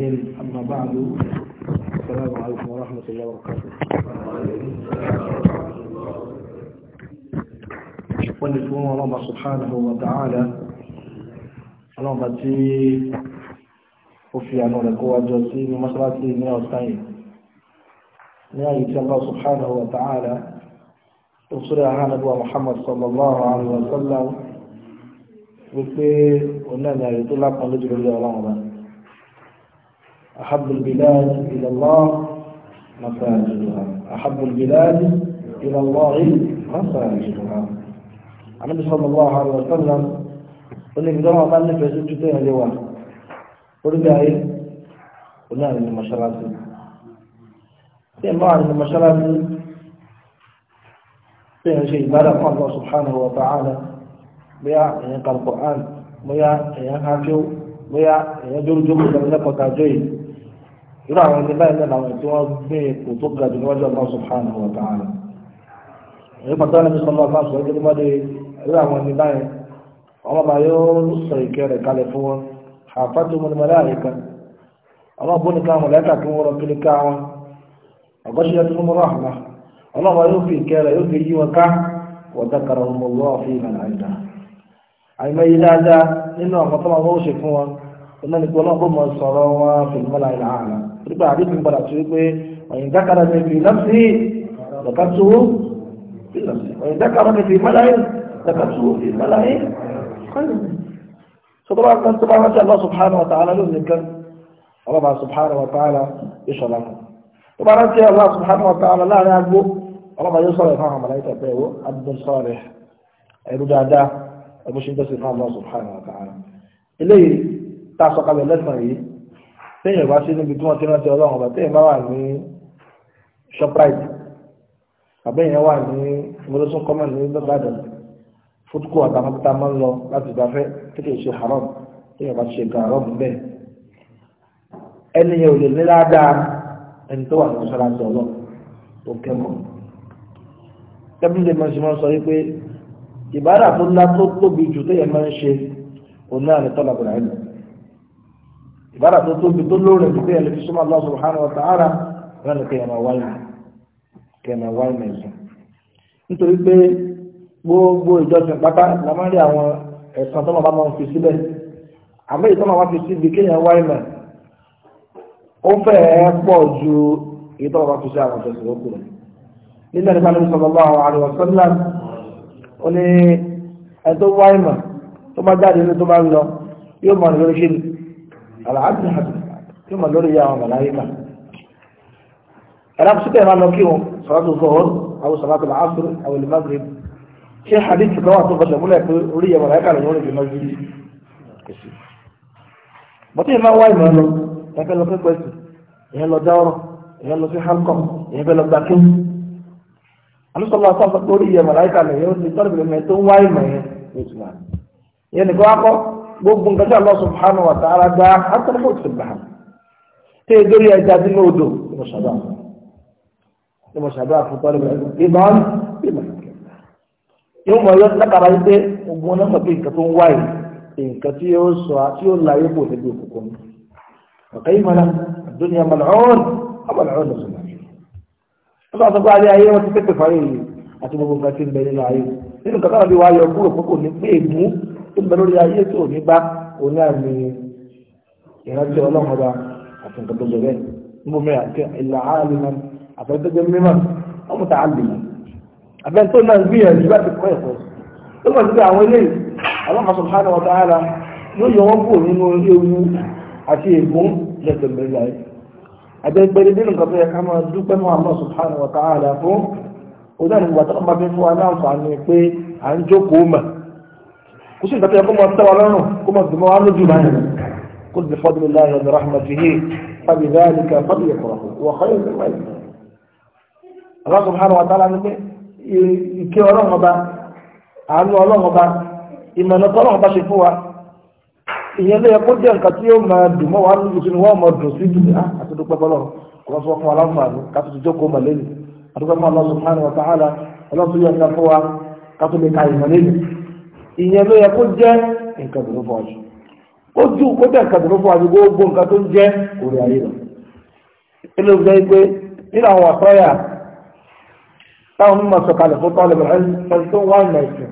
أما بعد السلام عليكم ورحمة الله وبركاته ونسلم الله سبحانه وتعالى الله بدي وفي أنه لقوة جزيني مصراتي من أستعين نهاية الله سبحانه وتعالى وصلى على نبوة محمد صلى الله عليه وسلم وفي ونهاية الله قلت الله رمضان أحب البلاد إلى الله مساجدها أحب البلاد إلى الله مساجدها النبي صلى الله عليه وسلم قل لي بدون أمان لك يزيد جتين اليوم قل لي أي قلنا من المشرات في أنواع من المشرات فيها شيء بارك الله سبحانه وتعالى بيع ينقى القرآن بيع ينهاجو ويا èèyàn dúró jókòó lọ lẹ́kọ̀ọ́ irú àwọn ẹni báyìí lẹ́nu àwọn tí wọ́n gbé ipò tó ga jù níwájú Allah subhanahu wa ta'ala èyí pàtó ẹni sọ lọ bá sọ ẹgbẹ́ tó bá dé irú àwọn ẹni báyìí ọmọ bá yóò sọ ìkẹ́ rẹ̀ kalẹ̀ fún wọn àfájú mo ní mo ọmọ bó ní káwọn lẹ́ka kí wọ́n rọ kí ní káwọn ọgọ́sí ẹni tó mọ́ rahma ọmọ bá yóò fi ìkẹ́ rẹ̀ yóò fi yí wọn ká wọ́n dákàrà ọmọ lọ́wọ́ fi ìmọ̀lá ìdá dáadáa nínú àwọn tó máa wọ́n ṣe fún wọn ọmọ nìkan náà bó mọ sọ̀rọ̀ wọn fi ìmọ̀lá ìlà nígbà àdéhùn padà sí wípé ọ̀yìn dákàrà ní fi lọ́sí lọ́kàtú fi lọ́sí ọ̀yìn dákàrà ní fi mọ́láyé lọ́kàtú fi mọ́láyé kọ́lù sọ́tọ́ bá kan tó bá rántí Allah subhanahu wa ta'ala ló nìkan ọlọ́ba subhanahu wa ta'ala yóò sọ̀rọ̀ kan tó bá rántí Allah subhanahu wa ta'ala láàrin agbó ọlọ́ba yóò sọ̀rọ̀ fún àwọn mọ̀láyé tàbí ẹ̀wọ́ adùn sọ̀rọ̀ ẹ̀rú dáadáa ẹ̀bùsùn tó lẹ́sàn yìí téèyàn bá sí níbi tí wọ́n ti rántí ọlọ́run ọba téèyàn bá wà ní shoprite àbẹ́yẹn wà ní mọ́lẹ́sùn common ní Ìbàdàn fúdùkù àtàmọ́tà máa ń lọ láti gbafẹ́ kékeré ṣe haram téèyàn bá ṣe nǹkan haram bẹ́ẹ̀ ẹni yẹn ò lè ní ládàá ẹni tó wà ní mọ́ṣáláṣí ọlọ́run tó kẹ́kọ̀ọ́ tẹ́bílẹ̀ máa ń ṣe máa ń sọ wípé ìbára tó ńlá tó tóbi jù téèyàn máa ń ṣe òun náà ní tọ́lá ìbára tó tóbi tó lóore tó kéèyàn lè fi súnmọ́ Allah subhanahu wa ta'ala wọn ni kéèyàn máa wáyé kéèyàn máa wáyé mẹ́sàn nítorí pé gbogbo ìjọsìn pátá la máa rí àwọn ẹ̀sán tó máa bá máa fi síbẹ̀ àmọ́ èyí tó máa wá fi síbi kéèyàn wáyé mẹ́ ó fẹ́ẹ́ pọ̀ ju èyí tó máa fi sí àwọn ìjọsìn ó ní ẹni tó wáyé mọ̀ tó bá jáde ní àlàáfíà àti tí mo lórí ya àwọn màláyíkà ẹ̀rọ sọ́tẹ̀ máa lọ kí wọn sọ́tò zuhur àwọn sọ́tò asr àwọn al-maghrib ṣé hadith kan wà tó bọ̀ sẹ́múlẹ̀ pé orí ya màláyíkà lè wọ́n lè máa yí kẹsì bọ́tí ìmọ̀ wá ìmọ̀ lọ ẹ̀fẹ́ lọ pẹ́pẹ́ sí ìyẹn lọ dáwọ́rọ̀ ìyẹn lọ sí hankọ́ ìyẹn fẹ́ lọ gbà kí alùsọ̀lọ́ àtàwọn gbogbo nǹkan tí Allah subhanahu wa ta'ala dá àtàlẹ́ fún ìfẹ́ bàá tí èdè rí ẹja sínú odò ìmọ̀ ṣàdúrà ìmọ̀ ṣàdúrà fún tọ́lẹ̀ bẹ̀rẹ̀ ìmọ̀ ìmọ̀ ìmọ̀ mọ̀ yọ lákàrà yìí pé ogun náà pẹ̀lú nǹkan tó ń wáyé nǹkan tí yóò sọ tí yóò láyé kò níbi òkùnkùn ọ̀kẹ́ ìmọ̀lá àdúnyà mọ̀lọ́ọ̀n ọmọlọ́ọ̀n lọ sọ̀rọ̀ nígbà tó bá rí ayé wọn ti pépè fáyé yìí àti gbogbo nǹkan tí ń bẹ nínú ayé nínú kàkàrà bí wàá yọ kúrò fún ní pé ègún tó bẹ lórí ayé tó ní bá òun náà ní ìrántí ọlọ́run ọba àti nǹkan tó bẹ̀rẹ̀ níbo mẹ́rin àti ìlà áàlì náà àfẹ́tẹ́jẹ́ mímọ́ ọmọ tá a lè mọ́ abẹ́ tó náà gbìyànjú láti kọ́ ẹ̀kọ́ tó mọ̀ sí àwọn eléyìí Allah subhanahu wa ta'ala ló yọ wọ́n kúrò nínú ewu àti ègún lẹ́sẹ̀ mẹ́rin ayé àjẹgbẹ̀rẹ̀ nínú nǹkan tó yẹ ká máa dúpẹ́ mọ́ Allah subhanahu wa ta'ala fún ó dáni wà tó ọmọ bí fún wa náà fà ní pé à ń jókòó mọ̀ kò sí nǹkan tó yẹ kó máa tẹ́wà lọ́rùn kó máa dùnmọ́ wọn lójú báyìí kó sì fọ́dún ilá yẹn lọ́rọ̀ àmà fi hí fàbí dáàlì ká fọ́dún yẹ kọ̀ọ̀kọ̀ wọ́n kọ́ yẹn lọ́wọ́ yìí. Allah subhanahu wa ta'ala ní ìké ọlọ́run ọba àánú ọlọ́run ọba ìmọ̀nà tọ́lọ́run ọba ṣe fún wa ìyẹn ló yẹ jẹ́ nǹkan tí yóò máa dùn mọ́ wa lójú tí wọ́n máa dùn sí dùn àti ah, dúpẹ́ bọ́lọ̀ kò ìyẹn ló yẹ kó jẹ́ nǹkan dùnú fún ọjọ́ ó jù kó jẹ́ nǹkan dùnú fún ọjọ́ gbogbo nǹkan tó ń jẹ́ orí ayé lọ ilé ìgbẹ́ pé nínú àwọn àtọ́yà táwọn mímọ̀ sọ̀kalẹ̀ fún tọ́lẹ̀ bẹ̀rẹ̀ tó wà ní ẹ̀sìn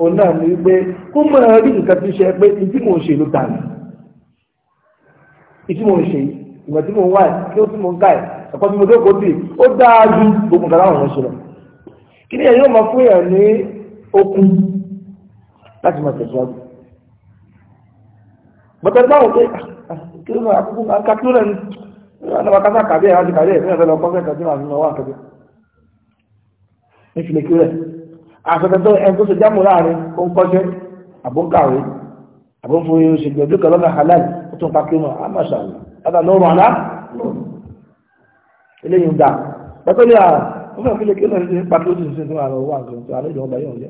òun náà ní wípé kó nǹkan ṣe pé ìdí mò ń ṣe ló tàn ìdí mò ń ṣe ìgbà tí mò ń wà kí ó mò ń ká ẹ̀ tí mo tì ó dáa ju gbogbo nǹkan láwọn ọ̀rọ̀ ṣe lọ kí ni ẹ̀yọ́ láti máa tẹ̀síwájú. bàtà báwo pé ah, ah, kí ló máa ká kí ló lẹ́nu àwọn akásá kàbí ẹ̀ láti kàbí ẹ̀ fún ẹ̀fẹ́ lọ kọ́kẹ́ kàbí àwọn ọmọ wa kàbí. ní ìfilẹ̀ kí rẹ̀ àfẹ́fẹ́ tó ẹni tó ṣe jámù láàrin ó halal ó tún pa kí wọn á máa ṣàlù látà lọ́rùn àlá eléyìí ń dà bàtà ní àwọn ọmọ ìfilẹ̀ kí rẹ̀ ń pa kí ó sì ń fún àwọn ọwọ́ àgbẹ̀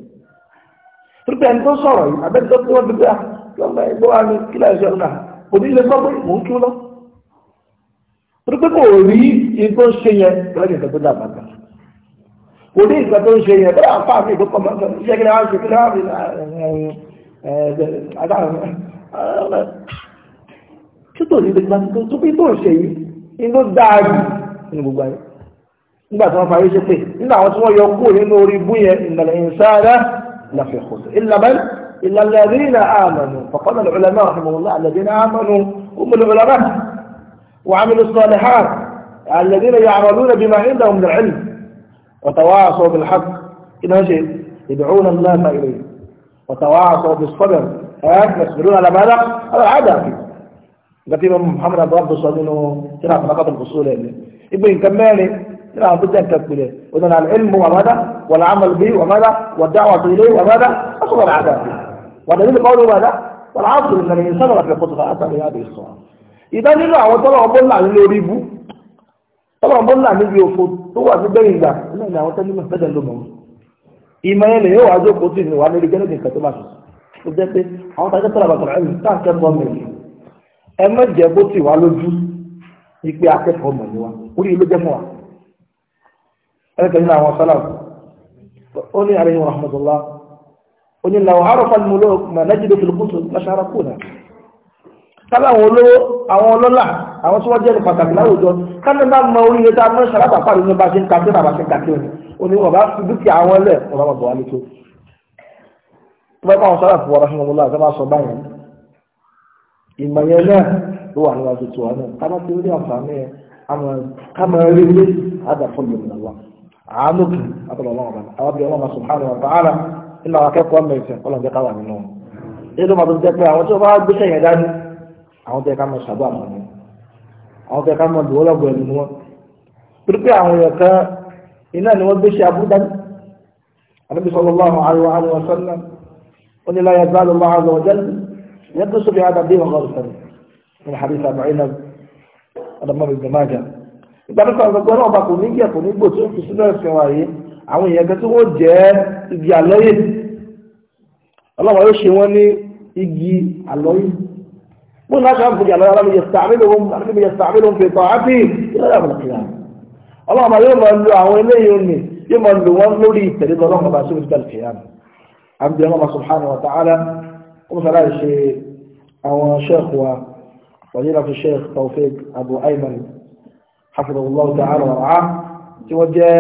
torípé ẹni tó sọ̀rọ̀ yìí abẹ́ni tó wọ́n ti gbé lọ́gbà ẹgbẹ́ wa ní kílà ẹ̀ṣọ́ ọ̀nà kò ní ilé sọ pé mò ń kí lọ. torípé kò rí iye tó ń ṣe yẹn lọ́dún ìgbà tó dà bàtà kò ní ìgbà tó ń ṣe yẹn bẹ́ẹ̀ àfa mi ìgbà pọ̀mọ́ iṣẹ́ kí ni wọ́n ṣe kí ni wọ́n fi kí tó ní ìgbà tó bí tó ń ṣe yìí inú dáa jù ní gbogbo ayé nígbà tí wọ́n parí ṣe pé nígbà àwọn tí wọ́n yọ kúrò nínú orí bú yẹn ìgbàlẹ̀ ìsáadá نفي خسر إلا من إلا الذين آمنوا فقال العلماء رحمه الله الذين آمنوا هم العلماء وعملوا الصالحات الذين يعملون بما عندهم من العلم وتواصوا بالحق إنه وجد يدعون الناس إليه وتواصوا بالصبر يصبرون على ماذا؟ على العدم كتير محمد عبد الله صلى الله عليه وسلم نقاط الفصول ابن كمالي لا بد أن تكبره إذن العلم وماذا والعمل به وماذا والدعوة إليه وماذا أصل العذاب ودليل قوله ماذا والعصر إن الإنسان لفي خطر أتى بهذه الصورة إذا نرى وطلع بلع من يريبه طلع بلع من يرفض هو في الدين ده لا لا وطلع من بدل لهم إما يلي هو عزو قوتين وعلى رجالة كتباش وبدأت àwọn tàbí tọ́lábàtọ̀ ẹ̀mí tààkẹ́kọ̀ọ́ mẹ́rin ẹ mẹ́jẹ̀ bó ti wà lójú ipe akẹ́kọ̀ọ́ mọ̀ ní wa orí ilé jẹ́mọ́ wa ẹlẹ́kẹ̀ẹ́ nínú àwọn sálà ó ní àrẹ ìwọ̀n rahmatullah ó ní làwọn arọ́fà ní olóò mà lẹ́jìdé fìlìkùtù lọ́ṣàrá kùnà sábà àwọn olówó àwọn ọlọ́lá àwọn tí wọ́n jẹ́ ní pàtàkì láwùjọ káńtà bá mọ oríire tá a mọ ṣàrá pàpà nínú bá ṣe ń kàkiri àbá ṣe ń kàkiri ni ó ní wọn bá fi dúkìá wọn lẹ wọn bá bọ̀ wá létò tó bá báwọn sálà fún rahmatullah àti àánú kì látọ̀dọ̀ ọlọ́run ọba àwọn bí ọlọ́run subhanahu wa ta'ala nínú àwọn akẹ́kọ̀ọ́ mẹ́sìn ọlọ́run jẹ́ káwà nínú wọn èyí ló máa tó jẹ́ pé àwọn tí wọ́n bá gbéṣẹ́ yẹn dání àwọn tẹ́ ká mọ ṣàbọ̀ àmọ́ ni àwọn tẹ́ ká mọ ìwọ́lọ́gbọ̀ ẹ̀mí wọn torí pé àwọn èèyàn kan iná ni wọ́n gbéṣẹ́ abúrú dání àdébí alaihi wa sallam ó ní la yazalu Allahu azza wa jalla yẹ́n tó sóbi àdàbí wọn ìgbàlùkọ́ ọ̀gbọ́n náà ọba kò ní yẹ kò ní gbò tí ó fi sínú ẹ̀sìn wa yìí àwọn èèyàn kan tí wọ́n jẹ́ igi àlọ́yè ọlọ́wọ́ yóò ṣe wọ́n ní igi àlọ́yè bó ní aṣọ àbùjá lọ́wọ́ alámi yẹsẹ̀ àbílò ń fi tọ́ àbí ìlọ́dà àbùjá ọlọ́wọ́ yóò máa lo àwọn eléyìí òní yóò máa lo wọn lórí ìtẹ̀lé lọ́wọ́ ọba hafidhahullahu ta'ala wa ra'ah tí wọ́n jẹ́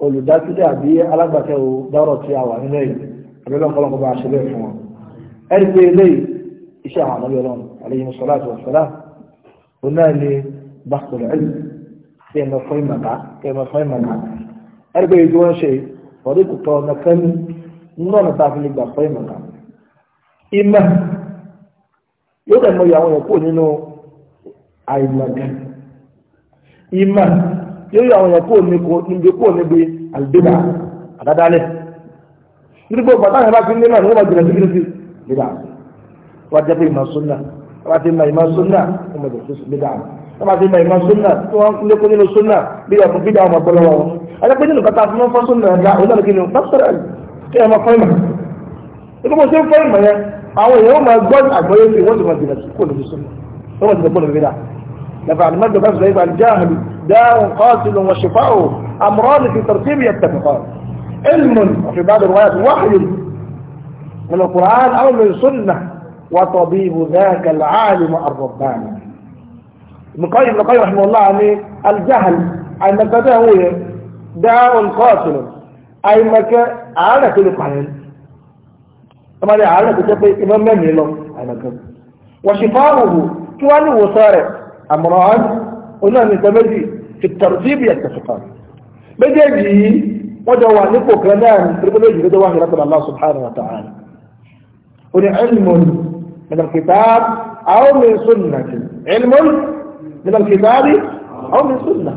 olùdásílẹ̀ àbí alágbàtẹ́ o dárọ̀ tí a wà nínú èyí àbẹ́lẹ́ ọ̀pọ̀lọpọ̀ bá a ṣe bẹ́ẹ̀ fún wọn ẹ̀rí pé eléyìí iṣẹ́ àwọn àmọ́lẹ́ ọlọ́run alayhi salatu wa salam òun náà ni bàtùrù ẹ̀lì kí ẹ lọ fọ́ ìmọ̀ká kí ẹ lọ fọ́ ìmọ̀ká ẹ̀rí pé ìdí wọ́n ṣe ọ̀rí kò tọ́ ọ̀nà kan nínú ọ̀nà tá a fi lè gbà fọ́ ìmọ̀ká ìmọ̀ yóò dẹ̀ mọ ìyàwó yẹn kúrò nínú àìmọ̀kan ìmà yóò yọ àwọn èèyàn kúrò níko níbi kúrò níbi àlùbíbà àdádálẹ̀ nítorí gbogbo àtàwọn ìbá fi ń lémà ní wọ́n bá jìnà sí kìrìsì bíbà wọ́n jẹ́ pé ìmọ̀ súnà wọ́n bá ti mọ ìmọ̀ súnà wọ́n bá jẹ́ bíbà wọ́n bá ti mọ ìmọ̀ súnà tí wọ́n ń lékún nínú súnà bí ọ̀fun bíbà wọn ọ̀pọ̀lọpọ̀ wọn adágbé nínú kata fún wọn fọ́ súnà ẹ̀dá onílẹ̀kìnnì pásítọ̀rẹ̀ kí ẹ máa fọ́ ìmọ̀ ìgbọ́n ṣe ń fọ́ ìmọ̀ yẹn àwọn èèyàn máa gbọ́ àgbọ́yé sí wọ́n ti máa jìnà sí kò lóbi súnà wọ́n máa jìnà kò lóbi bíbà نفع المد بس يبقى الجاهل داء قاتل وشفاؤه أمران في ترتيب يتفقان علم وفي بعض الروايات وحي من القرآن أو من السنة وطبيب ذاك العالم الرباني ابن قيم ابن رحمه الله عليه يعني الجهل أي مكته داء قاتل أي كان على كل قائل طبعا على إمام من له أي وشفاؤه كوان وصارع أمران قلنا أن في الترتيب يتفقان بدأي ودوا نقو كلام بدأي بدوا رب الله سبحانه وتعالى هنا علم من الكتاب أو من سنة علم من الكتاب أو من سنة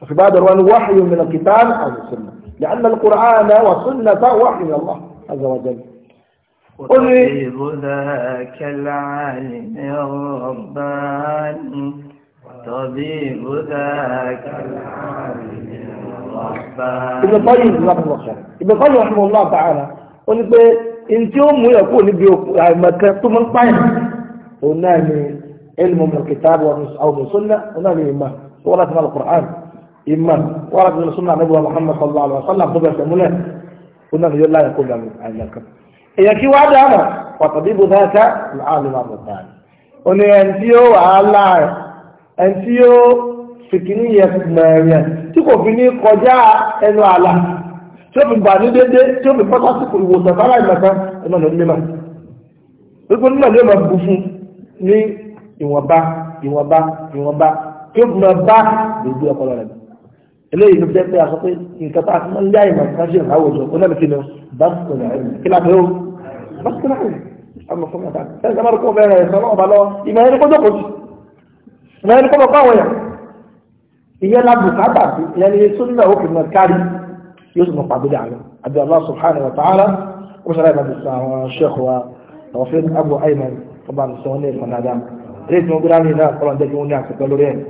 ففي بعض وحي من الكتاب أو من سنة لأن القرآن والسنة وحي من الله عز وجل وطبيب ذاك العالم الرباني وطبيب ذاك العالم الرباني ابن طيب رحمه الله ابن طيب رحمه الله تعالى قل انت يوم يقول يعني ما كانت من طيب قلنا علم من الكتاب او من السنه قلنا لي اما ورد من القران اما ورد من السنه نبوه محمد صلى الله عليه وسلم قبل سمونه قلنا لا يكون عن الكتاب èèyàn kí wá dáná pàtàkì bó dáká láàrin àmọ̀tá ó ní ẹni tí ó wà á láàrin ẹni tí ó fìkìní yẹn mẹ́rin tí kò fi ní kọjá ẹnu àlà tí ó fi gbà ní dédé tí ó fi bọ́ sásìkò ìwòsàn sáláì mẹ́ta ẹnu ọ̀nà onímọ̀ wípé onímọ̀ ni ó máa bu fún ní ìwọ̀nba ìwọ̀nba ìwọ̀nba tí ó fi máa bá gbogbo ọpọlọ rẹ̀ ليه نبدأ يا خطيب انقطعت من الجاي ما تخرجين هوجه قلنا لك انه بسط العلم كلام هو بسط العلم اما صلى الله اذا وسلم كما ركوب يا سلام الله ما هي نقول نقول ما هي نقول نقول يعني هي لا بسعبة يعني سنة وكل من الكاري يزم الطابع العلم عبد الله سبحانه وتعالى وشرع ابن الشيخ وتوفيق ابو ايمن طبعا سوني فنادم ليس مقراني لا طبعا دقيقوني على سكالورين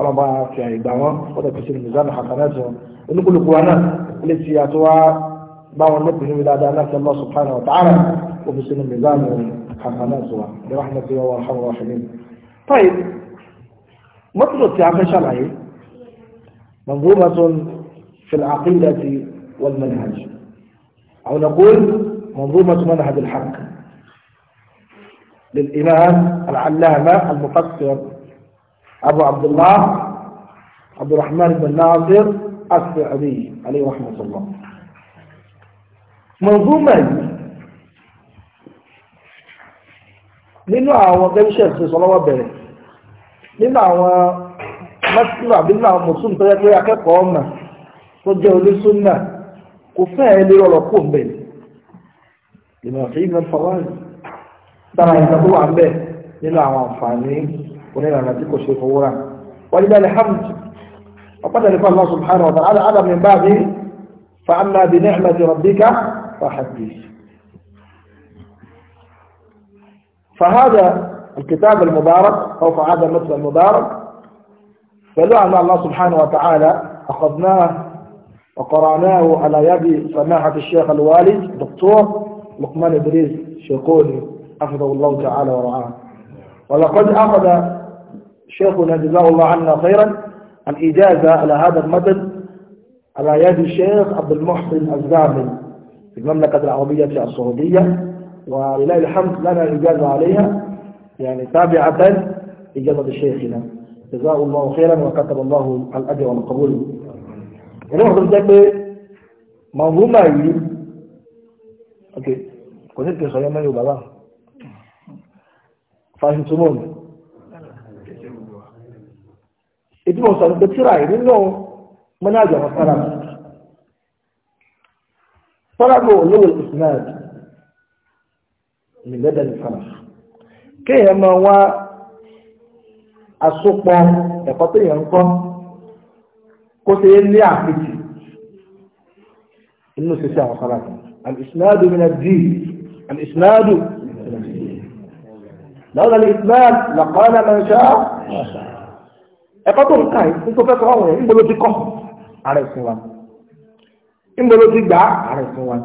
ọlọ́ba fi àyè gbà wọ́n ọ̀dọ̀ kìí ṣe ní mizan hasanatu olúkúlùkù wa náà ilé tí a tó wá bá wọn lọ́pọ̀ nínú dáadáa láti ọlọ́ subhanahu wa ta'ala ó fi ṣe ní mizan hasanatu wa ní rahmatu wa rahmatu wa rahmatu. táyì mọ́tò tí a fẹ́ ṣàlàyé منظومة في العقيدة والمنهج أو نقول منظومة منهج الحق للإمام العلامة المفسر أبو عبد الله عبد الرحمن بن ناصر السعدي عليه رحمة الله منظومة nínú àwọn gẹ́gẹ́ ṣe sọlọ́wọ́ bẹ̀rẹ̀ nínú àwọn mẹ́sìlú àbí nínú àwọn mùsùlùmí tó yẹ pé akẹ́kọ̀ọ́ ọmọ tó jẹ́ onísúnnà kò fẹ́ ẹ lè rọrọ̀ kó mbẹ̀ ìmọ̀ sí ìmọ̀ fọwọ́ rẹ̀ dára tó wà ń bẹ̀ nínú àwọn àǹfààní ونرى نبيك شيء فورا ولله الحمد وقد لقى الله سبحانه وتعالى على من بعده فأما بنعمة ربك فحديث فهذا الكتاب المبارك أو فهذا المثل المبارك فلو أن الله سبحانه وتعالى أخذناه وقرأناه على يد سماحة الشيخ الوالي دكتور لقمان إدريس شيخوني أفضل الله تعالى ورعاه ولقد أخذ شيخنا جزاه الله عنا خيرا الإجازة على هذا المدد على يد الشيخ عبد المحسن الزامل في المملكة العربية السعودية ولله الحمد لنا الإجازة عليها يعني تابعة إجازة شيخنا جزاه الله خيرا وكتب الله الأجر والقبول روح نتابع منظومة يجب أوكي كنت لك خيامة يبقى فاهم تموني ìdí mo sọrọ pé tíra yìí nínú mọ́nájà wọn sára mi sára mi ò lówó ismail mi lẹ́dà ní sára kéèyàn máa wá àsopọ̀ ẹ̀kọ́ tó yẹn ń kọ́ kó ṣe é ní àpèjì inú ṣe ṣe àwọn sára mi al-isnadu min ad mi náà dì لولا lọ́wọ́ لقال من شاء ما شاء ẹ̀kọ́ tó ń kà yìí nítorí fẹ́ sọ àwọn èèyàn ńgbọ́ló ti kọ́ ààrẹ ìsìn wa ńgbọ́ló ti gbà ààrẹ ìsìn wa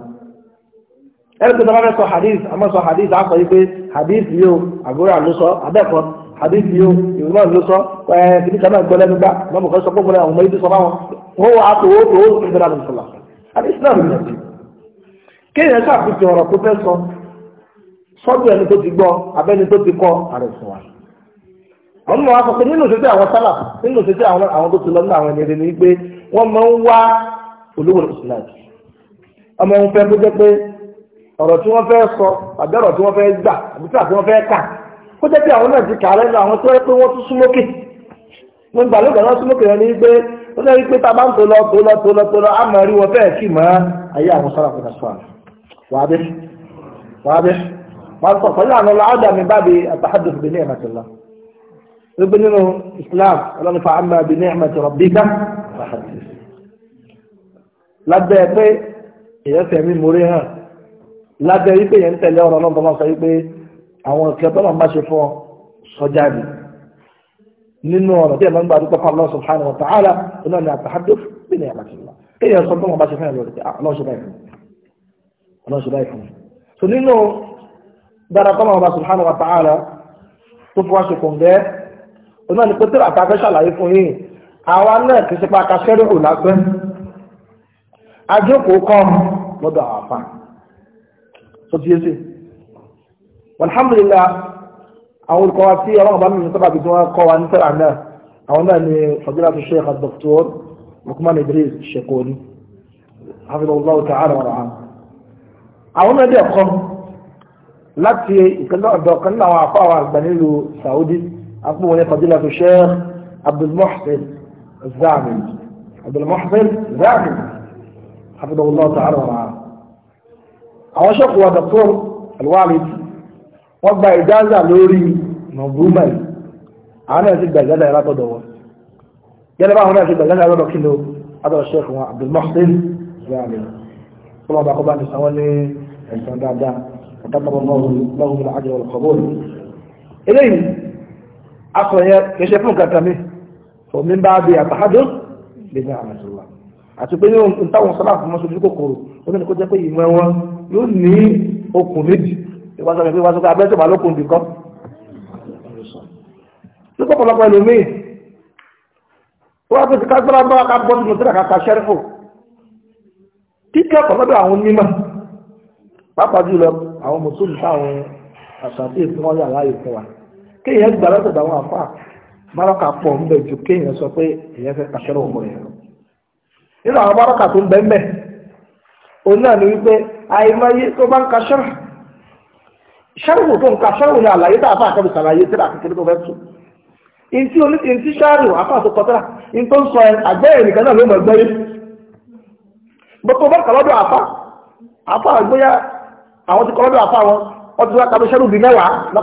ẹni tó sọ hadith àmọ́ sọ hadith á yìí pé hadith yìí o àbúrò àló sọ abẹ́ẹ̀kọ́ hadith yìí o ìrúnà ló sọ ẹ̀ẹ́ kìíní kan náà gbọ́ lẹ́nu gbá sọ àwọn wọ́n mọ̀ wá sọ pé nínú ìṣẹ́jú àwọn sálà nínú ìṣẹ́jú àwọn tó ti lọ nínú àwọn ẹni rẹ̀ ni pé wọ́n máa ń wá olówó ìsìláàjì ọmọ pé tí sọ àbí tí gbà àbí tí kà pé àwọn náà ti kà á àwọn tó yẹ pé tún a wọn kì mọ́ wípé nínú Islam ọlọ́run fa amma bi ni'mati rabbika fahadith lábẹ́ pé èyàn fẹ̀mí mórí hàn lábẹ́ wípé èyàn tẹ̀lé ọ̀rọ̀ náà bọ́lá sọ wípé àwọn ìkẹ́ tọ́lọ̀ bá ṣe fún sọjá bì nínú ọ̀rọ̀ tí ẹ̀mọ́n gbà dúpẹ́ fún Allah subhanahu wa ta'ala iná ni àtàhádùf bí ní àmàtìlá èyàn sọ tọ́lọ̀ bá ṣe fún ẹ̀rọ ah, ọlọ́ṣẹ́ báyìí fún so nínú dára tọ́lọ̀ bá subhanahu wa ta'ala tó fọwọ́ ṣe kò ń gẹ́ òun náà ni pé tíra àtàfẹ́ ṣàlàyé fún yìí àwa náà kì í ṣe pa kásẹ́rì ò lápẹ́ ajókòó kọ́ lọ́dọ̀ àwọn àfa tó ti yé sí alhamdulillah àwọn olùkọ́ wa tí ọlọ́run bá mímú sábà gbogbo wọn kọ́ wa ní tíra náà àwọn náà ni fadilatu sheikh dr lukman idris shekoni hafidhullahu ta'ala wa rahmah àwọn náà dẹ̀ kọ́ láti ìkànnì ọ̀dọ̀ kan náà àwọn afọ àwọn àgbà nílùú saudi أقوم هنا فضيلة الشيخ عبد المحسن الزعمل عبد المحفل الزعمل حفظه الله تعالى معه أعشق هو دكتور الوالد وضع إجازة لوري منظومة أنا أزيد بلدة يا رب دور يلا بقى هنا بلدة يا رب كنو هذا الشيخ عبد المحسن الزعمل طبعا بقى بقى نسألني الإنسان بعد ذا وكتب الله له بالعجل والقبول إليه aṣọ yẹn kìí ṣe fún kàtà mi omi ń bá bí àtàhádó lè ní àmàṣọlá àti pé yóò ń táwọn sọlá fún mọ́ṣojú kòkòrò ó ní kó jẹ́ pé ìmọ̀ wọn yóò ní okùn méjì ìwáṣọ mi pé wáṣọ pé abẹ́sẹ̀ wà lókun nìkan ní pọ̀pọ̀lọpọ̀ ẹlòmíì wọ́n á fi kágbára bá ká bọ́ nínú sílẹ̀ kàkà ṣẹ́rífò kíkẹ́ pọ̀lọ́dọ̀ àwọn mímọ̀ pàápàá jùlọ àwọn mùsùlùmí táwọn àṣàtì ìfúnwọ́yà láàyè kéèyàn gbà látọ̀dọ̀ àwọn àfa bárọ́kà pọ̀ ń bẹ̀ ju kéèyàn sọ pé èèyàn fẹ́ pàṣẹrọ ọmọ rẹ̀ lọ. nínú àwọn bárọ́kà tó ń bẹ́ òun náà ni wípé àìmọye tó bá ń ka ṣẹ́rù ṣẹ́rù tó ń ka ṣẹ́rù ni àlàyé tá a fà kẹ́bi sàlàyé tí a kékeré tó fẹ́ oní ṣáàrù àfa tó kọtara sọ ẹ nìkan náà ló mọ̀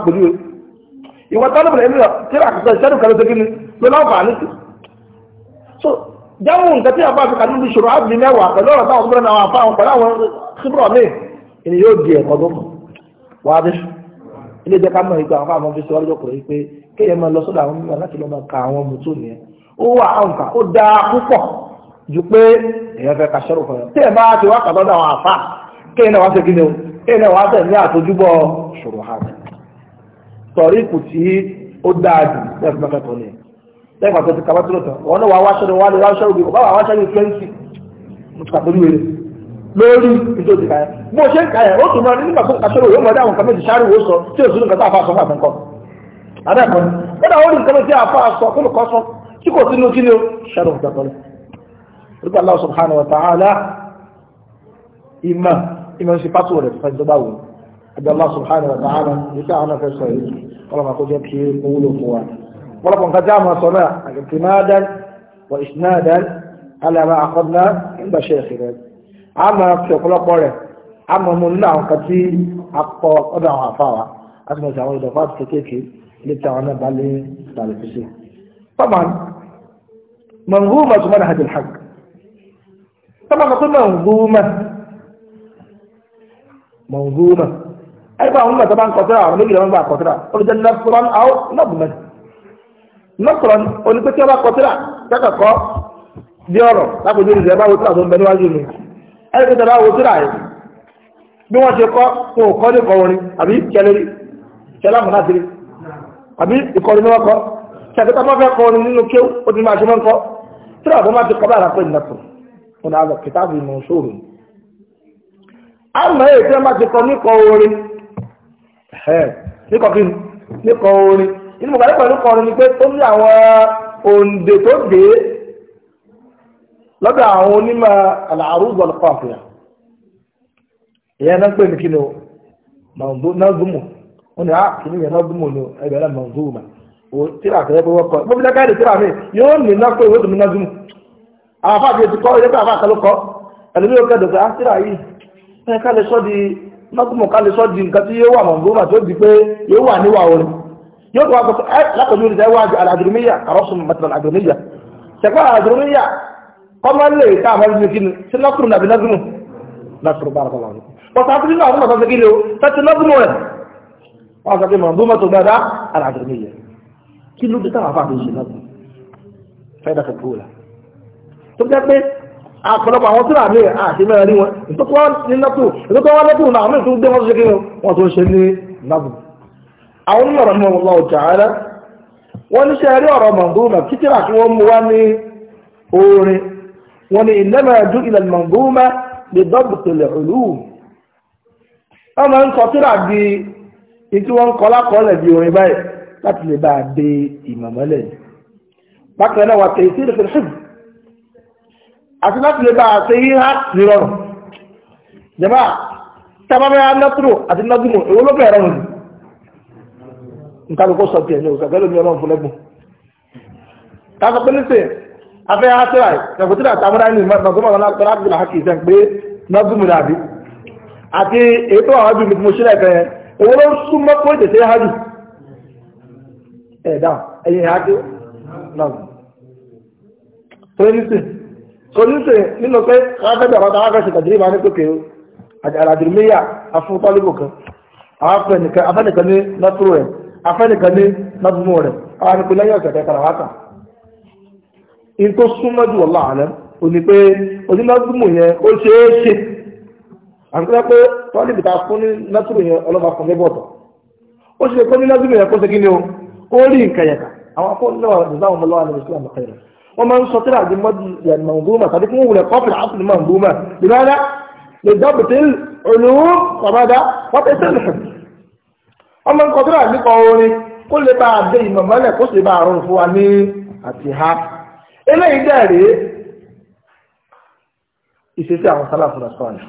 gbogbo ìwọ tọ́lùbù lẹ́nu lọ tí a kìsọ ìṣẹ́nu kan lóṣogí ni ló sí. so jáwọ́ nǹkan tí a bá fi kàdúrà ìṣòro ábìlì mẹ́wàá pẹ̀lú ọ̀rọ̀ táwọn ọ̀gbọ́n náà àfa àwọn pẹ̀lú àwọn síbúrọ̀ míì ìní yóò di ẹ̀kọ́ tó mọ̀ wá dé ilé ìjẹ́ ká mọ̀ ìgbà àwọn àwọn fífi ọlọ́jọ́ kùrẹ́ pé kéèyàn máa lọ sọ́dọ̀ àwọn mímọ̀ láti lọ máa ka àwọn mùtò nìyẹn ó wà àwọn ó dáa púpọ̀ ju pé èèyàn fẹ́ ka ṣẹ́rù kan yẹn tí ẹ̀ bá ti wá kàdọ́dọ̀ àwọn àfa kéèyàn wá ṣe kí ni o kéèyàn náà wá tẹ̀ ní àtọ́júbọ̀ ṣòro hàn sọ̀rí kù tí ó dáa jù ní ẹ̀fọ́ mẹ́fẹ́ tó ní ẹ̀ lẹ́yìn pàtó ti kàwé tó lọ́tọ̀ wọn náà wà wáṣọ ni wọ́n á lè wáṣọ òbí ọba wáṣọ ní twenty mo ti kà lórí wẹ̀rẹ̀ lórí ìjọ ti kàyẹ bó ṣe ń kàyẹ ó tún náà nígbà tó kàṣọ òyìnbó ọdẹ àwọn kàmẹ́jì sáré wò sọ tí òṣèlú nǹkan tó àfa sọ fún àfẹ́kọ́ adẹ́kọ́ ó dà wọ́n nǹkan tí àfa sọ kó ló kọ́ sọ tí kò sínú kí ni ó ṣàrò òkúta tọ́lẹ̀ rúkọ Allah subhanahu wa ta'ala ìmọ̀ ìmọ̀ ń ṣe fásitì rẹ̀ fẹ́ tó bá wù عند الله سبحانه وتعالى يسعنا في الصحيح ولما قد يبكي قوله هو ولما قد جعلنا صلاة اعتمادا وإسنادا على ما أخذنا عند شيخنا عما نفسك الله قوله عما منع كثير عقب وقضع عفاوة أسمى سعوه دفات كتيك لتعنا بالي تعرف شيء طبعا منظومة منهج الحق طبعا قلنا منظومة منظومة ẹgbẹ́ àwọn nígbà tó ń kọtira àwọn méjìlá wọn bá kọtira ó nọ́sọ̀rọ̀n àwọn nọ́bùmẹ́ nọ́sọ̀rọ̀n onípẹ́tí ọba kọtira kẹ́kọ̀ọ́ bí ọ̀rọ̀ lápòjú ìrìnlẹ̀ bá wo tó ń bẹ níwájú mi ẹgbẹ́ tó bá wo yìí bí wọ́n ṣe kọ́ fún òkọ́ ní kọ́ àbí níkọ̀ kí níkọ̀ orin inú mo gbàdúrà pẹ̀lú kọrin ni pé ní àwọn òǹdè tó dé lọ́dọ̀ àwọn onímọ̀ àlàárúgbò ọ̀lọ́pàá ìyẹn náà pè ní kí ni o nàzùmù ah, ni a kì í yẹn ni o àwọn kọ́ ilé pé kọ́ ah, ẹ̀lẹ́mí di nọ́tùmù ká lè sọ di nǹkan tí yóò wà mọ̀ gómà tó di pé yóò wà níwà orin yóò tó wà pé ẹ lápẹ̀lú ìdíjà wà àlàdùnmíyà àrọ́sùn mọ̀tàlá àdùnmíyà sẹ̀kọ́ àdùnmíyà kọ́mọ́ lè ká àmọ́ ní kíni sí nọ́tùmù nàbí nọ́tùmù nọ́tùmù bára bá wọn. pọ̀tà àti nínú àwọn ọmọ kíni o tẹ́tí nọ́tùmù rẹ̀ wọ́n sọ pé mọ̀ gómà tó gbàdá àlàdùnmíyà kí ló dé táwọn afáàdé ṣe nọ́tùmù fẹ́ àpọ̀lọpọ̀ àwọn tíra mi àti mẹ́rin ní wọn ìtọ́kọ́ ní nátù ìtọ́kọ́ wọn nátù náà àmì ìtún dé ṣe kí wọn tó ṣe ní nátù. àwọn onímọ̀ ọ̀rọ̀ mọ̀ lọ́wọ́ jàára wọ́n ní sẹ́ẹ̀rí ọ̀rọ̀ mọ̀ndúmà títírà kí wọ́n mú wá ní orin wọ́n ní ju ilẹ̀ mọ̀ndúmà lè dọ́bùtòlẹ̀ òlù. a àti láti lè bá àṣẹ yíhá nírọ̀rùn jẹba tábàbẹ́ nátúrò àti nádùmọ̀ èwo ló bẹ̀rẹ̀ rọrùn nǹkan kó sọ tiẹ̀ ní òṣèlú ẹlòmí ọlọ́run fún lẹ́gbọ̀n ká sọ pé nísìn afẹ́ hátìrà ìṣàkótìrà àtàmúrà ní ìmọ̀gbọ́n àwọn akọ̀rọ̀ àti ìlàhàkì ìṣẹ́ pé nádùmọ̀ dàbí àti èyí tó àwọn ọdún mi tí mo ṣe lẹ́fẹ̀ èwo ló súnmọ́ pé tètè hajù ẹ̀dá ẹ̀yìn hajù náà solúsè nínú pé káfẹ́bẹ̀ àwọn tàwọn ṣe tàjírí máa ní pépè o àjàràdìmíyà afúntọ́lébò kan afẹ́nìkan ní nọ́túrò rẹ̀ afẹ́nìkan ní nọ́túmọ̀ rẹ̀ àwọn ìpín lẹ́yìn ọ̀sẹ̀ kẹta àwátà in tó súnmọ́ jù wọ́lá àlẹ́ o ní pé onínọ́túmọ̀ yẹn ó ṣe é ṣe àǹkúrẹ́ pé tọ́lébì ta fún ní nọ́túrò yẹn ọlọ́ba fún ní bọ̀tọ̀ ó ṣe pé ní nọ́túmọ̀ yẹn kó ṣe kí ni o ó rí nǹkan yẹn kà àwọn akọ́ wọ́n máa ń sọ tíra àti mọ́dì mọ̀gbọ́mà tàbí kí wọ́n wulẹ̀ kọ́pì àfìlì mọ̀gbọ́mà lìmọ́dá lè dọ́bìtì olùwò kọ̀mọ́dá wọ́n ti sẹ́lẹ̀ fẹ̀. wọ́n máa ń kọ tíra nípa orin kó lè bá a dé ìmọ̀ mọ́lẹ̀ kó sì bá a rọrùn fún wa ní àti ha. eléyìí dẹ̀ rèé ìṣesí àwọn sálàfù sọ́ọ̀lẹ̀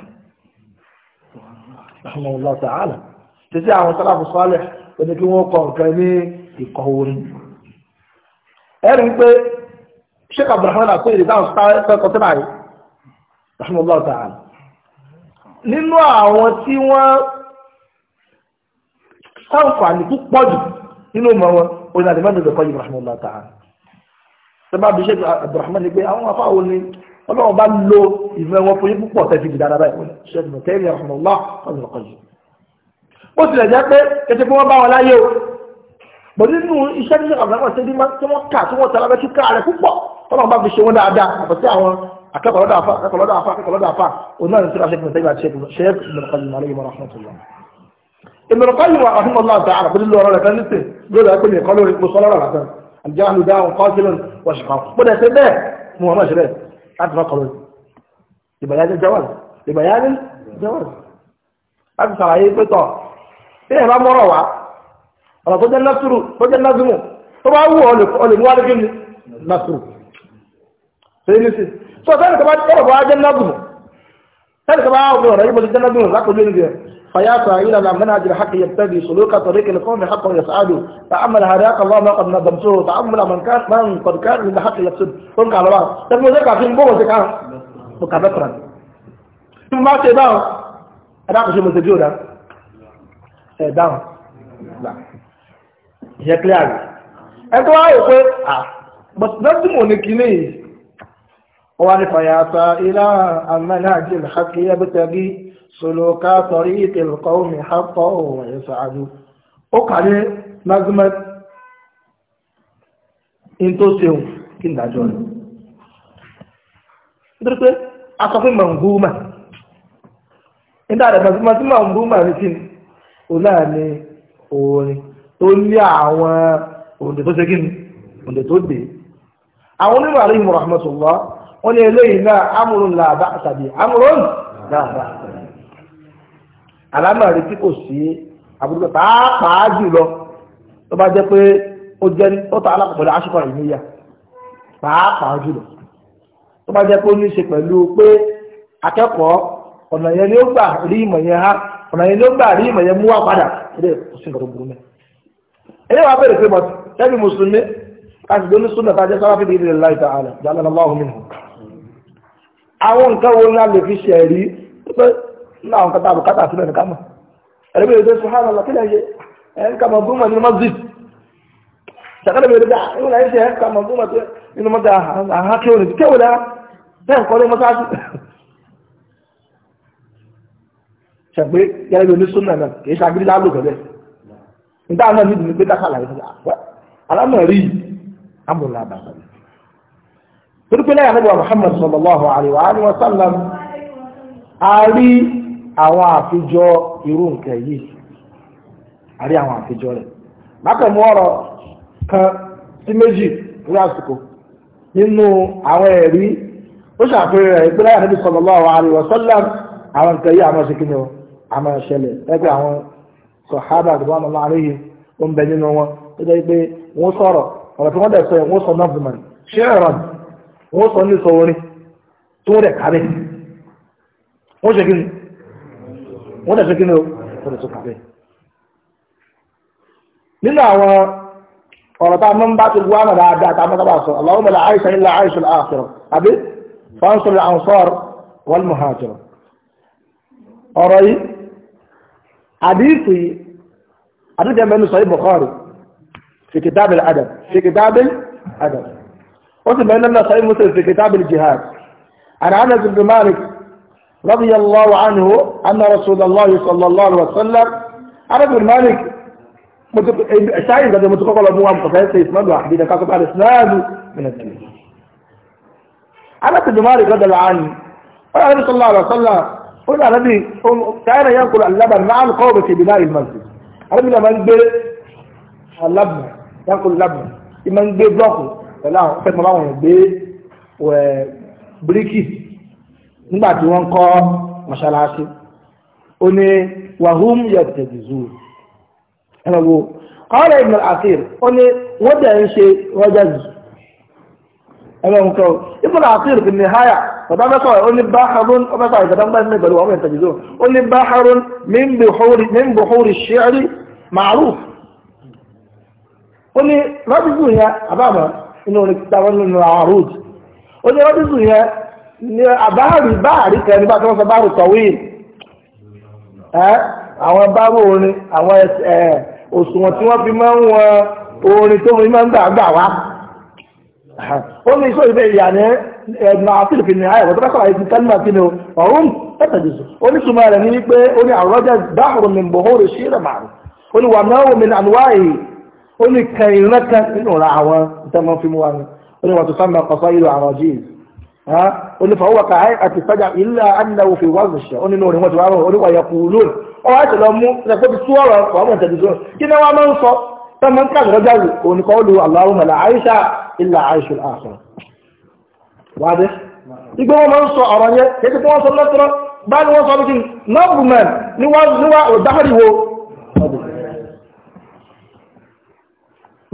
rahmanulah ta'ala ìṣesí àwọn sálàfù sọ́ọ̀lẹ̀ pẹ̀lú kí wọ́n kọ nǹkan ní ìkọ̀ orin. ẹ̀rí pé sheikh abdulrahman akoyede táwọn sọ tẹ́lá yìí rahmanullah ta'ala nínú àwọn tí wọ́n sàǹfààní tó pọ̀jù nínú ọmọ wọn orin àti mẹ́rin ìdọ̀kọ́ yìí rahmanullah ta'ala sẹ́bà bí sheikh abdulrahman ni pé àwọn afáwo ni ọlọ́run bá lo ìfẹ́ wọn fún yín púpọ̀ tẹ́sí ìdí dáadáa báyìí sheikh mọ̀tẹ́rì rahmanullah ọ̀nà ìdọ̀kọ́ yìí ó tilẹ̀ jẹ́ pé kété fún wọn bá wọn láyé o bọ̀ nínú iṣẹ́ ní wọ́n kà tí wọ́n tọ́lọ́wọ́n bá fi ṣe wọ́n dáadáa àpò sí àwọn akẹ́kọ̀ọ́lọ́dà afá akẹ́kọ̀ọ́lọ́dà afá akẹ́kọ̀ọ́lọ́dà afá òun náà ní sọ́dọ̀ ṣe kùnìtẹ́gbà ṣe ṣe ìmọ̀lẹ́kọ̀ọ́lù àlẹ́ ìmọ̀ràn fún ọ̀tún ابن القيم رحمه الله تعالى بدل له ولا كان لسه دول يقول يقولوا مصلى ولا كان الجهل داء قاتل وشقاق بدا سبب مو ما شباب عارف ما قالوا لبيان الجواز لبيان الجواز عارف صراحه بتاع ايه ما مروع انا ضد النصر ضد النظم طبعا هو اللي اللي مو عارف نصر ṣe ní sí so sẹ́ni kaba kọ́rọ̀ bá jẹ́ nádùn sẹ́ni kaba ọ̀gbìn ọ̀rọ̀ yìí mo ti jẹ́ nádùn lákòójú ní bẹ̀rẹ̀ فيا سائلا عن منهج الحق يبتدي سلوك طريق القوم حقا يسعد تأمل هداك الله ما قد ندمته تأمل من كان من قد كان من الحق يفسد تنك على بعض تبني ذلك في مبوغ ذلك مكابترا ثم ما تدعو أدعو شيء مزجو ده دعو لا هي كلاري أنت واعي بس نفسي مونكيني وعن فيا إلى عن منهج الحق يبتغي سلوك طريق القوم حقا ويسعد أقعد نظمة in tó ṣeun kí n dájọ́ rẹ̀. nítorí pé a sọ fún mọ̀ngúmà nígbà rẹ̀ mọ̀ngúmà tí mọ̀ngúmà o náà orin onye wọ́n ní eléyìí náà amúrún làbá àtàbí amúrún làbá àtàbí. àlámàrí tí kò sí àbúrò pàápàá jùlọ tó bá jẹ́ pé ó jẹ́ ó ta alákọ̀ọ́lẹ̀ aṣọ́kọ̀ rẹ̀ níyà pàápàá jùlọ tó bá jẹ́ pé ó ní ṣe pẹ̀lú pé akẹ́kọ̀ọ́ ọ̀nà yẹn ni ó gbà rí ìmọ̀ yẹn há ọ̀nà yẹn ni ó gbà rí ìmọ̀ yẹn mú wá padà ilé òsì nǹkan tó burú mẹ́. ẹ̀yẹ́ wàá bẹ̀rẹ̀ pé bọ́t tẹ́bi mùsùlùmí láti dé ní súnà ta'ala jàlá náà wà àwọn nǹkan wo ńlá lè fi ṣẹ̀rí pé àwọn kata àbùkátà sílẹ̀ nìkan mọ̀ ẹ̀rọ bí ẹ̀dẹ́ sùhánà lọ kílẹ̀ ṣe ẹ̀ kàmọ̀ gúnmọ̀ nínú masjid ṣàkàlẹ̀ bí ẹ̀dẹ́ ìwọ̀n láyé ṣe ẹ̀ ń kàmọ̀ gúnmọ̀ nínú masjid àhán kí bẹ́ẹ̀ mọ́sáàsì ṣàgbé bí onísùn náà torí pé láyà nígbà Muhammad sallallahu alaihi wa sallam a rí àwọn àfijọ́ irú nǹkan yìí a rí àwọn àfijọ́ rẹ̀ mákàmú ọ̀rọ̀ kan sí méjì ní àsìkò nínú àwọn ẹ̀rí ó ṣàfihàn rẹ̀ pé láyà sallallahu alaihi wa sallam àwọn nǹkan yìí àmọ́ ṣe kí ni àmọ́ ṣẹlẹ̀ ẹgbẹ́ àwọn sọ̀hábà àdúgbò àríyí ó ń bẹ nínú wọ́n sọ ní sọ orin tí wọ́n dẹ̀ kàbẹ̀ wọ́n ṣe kí ni wọ́n dẹ̀ ṣe kí ni o wọ́n dẹ̀ ṣe kàbẹ̀ nínú àwọn ọ̀rọ̀ tá a mọ́ ń bá ti wá náà dáadáa tá a mọ́ sábà sọ Allahumma la aisha illa aisha al-akhirah àbí fansur al-ansar wal ọ̀rọ̀ yìí àdìsí àdìsí ẹ̀mẹ́nu sọ Bukhari fi kitab al-adab بأن ابن صحيح مسلم في كتاب الجهاد عن أنس بن مالك رضي الله عنه أن رسول الله صلى الله عليه وسلم أنس بن مالك شايف قد متفق على أبوه أمقفين سيسمد وحدينا كاتب على إسناد من الدين أنس بن مالك رضي الله عنه قال النبي صلى الله عليه وسلم قلنا الذي كان ينقل اللبن مع القوم في بناء المسجد النبي لما ينقل اللبن ينقل اللبن لما ينقل pẹ̀lú àwọn pẹ̀lú àwọn gbé bíríkì nígbà tí wọ́n kọ́ mọ́ṣáláṣí ó ní wàhùn yẹ̀tẹ̀dìzù ẹ̀rọ̀wò kọ́ọ̀lẹ̀ ibn al-asir ó ní wọ́n dẹ̀ ń ṣe rọ́jẹ́zù ẹ̀rọ̀wò kọ́ ibn al-asir bin nihaya bàbá fẹ́ sọ̀rọ̀ ó ní báharun ó fẹ́ sọ̀rọ̀ ìjọba ń bá ẹ̀sìn pẹ̀lú ọmọ ìtẹ̀dìzù ó ní báharun min buhuri shi'ri ma'ruf ó ní rọ́jẹ́zù yẹn àbámọ́ inú orin tàwọn nínú àwọn root ó ní ọdún sùn yẹn ní àbáàrí báàrí kan nígbà tí wọ́n sọ báàrù tọ̀wíìn àwọn báàrù orin àwọn òṣùwọ̀n tí fi máa ń wọn orin tó fi máa ń gbàgbà wá ó ní ní tó bá ni ọ̀run tẹ́tẹ̀jùsù ó ní sùnmọ́ rẹ̀ ní wípé ó ní àrọ́jà báàrù mi ó lè kẹ ìran kan nínú ra àwọn ìtẹ́mọ́ fi mú wa ni ó ní wọ́n tó sáàmì ọkọ̀ sọ́yìn àwọn jíìs ó ní fọwọ́ ka ayé àti sájà ilẹ̀ anáwó fi wáàzù ṣe ó nínú òrìwọ́n tó wá rọ̀ oníwà yẹkù lónìí ó wá ṣẹlẹ̀ mú ṣẹpẹ́ ti súwọ́ rọ̀ wà mọ̀ tẹ̀lé sọ́rọ̀ kí ni wọ́n máa ń sọ tọ́mọ ń kàlọ́ jáde òun kọ́ lu Allahumma la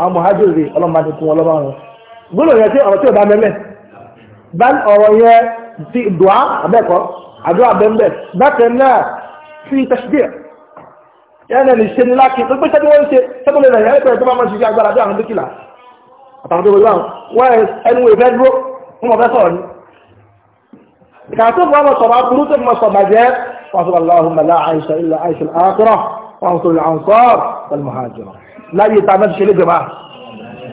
àwọn mọ̀hájòrè ọlọ́mọ adìkún ọlọ́mọ wọn gbọ́dọ̀ yẹn tí ọ̀rọ̀ tí ò bá mẹ́mẹ́ bá ọ̀rọ̀ yẹn ti dùá abẹ́kọ́ àdúrà bẹ́ẹ̀ bákan náà fi tẹ̀sídìí yẹn ní ṣe ní láti pé pé sẹ́ni wọ́n ń ṣe sẹ́kùn lè rẹ̀ ẹ̀rẹ́ tó bá máa ń ṣiṣẹ́ agbára bí àwọn dókìlà àtàwọn tó wọ́n wọ́n ẹnu ìfẹ́ dúró fún ọ̀fẹ́ sọ̀rọ̀ ni. ìkàtó fún ọmọ sọ̀rọ̀ aburú tó mọ̀ sọ̀rọ̀ bàjẹ́ wọ́n sọ̀rọ̀ aláhùn mẹ́lá àìsàn ilẹ̀ àìsàn àkúrọ̀ wọ́n sọ̀rọ̀ àǹsọ́ọ̀ pẹ̀lú mọ̀hájọ́rọ̀. láyé ta mẹ́tí ṣẹlẹ̀ jẹba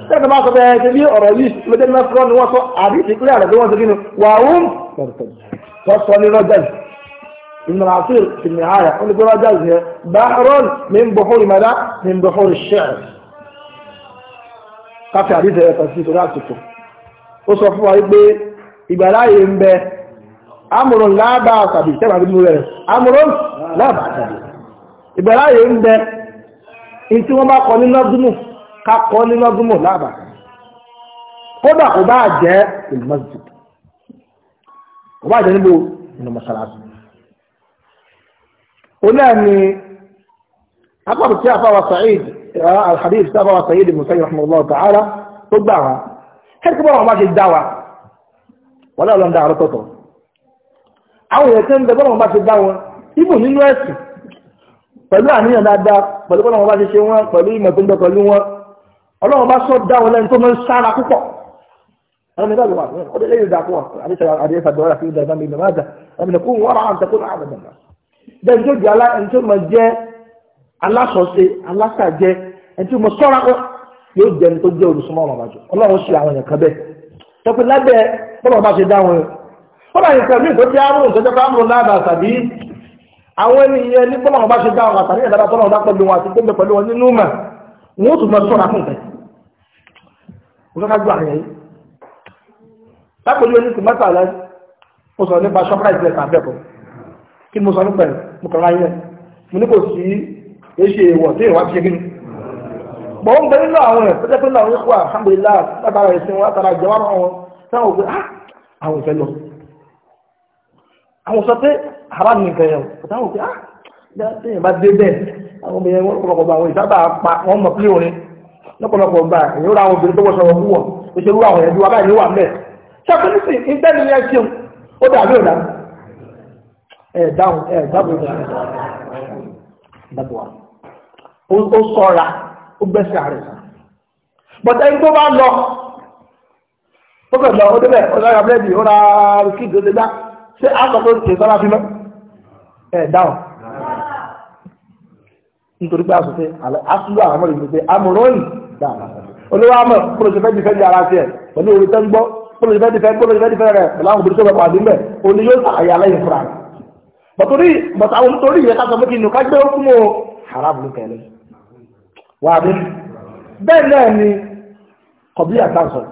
tẹ́tẹ̀ bá sọ bẹ́ẹ̀ ṣe bí ọ̀rọ̀ yìí lójẹ́ náà fúrọ́ ni wọ́n sọ àbí ìpínlẹ̀ àrẹ tí wọ́n sọ kí ni wà ó ń sọ ní rọ́jà ìnà àṣír ti ní àyà ó ní pé rọ́jà yẹn bá rọ́ọ̀lù mi ń bọ̀hó ìmọ̀dá mi ń bọ̀hó ìṣẹ́ káfí àdìsẹ̀ ẹ̀ kan sí torí àsìkò ó sọ fún wa pé ìgbà láàyè ń bẹ amúrún lábàá tàbí tẹ́lá amúrún lábàá tàbí ìgbà láàyè ń bẹ ní tí wọ́n bá kọ ní nọ́dúnmù ká kọ ní nọ́dúnmù lába kódà kò bá jẹ́ ìmọ̀jù kò bá jẹ́ níbo nínú mọ́ṣáláṣí. oní àmì akọ́bù tí afáwa Sa'id al-Hadith tí afáwa Sa'id musayi rahmanulah ta'ala tó gbà wá ẹ̀rí kọ́bọ̀ wọn bá ṣe dá wa wọ́n lọ́ọ́ lọ́ọ́ dá àrọ́tọ̀tọ̀ àwọn tẹ́ ń bẹ wọn bá dá pẹ̀lú àníyàn dáadáa pẹ̀lú pẹ̀lú ọmọ bá ṣe ṣe wọn pẹ̀lú ìmọ̀ tó ń bẹ pẹ̀lú wọn ọlọ́run bá sọ dá wọn lẹ́nu tó máa ń sára púpọ̀ أنا من قالوا واحد قد لا يدعوا عليك عليك الدولة في ذلك من ماذا لم نكون ورعا أن تكون أعبد الناس ده نجد على أن ثم جاء الله صوصي الله ساجاء أن ثم صرعوا يجد أن تجد بسم الله ما جاء الله وشي عوانا كبه تقول لا ده فلو ما شي داون فلا يكمل تجد عمرو تجد عمرو لا بأس به àwọn ènìyàn ní kọ́lọ̀ ọba ṣe dá ọ̀rọ̀ àtàrí ẹ̀dára tọ́lọ̀ ọba pẹ̀lú wọn àti pẹ̀lú pẹ̀lú wọn nínú mà wọ́n tún mọ sọ́ra fún ìfẹ́ òṣèká ju àyẹ̀ yìí lápẹ̀lú ẹni tí mẹ́ta lẹ́ mo sọ nípa shoprite lẹ́ta bẹ́ẹ̀kọ́ kí mo sọ nípa ẹ̀ mo kàn láyé mo ní kò sí èṣe ìwọ̀ tí ìwà ṣe kíni bọ̀ ń bẹ nínú àwọn ẹ̀ pẹ́tẹ́pẹ́ náà àwọn sọ pé haram ní nǹkan yẹn o táwọn òkè ah yẹn bá dé bẹ́ẹ̀ àwọn obìnrin wọn lọ́pọ̀lọpọ̀ bá wọn ìsábà pa wọn mọ̀ pé orin lọ́pọ̀lọpọ̀ bá èyí rà àwọn obìnrin tó wọ́sọ̀ wọn wúwọ̀ ó ṣe rú àwọn ẹ̀dùn wa báyìí ló wà mẹ́ẹ̀ ṣàpé ní sìn ní tẹ́lẹ̀ yẹn ṣeun ó dàbí ọ̀dà ẹ̀ dáhùn ẹ̀ dábòó dábòó ó sọ̀ra ó gbẹ́sẹ̀ àrẹ̀ sàn bọ̀tẹ́ ní tó bá lọ ṣé àtọ̀ tó kè sára fi mọ́ ẹ̀ dáhùn nítorí pé àṣọ pé àṣùlù àwọn ọmọ ìlú pé amòròyìn dáhùn olówó àmọ̀ pọlọsẹfẹ ti fẹ́ di ara tiẹ̀ pẹ̀lú orí tẹ́ ń gbọ́ pọlọsẹfẹ ti fẹ́ pọlọsẹfẹ ti fẹ́ rẹ̀ pẹ̀lú àwọn obìnrin tó bẹ̀ pàdé mẹ́ òní yóò sàyà aláyẹ̀ fúnra rẹ̀ bàtòrí bàtàwọn nítorí ìyẹn ká sọ pé kí nù ká gbé ó kúmọ̀ haram ló kẹ́lẹ́ wà á bí bẹ́ẹ̀ náà ni kọ̀bí àtàwọn sọ̀rọ̀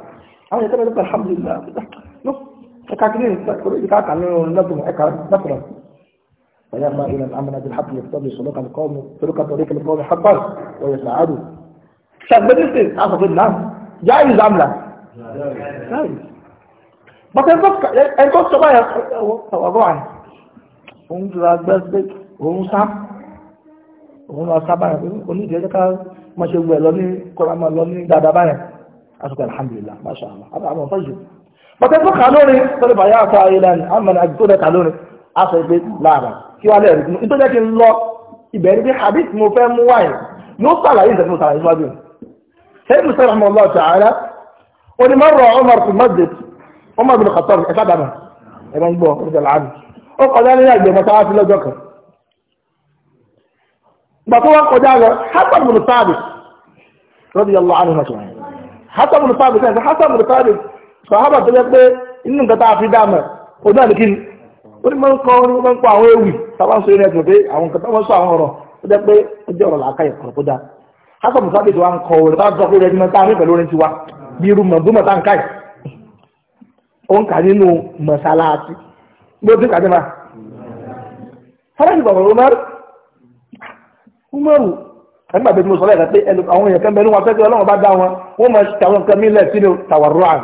àwọn ìyẹn tẹ́lẹ̀ ẹ̀ka kí ni ìka kà nínú lẹ́tùn ẹ̀ka lẹ́tùn فلما إلى الأمن بالحق يقتضي سلوك القوم سلوك طريق القوم حقا ويساعده شددت أخذ الناس جائز أم لا؟ جائز بس أنت صغير تواضعا òun ti ra gbẹ́sẹ̀ òun sá òun lọ sá báyìí onídìí ẹjẹ́ ká mọ̀ ṣe gbẹ̀ lọ ní kọ́ra mọ̀ lọ ní dáadáa báyìí bàtẹ́ fún kàlórin sọ́dọ̀ bàyá àfa ìlànà àmàlà àgbẹ̀tọ́ dẹ̀ kàlórin á sọ pé láàbà kí wàá lẹ́rìí nínú nítorí kí n lọ ibẹ̀ ní bí habib mo fẹ́ mú wáyé ló sàlàyé ìṣẹ̀fẹ́ mo sàlàyé síwájú ṣé mo sọ̀rọ̀ ọmọ ọlọ́ọ̀tà ara ó ní mọ́rọ̀ Umar fi masjid Umar bin Khattab ẹ̀ sádàmà ẹ̀ máa ń gbọ́ ọ̀rọ̀ ìṣẹ̀lẹ̀ àmì ó kọjá ní Hasan bin Thabit sọ̀hábà tó jẹ́ pé inú nǹkan tá a fi dáàmà ó náà ní kíni ó ní máa ń kọ́ ní máa ń kọ́ àwọn ewì sábà ń sọ eré ẹ̀sìn pé àwọn nǹkan táwọn sọ àwọn ọ̀rọ̀ ó jẹ́ pé ó jẹ́ ọ̀rọ̀ làákàyè kọ̀rọ̀ tó dáa hásọ̀ mùsàbí tó wá ń kọ orin láti sọ pé rẹ́ni tá a ní pẹ̀lú orin tiwa bí irú mọ̀ búmọ̀ tá ń káyì ó ń kà nínú mọ̀sálásí ló ti kàdé máa fọ́nrán ìgbà ọ̀rọ̀ umaru umaru ẹgbà bẹ́ẹ̀ mo sọ lẹ́ẹ̀kan pé àwọn èèyàn kan bẹ́ẹ̀ ní wọn fẹ́ kí ọlọ́run bá dá wọn wọ́n máa ṣe àwọn nǹkan mílẹ̀ sínú tàwárọ̀ àná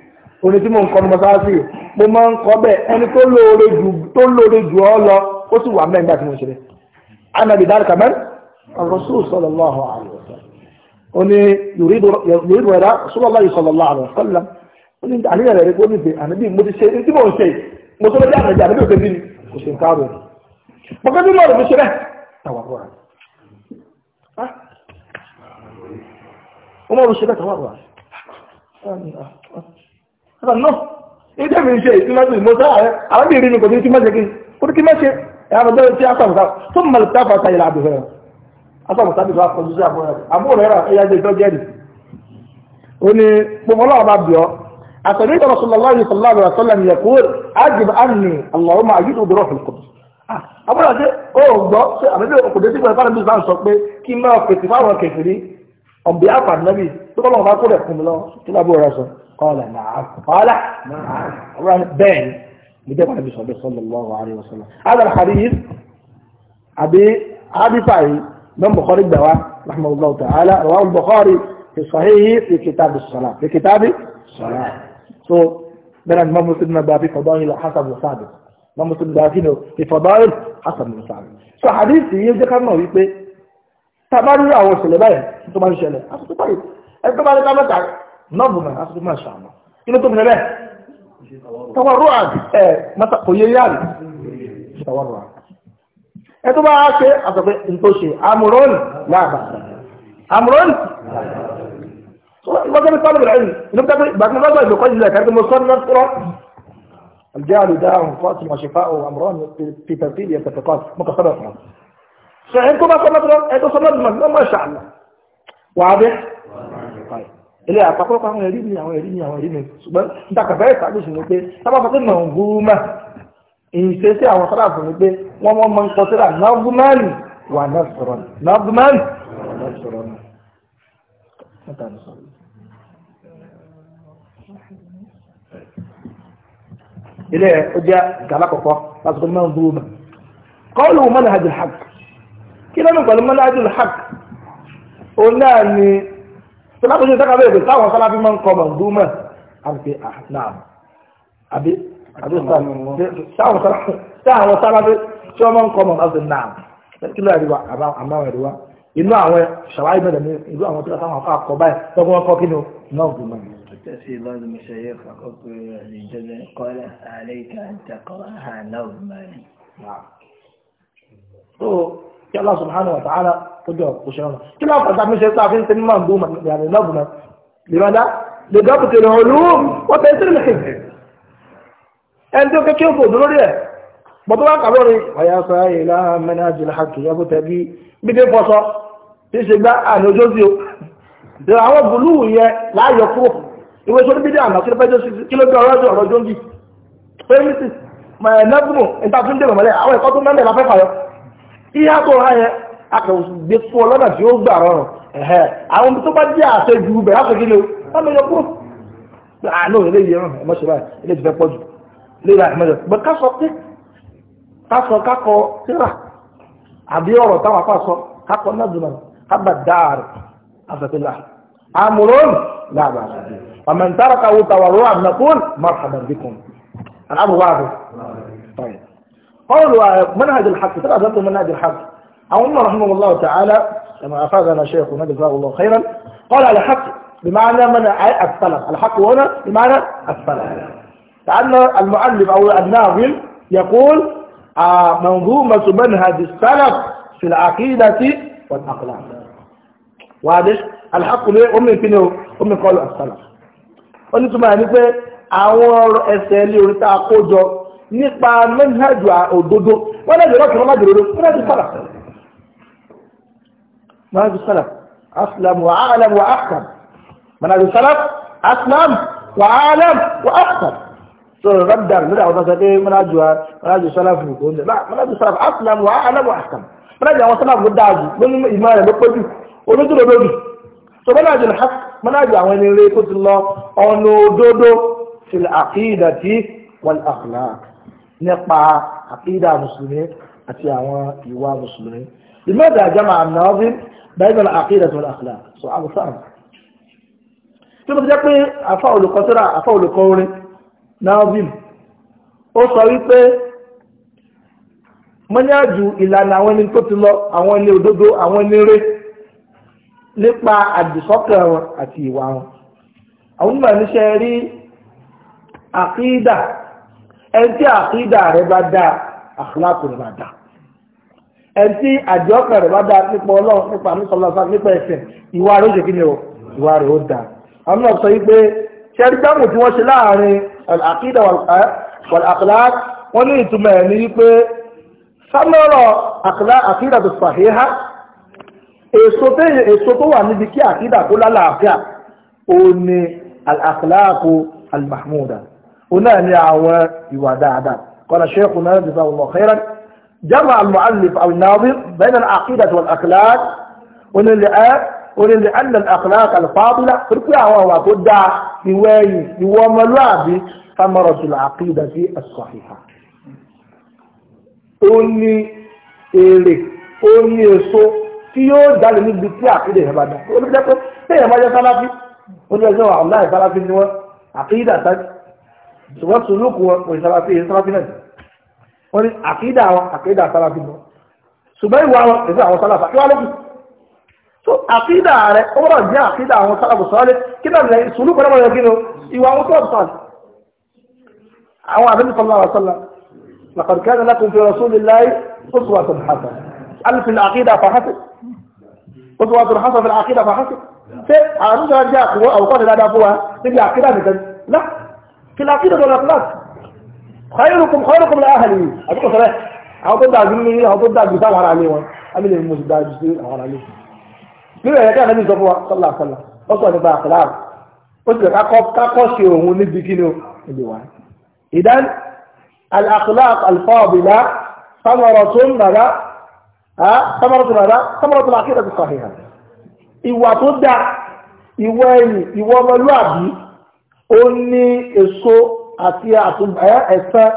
òní tí mo ń kọ́ ní mọ́sáàsì mo máa ń kọ́ bẹ́ẹ̀ ẹni tó lóore jù tó lóore jù ọ́ lọ ó sì wà mẹ́rin bá ti mo ṣe rẹ̀ anabi dárí kàmẹ́rì ar-rasul sallallahu alaihi wasallam ó ní yuridu rẹ̀ rasulullah sallallahu alaihi wasallam ó ní àníyàn rẹ̀ kó níbi ànábì mo ti ṣe ní tí mo ṣe mo tó lọ́jọ́ ànábì ànábì òkè bíi kò ṣe nǹkan rẹ̀ sọ no ilé mi ṣe ìtumọ̀tò ìmọ̀tò àwọn bí ìrìnnì kò ní túmọ̀ ṣe kí kò ní túmọ̀ ṣe ẹ̀rọ bẹ́ẹ̀ tí akọ̀mùsá tó mọ̀ tá fà sáyẹ̀ láàbù fẹ́rẹ̀ akọ̀mùsá bí wàá kọjú sí àbúrò rẹ̀ àbúrò rẹ̀ ẹ̀yà jẹ́ ìtọ́jú ẹ̀rì ó ní gbogbo ọlọ́wọ́ bá bì ọ́ àtọ̀lé ìtọ́ Rasulullah sallallahu alaihi wasallam yaqul ajib anni Allahumma ajidu bi ruhil qudus àbúrò àti ó gbọ́ ṣe àbẹ́bẹ́ òkùnrin tí wọ́n fara bí sáà sọ pé kí n máa fèsì fáwọn kẹfìrí ọ̀bí àpàdánẹ́bì tó kọ́ lọ́wọ́ bá قال نعم قال نعم بان مجاب النبي صلى الله عليه وسلم هذا الحديث أبي أبي فاي من بخاري الدواء رحمه الله تعالى رواه البخاري في صحيحه في كتاب الصلاة في كتاب الصلاة سو من الإمام مسلم بابي فضائل حسب وصادق من مسلم بابي في فضائل حسب وصادق سو حديث يجي كان نوي pé تبارك الله وسلم báyìí tó bá ṣẹlẹ̀ àti tó báyìí ẹ tó bá ní ká mẹ́ta نظما أقصد ما شاء الله إنه تبنى له تورعا متى قوية يعني تورعا إيه، اتبع عاشي اتبع انتوشي ìtòṣe لا láàbà amúrọ́nì wọ́n tẹ́lẹ̀ sọ́nà ìrìn inú tẹ́lẹ̀ ìgbàgbọ́n lọ́gbà ìlú kọ́jú lẹ́ka tí mo sọ́nà náà tọ́rọ الجهل داء قاتل وشفاء وامران في ترتيب يتفقان متصرف فانتم ما صلى الله عليه ما شاء الله واضح ilé àpapọ̀lọpọ̀ àwọn ẹ̀rí ni àwọn ẹ̀rí ni àwọn ẹ̀rí ni ṣùgbọ́n ìtàkàbẹ̀rẹ̀ ìtàkùsù ni pé tábàfọ́ pé mọ̀ngúrúmà ìṣe sí àwọn sọ́dàfù ni pé wọ́n mọ́ mọ́ ń kọ́ síra nọ́gùmánì wà náà sọ̀rọ̀ nọ́gùmánì wà náà sọ̀rọ̀ náà. ilé ó jẹ́ gàlá kọ̀kọ́ láti pé mọ̀ngúrúmà kọ́ọ̀lù mọ́nà hajj hàk kí lónìí pẹ̀lú mọ́nà hajj hàk òun ni tó lápò ṣe sákàbẹ̀ èdè táwọn sálábí máa ń kọ mọ̀ndúmọ̀ àti àhànàm ah, àbí àbí sáwọn sálábí tí wọ́n máa ń kọ mọ̀ àti nàm kí ló àríwá àmàwọn àríwá inú àwọn ṣàwárí mẹ́rin ní ìlú àwọn tí wọ́n sáwọn afá kọ báyìí tọ́gbọ́n wọn kọ́ kí ni náà gùn mọ́ تأتي بعض المشايخ حقوق الجزء قال عليك أن تقرأها نظما نعم kí Allah subhanahu wa ta'ala tó jọ òṣèré wọn kí ló fàtà mi ṣe sá fi ń tẹ́ mímọ́ àǹdó ìyàrá ìlọ́bù náà lèmọ́dá lè dọ́pù tèrè olóòm wọ́n tẹ́ sí ìlẹ̀ ẹni tó kékeré fò dúró rí ẹ̀ bọ́tọ́ bá kàwé rí ọ̀yà sọ ìlà mẹ́nà jìlá hàkì yọ́bù tẹ́bí bí dé fọ́sọ́ tí ṣe gbá àná ojósì o dèrò àwọn bùlúù yẹn láàyò kúrò ìwé sọ́dún bídí àná kí ló ihe akpọrọ ahịa aka gbé fún tí ó gbà rọrùn ẹ̀hẹ́ àwọn tó bá jẹ́ àṣẹ ju láti kí o wọ́n lè kúrò àánú ah, eléyìí ẹ̀rọ ẹ̀mọ́ báyìí eléyìí fẹ́ pọ̀ jù bẹ ká sọ pé ká sọ kákọ síra àbí ọ̀rọ̀ táwọn apá sọ kákọ náà dùnà dáàrẹ̀ mọ́ قالوا آه، منهج الحق ترى أدلت منهج الحق الله رحمه الله تعالى كما أفادنا شيخ ونجد الله خيرا قال على حق بمعنى من السلف الحق هنا بمعنى السلف لأن المعلم أو الناظم يقول آه، منظومة منهج السلف في العقيدة والأخلاق واضح الحق لي أمي كنو أمي قالوا السلف ونسمع نفسي أول أسألي ورتا أقول nípa mẹ́nhàjù òdodo wọ́n lẹ́jọ́ lọ́tọ̀ wọ́n lájọ́ òdodo wọ́n lẹ́jọ́ sálà mẹ́nhàjù sálà Aslamu wa alam wa akam mẹ́nhàjù sálà aslam wa alam wa akam sọ̀rọ̀ rọ́bdàn nígbà wọ́n sọ pé mẹ́nhàjù mẹ́nhàjù sálà fún òkú oúnjẹ mẹ́nhàjù sálà aslam wa alam wa akam mẹ́nhàjù àwọn sálà fún dáàjù lónú ìmọ̀ rẹ̀ ló pẹ́jù olójú lódodo so mẹ́nhàjù mẹ́nhàjù àwọn ẹni rẹ̀ tó ti lọ ọ̀nà òdodo fil aqidati wal akhlaq nípa àkídà mùsùlùmí àti àwọn ìwà mùsùlùmí لماذا جمع الناظم بين العقيدة والأخلاق سؤال صعب tí mo ti jẹ́ pé afá olùkọ́ síra afá olùkọ́ orin naovim ó sọ wípé mọ́nyájú ìlànà àwọn ẹni tó ti lọ àwọn ilé òdodo àwọn ẹni nípa àdìsọ́kàn wọn àti ìwà wọn àwọn onímọ̀ níṣẹ́ rí àkídà ẹ̀ntí àkídà rẹ̀ bá dá àkíláàkù rẹ̀ bá dá ẹ̀ntí àjọkà rẹ̀ bá dá nípa ọlọ́run nípa àmúsọ̀lọ́sá nípa ẹ̀sẹ̀ ìwà rẹ̀ ó ṣe kí ni o ìwà rẹ̀ ó dá àwọn náà sọ yí pé ṣẹ́rí dáhùn tí wọ́n ṣe láàrin àkídà wàláàkìláàkì wọ́n ní ìtumọ̀ ẹ̀ ní wípé sámọ́rọ̀ àkídà tó sàhíhá èso tó wà níbi kí àkídà tó lálàáfíà òun ni àkíláàkù al-mahmuda هنا لعواء وداعدا قال شيخنا جزاه الله خيرا جمع المعلف أو الناظر بين العقيدة والأخلاق وللآن لأن الأخلاق الفاضلة تركيا وهو تدعى بواي وملابي ثمرة العقيدة الصحيحة أني إليك أني يسو في يوم دال من بيتي عقيدة هبادة أقول لك يا سلافي أقول يا الله سلافي عقيدة ṣùgbọ́n sùlùkù wọn kò ìsàlàfí èyí sàlàfí náà wọ́n ní àkídà àwọn àkídà sàlàfí mọ́ ṣùgbọ́n ìwà so àkídà rẹ̀ ó wọ́n jẹ́ àkídà àwọn sàlàfù sọ́ọ́lẹ̀ kí náà lè sùlùkù náà wọ́n yẹ kí ni ìwà àwọn tó ọ̀sán àwọn àbẹ́ni sọ́lá wa sọ́lá لقد كان لكم في رسول الله أسوة حسنة هل في العقيدة فحسب أسوة حسنة في العقيدة والأخلاق خيركم خيركم لأهلي أدوكم صلاة هتضع عزيزي هتضع الجسام على عليه عمل المسجد على الجسام على عليه nígbà yẹn kí ànábì sọ fún wa sọlá sọlá ó sọ nípa àkàlà ó sì kakọ kakọ ṣe òun níbi kí ni ó níbi wá. ìdán al-akhlaq al-fadila samaratun nara ha samaratun nara samaratun akidatu sahiha. ìwà tó dáa ìwà ẹ̀yìn ìwà ọmọlúwàbí ó ní èso àti ẹ̀sán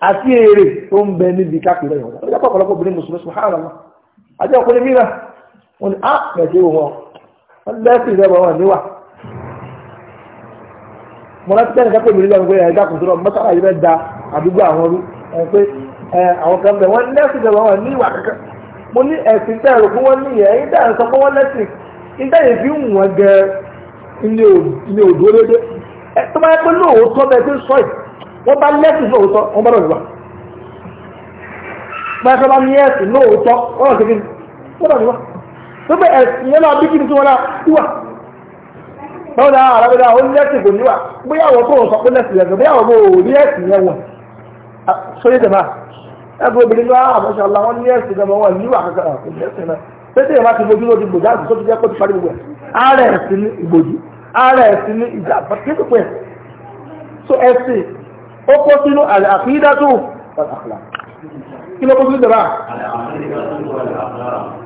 àti èrè tó ń bẹ níbi kápẹ́rẹ́ ìwọ̀n ó jẹ́ pọ̀pọ̀lọpọ̀ obìnrin mùsùlùmí subhanallah àti ọkùnrin mìíràn wọn ni a pẹ̀sẹ̀ wọn wọn lẹ́sìn ìrẹ́bọ̀ wọn níwà mo rántí mi pé mọ́sára yìí bẹ́ẹ̀ da àdúgbò àwọn ọdún ẹ̀ pé àwọn kan bẹ̀ wọ́n lẹ́sìn wọn kankan mo ní ẹ̀sìn tẹ́ ẹ̀rọ fún wọn ní ìyẹn ẹ̀yìn tẹ́ sọ lẹ́sìn fi ń wọ́n gẹ ilé lédè tó bá yẹ pé lóòótọ́ bẹ́ẹ̀ tó sọ yìí wọ́n bá lẹ́sìn lóòótọ́ wọ́n bá lọ́dọ̀ wá bá yẹ pé bá ní ẹ̀sìn lóòótọ́ wọ́n lọ́dọ̀ kékeré wọ́n lọ́dọ̀ wá tó bẹ ẹ̀sìn yẹn náà bí kí tí wọ́n náà wíwà báwo ni ara bẹ́ẹ̀ ó lẹ́sìn kò níwà bóyá àwọn tó sọ pé lẹ́sìn yẹn bóyá àwọn ò ní ẹ̀sìn yẹn wọ̀ sóyè dẹ̀ máa ẹgbẹ́ obìnrin náà àmọ́ṣe ọ̀la wọn ní ẹ̀sìn náà wọn níwà kankan pété yẹn máa ti mojú lójú àti tó jẹ́ kó ti parí gbogbo ẹ̀ ara ẹ̀sìn ìgbòdì ara ẹ̀sìn ní ìjà pàtíkùpẹ̀ so ẹ̀sìn ó kó sínú àkídátù pàtàkìlá kí ló kó sínú ìjọba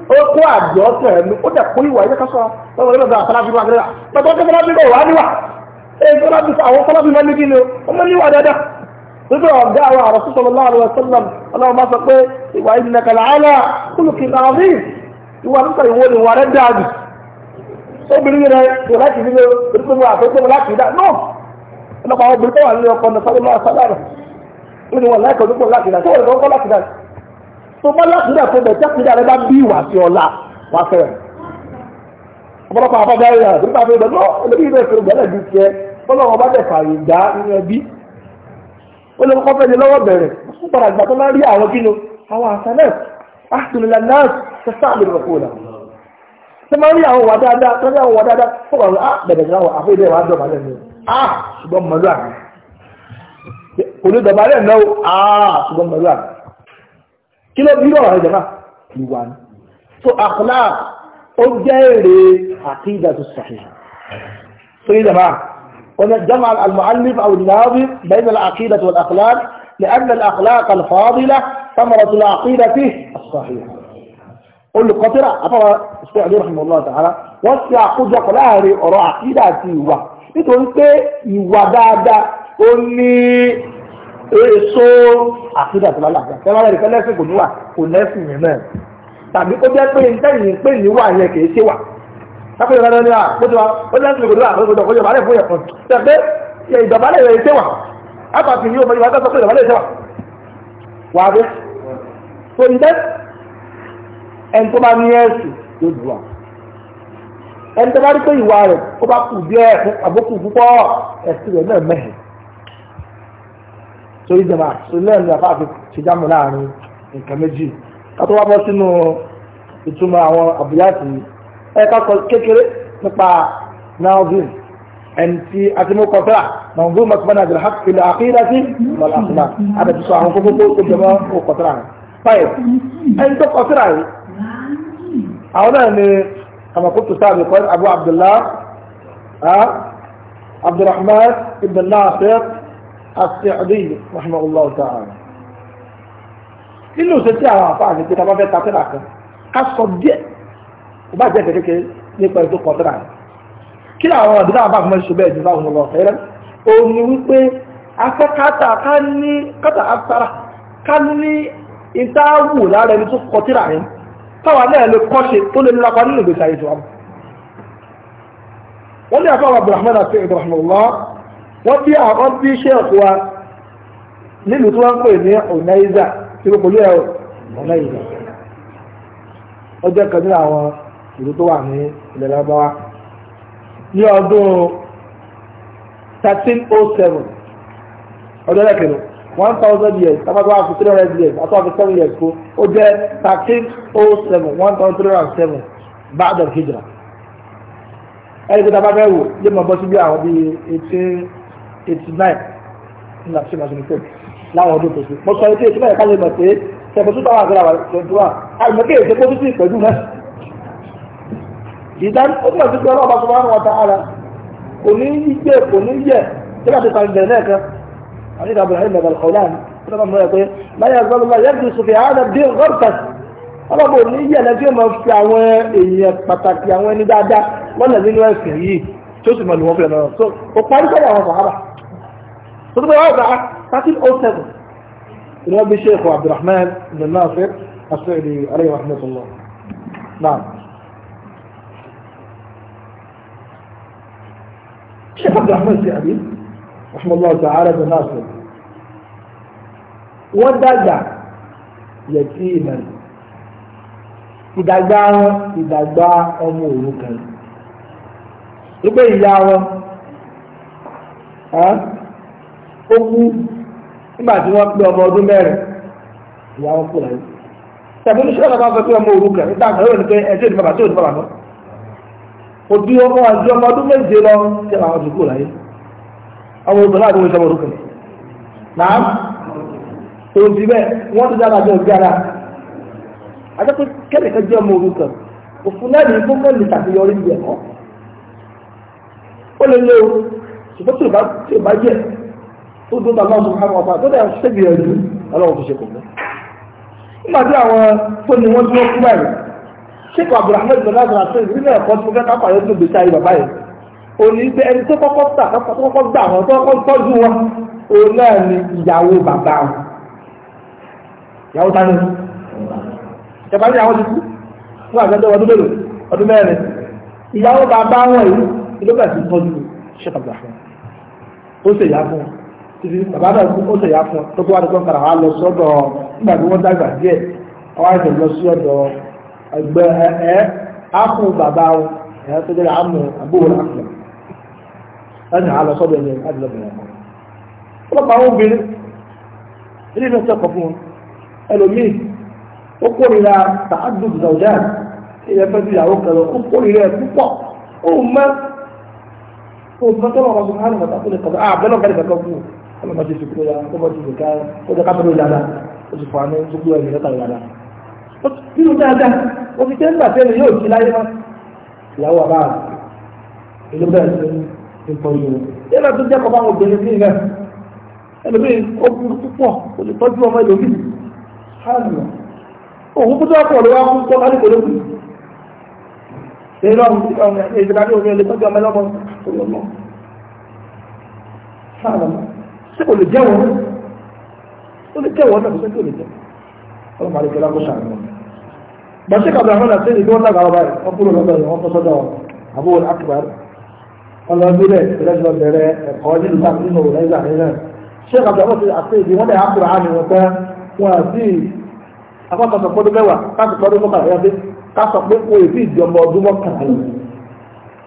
ó kó àjọ ọ̀tọ̀ ẹ̀mí ó dẹ̀ kó ìwà ilé kásọ̀ lọ́wọ́ lọ́dọ̀ àfọlábí wà gẹ́gẹ́ bàbá ọjọ́ fọlábí bọ̀ wà níwà èyí fọlábí àwọn fọlábí máa ní kí ni ó mọ níwà dáadáa nígbà ọ̀gá àwọn àrọ̀ sọ́sọ́ lọ́wọ́ àwọn sọ́lọ́m ọlọ́wọ́ máa sọ pé ìwà ìnìyàn kàlà áyà kúlùkì náà rí ìwà nípa ìwọ ni wà rẹ̀ dáadì obìnrin rẹ̀ kò láti fi lé orúkọ mi àfẹ́jọ́ mi láti dá náà ọlọ́pàá àwọn obìnrin tó wà nílé ọkọ ọ̀nà sáré máa sáláàrọ̀ ó ní wọn láìkọ̀ orúkọ láti dá tó wọ́n lọ́kọ́ láti dá tó bá láti dá tó bẹ̀ tẹ́kùn dá rẹ bá bí ìwà sí ọ̀la wà fẹ́rẹ̀ ọ̀pọ̀lọpọ̀ àfọ́gá rẹ̀ àdúgbò àfẹ́rẹ́ náà olóbi ilé ìfẹ́ ògbẹ́lẹ̀ bí tiẹ̀ ọlọ́wọ́ bá dẹ̀ fààyè dá nínú ẹbí ó lè kọ́kọ́ fẹ́ni lọ́wọ́ bẹ̀rẹ̀ fún padà ìgbà tó máa rí àwọn kí ni àwọn àṣà náà náà tí máa ń rí àwọn wà dáadáa tí wọ́n rí àwọn wà dáadáa fún àwọn àbẹ̀rẹ̀ gan àwọn àfẹ́ ilé wa dọ̀bà lẹ́nu à ṣùgbọ́n mọ̀lú àná kò ní dọ̀bà lẹ́nu náà à ṣùgbọ́n mọ̀lú àná kí ló bí wọ́n rẹ̀ jẹ̀má ìwà ni so àkọlá ó jẹ́ èrè àti ìdájọ́ sàhì so yìí jẹ̀má wọ́n jẹ́mà al-mu'allif al-nabi bayna al-aqidati wal-akhlaq لأن الأخلاق الفاضلة ثمرة العقيدة الصحيحة olùkọ́tẹ́rà àtàwà ìṣẹ́ àdéhùn ìmọ̀lá tààrà wọ́n ṣe àkójọpọ̀ láàrin ọ̀rọ̀ àkídà àti ìwà nítorí pé ìwà dáadáa ó ní èso àkídà tó lálàáfíà tẹ́lá rẹ̀ fẹ́ lẹ́sìn kò níwà kò lẹ́sìn yẹn náà tàbí ó jẹ́ pé ntẹ́yìn pé níwà yẹn kì í ṣe wà sápẹ́ ìwà náà ní wà ó ti wà ó lẹ́sìn kò níwà kò níwà kò níwà fún yẹn kan tẹ̀pẹ́ ìdọ̀bálẹ̀ rẹ̀ ṣe wà àpàtì yìí ó mọ ìwà tó sọ pé ìdọ̀bálẹ̀ ṣe wà wà á bẹ́ ẹni tó bá ní ẹ̀sìn yóò dùn wá ẹni tó bá rí pé ìwà rẹ̀ ó bá kù bí ẹ̀ àbókù púpọ̀ ẹ̀sìn rẹ̀ náà mẹ́hìn torí jẹba lẹ́yìn ìgbà fáfi ṣèjámọ̀ láàrin nǹkan méjì ká tó wá bọ́ sínú ìtumọ̀ àwọn àbúyàtì ẹ ká kọ kékeré nípa nauvin ẹni tí atimokọfẹ́ nauvin mọ̀tìmọ́nà àjẹrẹ hàkìlẹ̀ àkíyàtì mọ̀lá àfúnà àdàtúnṣe àwọn kókó tó jẹmọ́ òkọ̀tẹ́rà rẹ̀ báyìí ẹni tó kọ̀tẹ́rà rẹ̀ àwọn náà ni kama kuntu sabiqan abu abdullah abdulrahman ibn nasir as-sa'di rahimahullah ta'ala nínú ìṣẹ́tí àwọn àfáàní pé tàbá fẹ́ ta tẹ́lá kan ká sọ díẹ̀ kò bá jẹ́ kékeré nípa ètò kọ̀tẹ́lá kí àwọn àdúrà àbá fún ẹṣin bẹ́ẹ̀ jùlọ àwọn ọmọ ọ̀fẹ́rẹ́ ó ní wípé afẹ́kátà ká ní kátà afárá ká ní ìtawù lára ẹni tó kọtẹ́lá yẹn táwa náà lè kọ́ṣe tó lè nílapa nínú ìgbésí ayé tiwa. wọ́n ní àfọwọ́ abdulrahman àti ibrahim allah wọ́n bí àwọn bí sheikh wa nílùú tí wọ́n ń pè ní onaiza tí kò pẹ̀lú ẹ̀ onaiza ó jẹ́ kan nínú àwọn ìlú tó wà ní ilẹ̀ lábáwá ní ọdún 1307 ọdún ẹlẹ́kẹ̀rẹ́ one thousand years tábàtà àfi three hundred years àti àfi seven years kó ó jẹ́ thirteen oh seven one thousand three hundred and seven ba'da hijra ẹni kíta bá fẹ́ wò yé mọ̀ bọ́ sí bí àwọn bíi eighteen eighty nine nígbà tí màá sinmi fẹ́ẹ̀ láwọn ọdún tó ṣe mo sọ eighteen eighty nine ká lè mọ̀ pé seventy two thousand àgbẹ̀rẹ̀ àwọn twenty one àìmọ̀kẹ́ èsè kó títí ìpẹ́jù náà ìdá ó túnbọ̀ sí pé ọlọ́ọ̀bá tó bá ń wọta ara kò ní yí gbé kò ní yẹ tí wọ́n ti pa ìbẹ̀rẹ̀ náà kan حديث ابو العلم ابو الخولان لا يزال الله يجلس في هذا الدين غرفة الله يقول لي انا في اوان ايه بطاك اوان ايه دادا وانا زين وانسي ايه شو سمع الوقت انا رسول وقال كلا هو صحابة صدق الله بقى تاتي الاوسط انه ابي الشيخ عبد الرحمن بن الناصر السعدي عليه رحمة الله نعم شيخ عبد الرحمن السعدي rahmanulah ta'ala bin nasir wọ́n dàgbà yẹtí ìmọ̀lẹ̀ ìdàgbà wọn ìdàgbà ọmọ òrukàn wípé ìyá wọn ó kú nígbà tí wọ́n pé ọmọ ọdún mẹ́rin ìyá wọn kú láyé tàbí oníṣẹ́ ọ̀nà bá sọ pé ọmọ òrukàn nígbà tí wọ́n pé ẹjọ́ ìdí bàbá tó ìdí òbí ọmọ àti ọmọ ọdún méje lọ sí àwọn ọdún kú láyé àwọn obìnrin àti oníṣẹ́ ọdún kan náà òun ti bẹ́ẹ̀ wọ́n ti dára jẹ́ ògbára adẹ́pẹ́ kẹ́lẹ̀kẹ́ jẹ́ ọmọ orúkọ òfin náà ní fún mẹ́lì ṣàṣeyọrí ní ẹ̀kọ́ ó lè lé o ṣùgbọ́n tí ò bá jẹ́ tó dún tàbí ọmọ ọmọ ọmọ tó dẹ̀ ṣẹ́bi ẹ̀rú ọlọ́run fi ṣe kò mọ́ nígbà tí àwọn tó ní wọ́n dúró kúrò ẹ̀rù ṣé kò Abdulrahman bin Nasir àti ìrírí ẹ̀kọ́ tí mo fẹ́ kápá yóò tó gbèsè ayé bàbá òní pé ẹni tó kọ́kọ́ tà kọ́kọ́ gbà wọn tó kọ́kọ́ tọ́jú wọn ni ìyàwó bàbá wọn ìyàwó ìjọba ní àwọn fún ọdún mélòó ọdún mẹ́rin ìyàwó bàbá wọn yìí tọ́jú fún ó sì yá fún títí bàbá náà kú ó sì yá fún tó kọ́ lọ sọ́dọ̀ nígbà tí wọ́n dàgbà díẹ̀ ọwọ́ àìsàn lọ sí ọ̀dọ̀ ẹni àlọ́ sọ́dọ̀ ẹni àdìlọ́bìnrin ọmọ ọlọ́pàá àwọn obìnrin ilé ìfẹ́ sọ̀kọ̀ fún un ẹlòmíì ó kórìíra tààdùn zọ̀dá ilé ẹfẹ́ bí ìyàwó kan lọ ó kórìíra ẹ̀ púpọ̀ ó mọ́ ó mọ́ tó lọ́wọ́ sọ hánà mọ̀tà fún ìkọ̀tà àbẹ́ lọ́kà ní kankan fún un ọlọ́pàá ti sùkúrò ya ó bọ́ ti sùkà ó jẹ́ kápẹ́ ló dáadáa ó ti fàánú sùkú ẹ̀ nìyẹn tàbí nínú dáadáa ó ti tẹ́ ń gbà tẹ́lẹ̀ yóò ti láyé wá ìyàwó àbá ìlú bẹ́ẹ̀ ìtọ́jú rẹ̀ yẹ́nà tó jẹ́ kọ́bá àwọn obìnrin bíi náà ẹlòmíì ó burú púpọ̀ kò lè tọ́jú ọmọ ẹlòmíì hàlùmọ̀ òun kú tó wà pọ̀ ló wá kú tó wá nípò lókù ìrọ̀ ìgbìdá ní omi ò lè tọ́jú ọmọ ẹlọ́mọ ọlọ́mọ hàlùmọ̀ ṣé kò lè jẹ́ wọn ó lè jẹ́ wọn náà ṣé kò lè jẹ́ ọlọ́mọ àlejò lákòóṣà àná bàṣẹ́ kàbí ọlọ́dúnrẹ̀ ìrẹ́jọ bẹ̀rẹ̀ ẹ̀kọ́ nínú sáfì nínú ọ̀rẹ́gbà nílẹ̀ ṣé kàtàkùn ti àti èdè wọn dẹ̀ á kúrò àmì wọn pẹ́ wọn àti akọ́kọ̀tọ̀ pọ́dún mẹ́wàá káàkiri pọ́dún mọ́kànlá yá dé kásọ̀ pé o èdè ìjọba ọdún mọ́kànlá yìí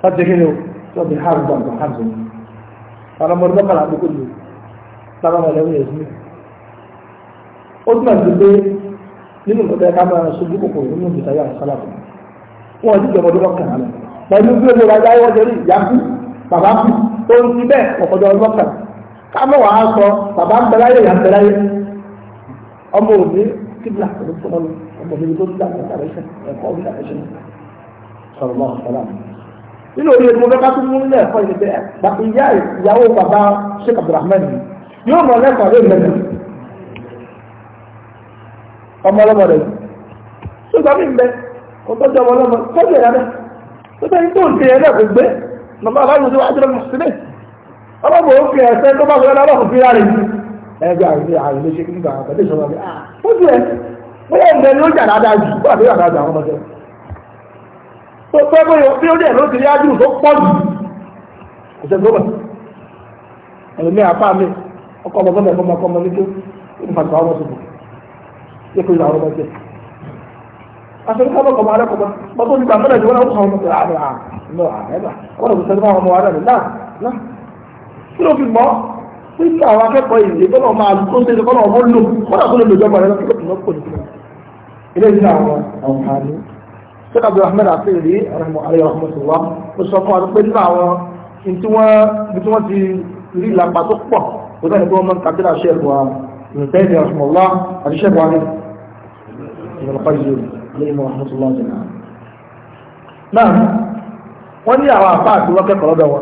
láti kí ni o tí wọ́n ti hàn gbà gbà hàn gbà ọlọmọdé mọ́kànlá àdúgbò yìí lára wọn lẹ́wọ̀n yẹn sí. ó túmọ̀ sí pé nínú ìfọ̀tẹ́ ká máa bàbá kù ohun ti bẹ́ẹ̀ ọ̀pọ̀dọ̀ ọlọ́kà kámọ́ wàá sọ bàbá ń bẹ̀rẹ̀ ayé ìyá ń bẹ̀rẹ̀ ayé ọmọ òní kíbla pẹ̀lú fọmọ mi ọmọ mi ló kíbla pẹ̀lú àrẹ́sẹ̀ ẹ̀kọ́ mi àrẹ́sẹ̀ sọ̀rọ̀ lọ́wọ́ sọ̀rọ̀ mi. nínú òye mo fẹ́ ká tún mú nílẹ̀ ẹ̀kọ́ yìí bẹ́ẹ̀ ìyá ìyàwó bàbá Sheikh Abdulrahman yóò mọ̀ lẹ́kọ̀ọ́ lé mẹ́lẹ̀ ọmọ ọlọ́mọ rẹ̀ mi ń bẹ kò ọmọ ọlọ́mọ tọ́jú ẹ̀rọ tó bẹ́ẹ̀ ní tó ń ṣe ẹ̀rọ kò gbé nàbà láyé òṣèlú àjọyọ̀ mùsùlùmí ọlọ́bù òfin ẹ̀sẹ̀ tó bá sọ̀rọ̀ ọlọ́bù fi rárẹ̀ yìí ẹgbẹ́ àwọn ilé àwọn ilé ṣe nígbà àgbàdo ìṣọ̀rọ̀ mi ó ti ẹ̀ bóyá ìgbẹ́ ni ó jà dáadáa jù bó àbí àdáadáa àwọn ọmọdé tó pẹ́ bóyá bí ó dẹ̀ ló ti rí ájú tó pọ̀ jù kò sẹ́ gbọ́mọ̀ ẹ̀lòmí عشان كده بقى عليكم ما تقول لي بعملها دي وانا اقولها وما تلعب لا لا ولا بستلمها وما ولا لا لا kúrò fi mọ́ títí àwọn akẹ́kọ̀ọ́ ìdè tọ́lọ̀ máa tó ṣe tọ́lọ̀ ọmọ lò kọ́nà tó lè lò jọba rẹ̀ lọ́pọ̀ lọ́pọ̀ nìkan ilé ìdí àwọn ọ̀hánì sọ́dọ̀ bí ahmed àfẹ́rí ààrẹ ọ̀hánmọ́sọ̀wá ó sọ fún wa pé nínú àwọn tí wọ́n ti rí ìlàpá tó pọ̀ kó sẹ́ni pé wọ́n máa ń kàtẹ́lá ṣẹ́ẹ̀kù wa ìrìnfẹ́ ìdí ọ̀hánmọ́lá عليهم ورحمة الله جميعا نعم ولي على أعطاك وكيف ردوا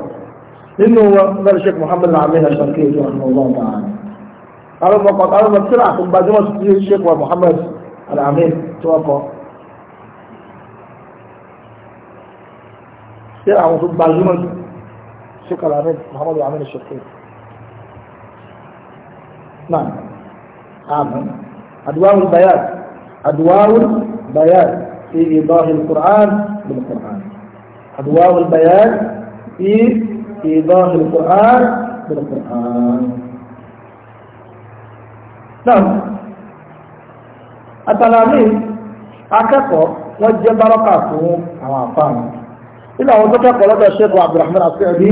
لأنه هو الشيخ محمد العميل الشركي رحمه الله تعالى قالوا ما قد قالوا ما بسرعة ثم بعد ما الشيخ محمد العميل توقع سرعة وصد بعد ما الشيخ العميل محمد العميل الشركي نعم آمين أدوان البيان أدواء بيان في إيضاح القرآن بالقرآن أدواء البيان في إيضاح القرآن بالقرآن نعم التلاميذ akẹ́kọ̀ọ́ wọ́n jẹ́ bárọ́kà fún àwọn àfáàmù nínú àwọn tó kẹ́kọ̀ọ́ lọ́dọ̀ ṣẹ́kọ̀ọ́ Abdulrahman As-Sa'di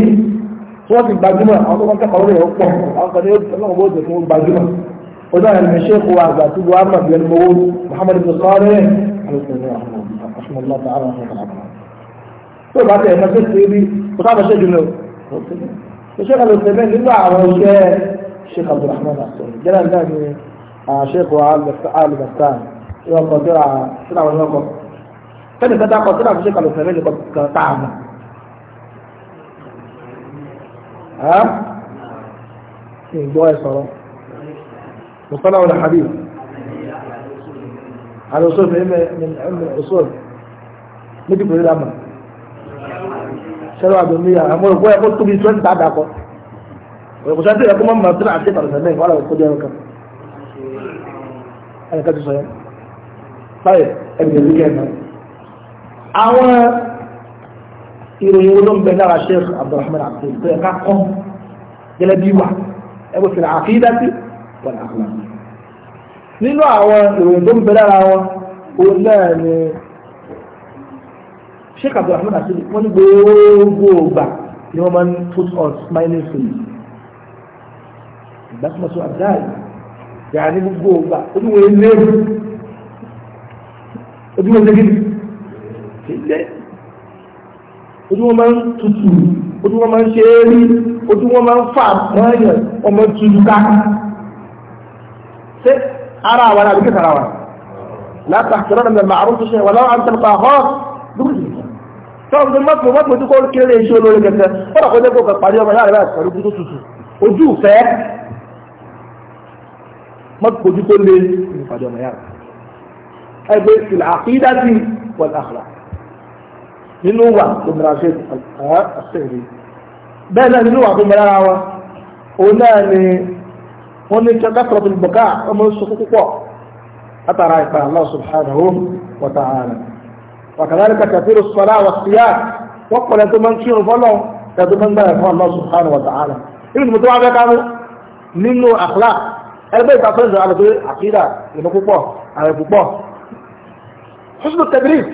tí wọ́n ti gbajúmọ̀ àwọn tó kẹ́kọ̀ọ́ lórí ẹ̀ pọ̀ àwọn kan ní ọlọ́run bó jẹ́ fún gbajúmọ̀ وده من الشيخ وعبد وأما بن المولود محمد بن صالح رحمه الله تعالى رحمه الله tó bá tẹ̀ ẹ̀mọ́sí sí ibi kò sábà ṣe jùlọ ṣe kàlù sẹ́mẹ́ nígbà àwọn iṣẹ́ ṣe kàlù rahman àtọ̀ jẹ́rẹ̀ náà ni àṣekọ̀ alìbàtàn yọ ọkọ̀ jọra sílà àwọn ọkọ̀ tẹ́lẹ̀ kẹta kọ sílà fún ṣe kàlù sẹ́mẹ́ nìkan kan tá a mọ̀. ẹ̀ ń gbọ́ ẹ sọ̀rọ̀. مصطلح ولا حديث على اصول من علم الاصول نجي في الامر شرع بالمية امور هو يقول تبي سؤال تعب عقل ويقول سألت إيه؟ لكم أما طلع الشيء على سنين ولا يقول يا مكان أنا كنت صغير طيب ابن الزكاة àwọn ìròyìn olóńgbẹ lára sheikh abdulrahman abdul kọ́ gẹ́lẹ́ bí wà ẹgbẹ́ في العقيدة pàtàkì nínú àwọn ìròyìn tó ń bẹ lára wọn òun náà ni sheikh abdulrahman asin wọn ní gbogbo ògbà ni wọn máa ń put on smiling face ìgbà tí wọn sọ àdáyé yàrá ní gbogbo ògbà oníwèé léwu ojúmọ̀ lẹ́gìdì ilẹ̀ ojúmọ̀ máa ń tutù ojúmọ̀ máa ń ṣe é rí ojúmọ̀ máa ń fà mọ́ ẹ̀yàn ọmọ tuntun ká ṣé ara wa náà àbíkẹ́ sara wa láti àṣírọ́ nàmì màrún tó ṣe wà láwọn àti tẹ̀lifà họ́ dúró sí ìṣẹ́ tọ́wọ́ tó mọ́tò mọ́tò tó kọ́ kéré iṣẹ́ olórí gẹ̀gẹ́ fọ́nà kó dẹ́kọ̀ kà parí ọmọ yára pẹ̀lú kútó tutù ojú fẹ́ mọ́tò ojú tó lé ìpàdé ọmọ yára ẹgbẹ́ ìlà àkídájì wal akhlaq nínú wà tó mìíràn ṣe àṣẹ rí bẹ́ẹ̀ náà nínú wà tó mìíràn wa òun náà ni wọ́n ní kẹ́kọ̀ọ́ bí bùkà ọmọ oṣù púpọ̀ látara ìpa Allah subhanahu wa ta'ala wa kadhalika kathiru as-salah wa as-siyam wọ́n pọ̀lẹ̀ tó máa ń kírun fọ́lọ́ tẹ̀tọ́ máa ń gbà ẹ̀fọ́ Allah subhanahu wa ta'ala ibi tí mo tó wá fẹ́ kánú nínú akhlaq ẹgbẹ́ ìtafẹ́ ìṣòro àlọ́ pé àkídà ìlú púpọ̀ ààrẹ púpọ̀ husnu tadrib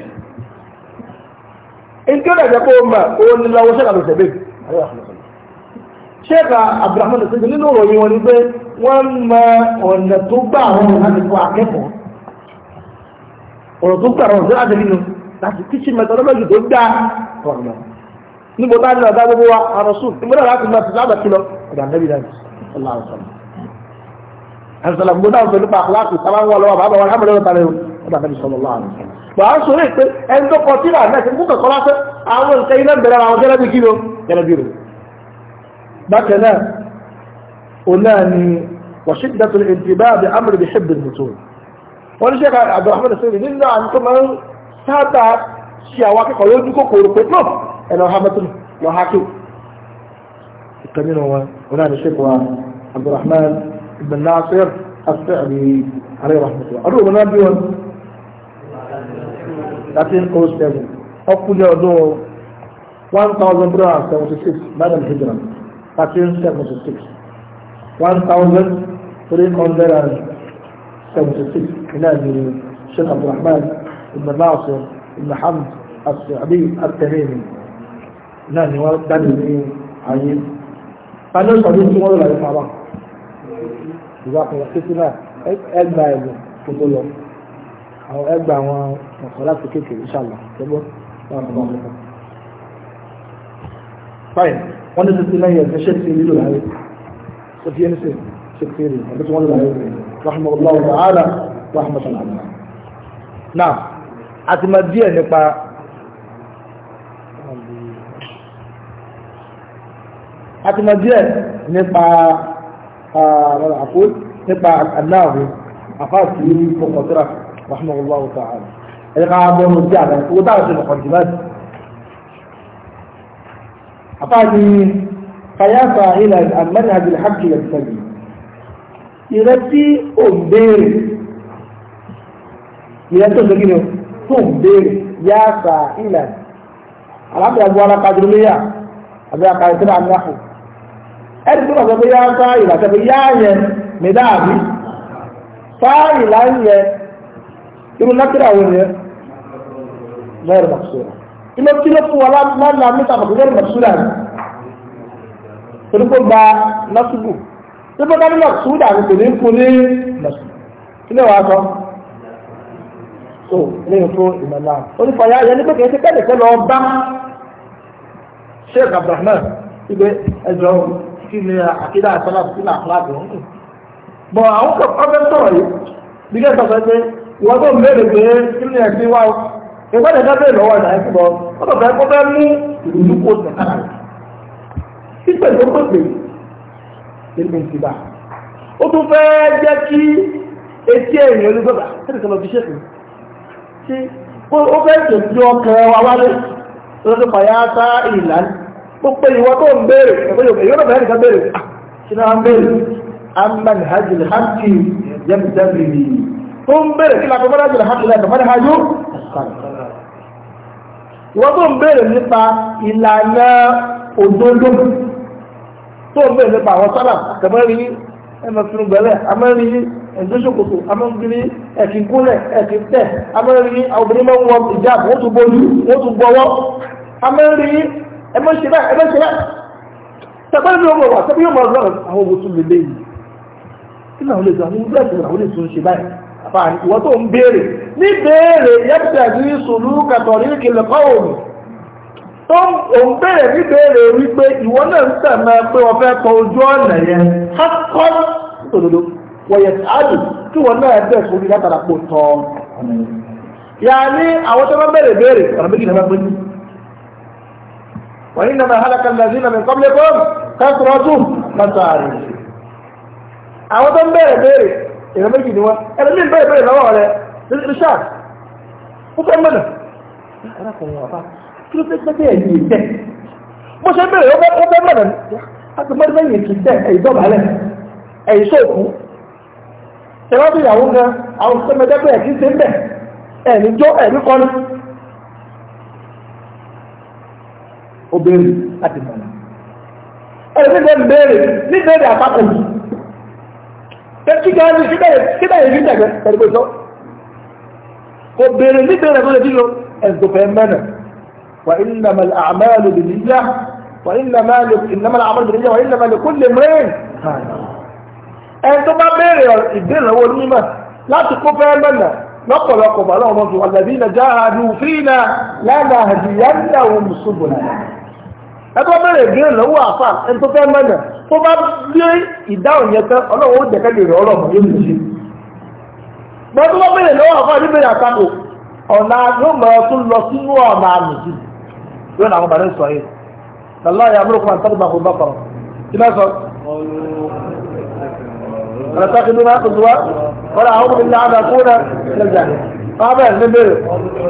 nǹkan náà jẹ́ pé ó mọ̀ ó lọ́wọ́ ṣẹ́ka ló tẹ̀lé ṣẹ́ka Abdurrahman ṣẹ́ka nínú ìròyìn wọ́n mọ ọ̀nà tó gbà rọrùn láti kọ́ akẹ́kọ̀ọ́ ọ̀nà tó gbà rọrùn láti nínú láti kíṣì methodology tó gbà ọ̀nà níbo tá nílò ọ̀dá gbogbo wa arọ́sùn ìgbọ́dọ̀ láti mọ̀ sí lábà kí lọ ọ̀dà nẹ́bí dájú ọlọ́run sọ̀rọ̀ àṣìṣàlà gbogbo náà sọ nípa àkùlá àti sábà ń wọ lọ́wọ́ bàbá wọn hàmìlẹ́ ọ̀tà rẹ̀ ọ̀dà nẹ́bí sọ̀rọ̀ ọlọ́run sọ̀rọ̀ wàá sọ̀rọ̀ فلاني وشدة الانتباه بأمر بحب المتون والشيخ عبد الرحمن السيد لله أن تمر ساتا شياواكي قلو جوكو كورو كتنو أنا رحمتنا لو حاكي هو ولاني الشيخ عبد الرحمن بن ناصر الفعلي عليه رحمة الله أرو من نبي لكن لاتين قوس تابعي أقول يا دو 1076 بعد الهجرة 1076 الشيخ عبد الرحمن ابن ناصر ابن حمد السعدي التميمي نعم ورد بدل عين قال له صديق سمو الله يفعل الله جزاك الله خير سماه اجمع كنت له او اجمع وخلاص كيف ان شاء الله ان شاء الله فيك طيب وانا سبت الله يا شيخ سيدي له وفي نسي شكتيري الله تعالى رحمة الله تعالى نعم أتما ديا يعني يعني نبا أتما آه، ديا نبا ماذا أقول نبا الناوي أقاس يلي فقدرة رحمة الله تعالى الغابة مزيادة وداعش المقدمات أقاس فيا فاعلا عن منهج الحق يبتغي ìrètí òǹbéèrè ìrètí òǹbéèrè ni tó òǹbéèrè yá sa ilẹ̀ alábìyàgbọ́ alákàdúróléyà àbí akàdúró anáhù ẹni tó kàtó pé yá sa ilẹ̀ àtẹ̀pé yá yẹ mẹ́dàbí sa ilẹ̀ ń yẹ irú nákìrà wo ni mẹ́rin màṣúra kí ló kí ló fún wa lánàá mẹ́ta torípò gba nọ́sùbù torípò ká ní nọ́sùbù dàbí kò ní fún ní nọ́sùbù kí so wàá so ilé ìfún ìmọ̀lá ya yẹn nígbà kìí ṣe kẹ́lẹ̀ kẹ́ lọ bá Sheikh Abdulrahman ibẹ̀ ẹ̀jọ̀ kí ni àkídà àtọ́lá sí ní àkàlàbì ọ̀hún bọ̀ àwọn kan ọ̀fẹ́ sọ̀rọ̀ yìí bí kẹ́ sọ̀rọ̀ pé ìwọ tó ń béèrè pé kí ni ẹ̀sìn pípẹ́ tó pèpè lẹ́nu ìsìnbà ó tún fẹ́ jẹ́ kí etí ẹ̀yìn olùgbọ́gbà tẹ́lẹ̀ kan lọ fi ṣẹ́kù sí ó fẹ́ tẹ̀ sí ọkàn wa wálé lọ́dún pàyà sá ìlà ó pé ìwọ tó ń béèrè ẹ̀kọ́ yóò bẹ̀rẹ̀ bẹ̀rẹ̀ nìkan béèrè kí náà ń tó ń bẹ̀rẹ̀ nípa àwọn sábà kẹmẹ́rì yín ẹ máa fún gbẹlẹ̀ amẹ́rì yín ẹ̀dúnṣokòtò amẹ́rì ẹ̀kí gúnlẹ̀ ẹ̀kí tẹ̀ amẹ́rì yín àwọn obìnrin máa ń wọ ìjáàbù wọ́n tún bójú wọ́n tún gbọ́wọ́ amẹ́rì yín ẹ má ṣe bẹ́ẹ̀ ẹ má ṣe bẹ́ẹ̀ tẹ̀gbọ́n mi ò mọ̀ wá tẹ̀gbọ́n yóò máa lọ́rọ̀ àwọn owó tún lè lé yìí kí làwọn lè sọ àwọn ìgbà ìṣẹ̀lẹ̀ àwọn lè tún ṣe báyìí àfààní ìwọ́n tó ń béèrè ní béèrè yẹ́pẹ̀tẹ̀ ní sùúrù kàtọ̀rí tó ń béèrè níbèrè wípé ìwọ náà ń sàmà pé wọ́n fẹ́ kọ ojú ọ̀nà yẹn hákọ́ òdòdó wọ̀yẹ̀ àdùn tí wọ́n náà bẹ̀ fún mi látara pò tọ́ ọ̀nà yẹn. yàá ní àwọn tó bá béèrè béèrè ọ̀nà méjì náà bá pín ní. wọ́n ní nàmà hàlàkà lẹ́sìn nàmì kọ́mílẹ̀ fún kásìrọ́tún látàrí. àwọn tó ń béèrè béèrè èèyàn méjì ni wọ́n ẹ̀rọ mi béèrè béèrè lọ́wọ́ rẹ̀ Richard ó fẹ́ mọ̀nà kí ló fẹ́ pẹ́ ẹ̀yìn ìtẹ́ bó ṣe bẹ̀rẹ̀ ó fẹ́ bẹ̀rẹ̀ láti yìí kì í ẹ̀yìn dọ̀bálẹ̀ ẹ̀yìn sóòkú tẹ̀wọ́n ìyàwó gan àwọn sọ́mọdébẹ̀ kì ṣe ń bẹ̀ ẹ̀mí jó ẹ̀mí kọ́ni ó béèrè láti mọ̀ ẹ̀mí bẹ́ẹ̀ béèrè ní béèrè àpapọ̀ yìí tẹ́tí gan ni síbẹ̀ yìí tẹ̀gbẹ́ pẹ̀lú pẹ̀lú kò béèrè ní béèrè tó lè dí lọ ẹ̀sùn fẹ́ mẹ́rin وإنما الأعمال بالنية وإنما لك إنما الأعمال بالنية وإنما لكل امرئ ẹni tó bá béèrè ìbéèrè owó onímọ̀ láti kó fẹ́ mẹ́nà lọ́pọ̀lọpọ̀ bá lọ́wọ́ mọ́tò alladhina jahadu fina lanahdiyannahum subulana ẹni tó bá béèrè ìbéèrè lọ́wọ́ àfà ẹni fẹ́ mẹ́nà tó bá dé ìdáhùn yẹn tán ọlọ́wọ́ ó rẹ̀ ọlọ́mọ yóò lè ṣe gbọ́dọ̀ bá lọ́wọ́ àfà níbèrè àtakò ọ̀nà yóò mọ̀ ọ́ tún lọ sínú ọ̀nà àmì jù يقول عمر اسرائيل السعيد فالله يعملكم أن تطبخوا البقرة كما يفعل؟ أنا تأخذ منها أخذ دواء ولا أعوذ بالله عم أكون من الجاهل أعمل إيه؟ من بيه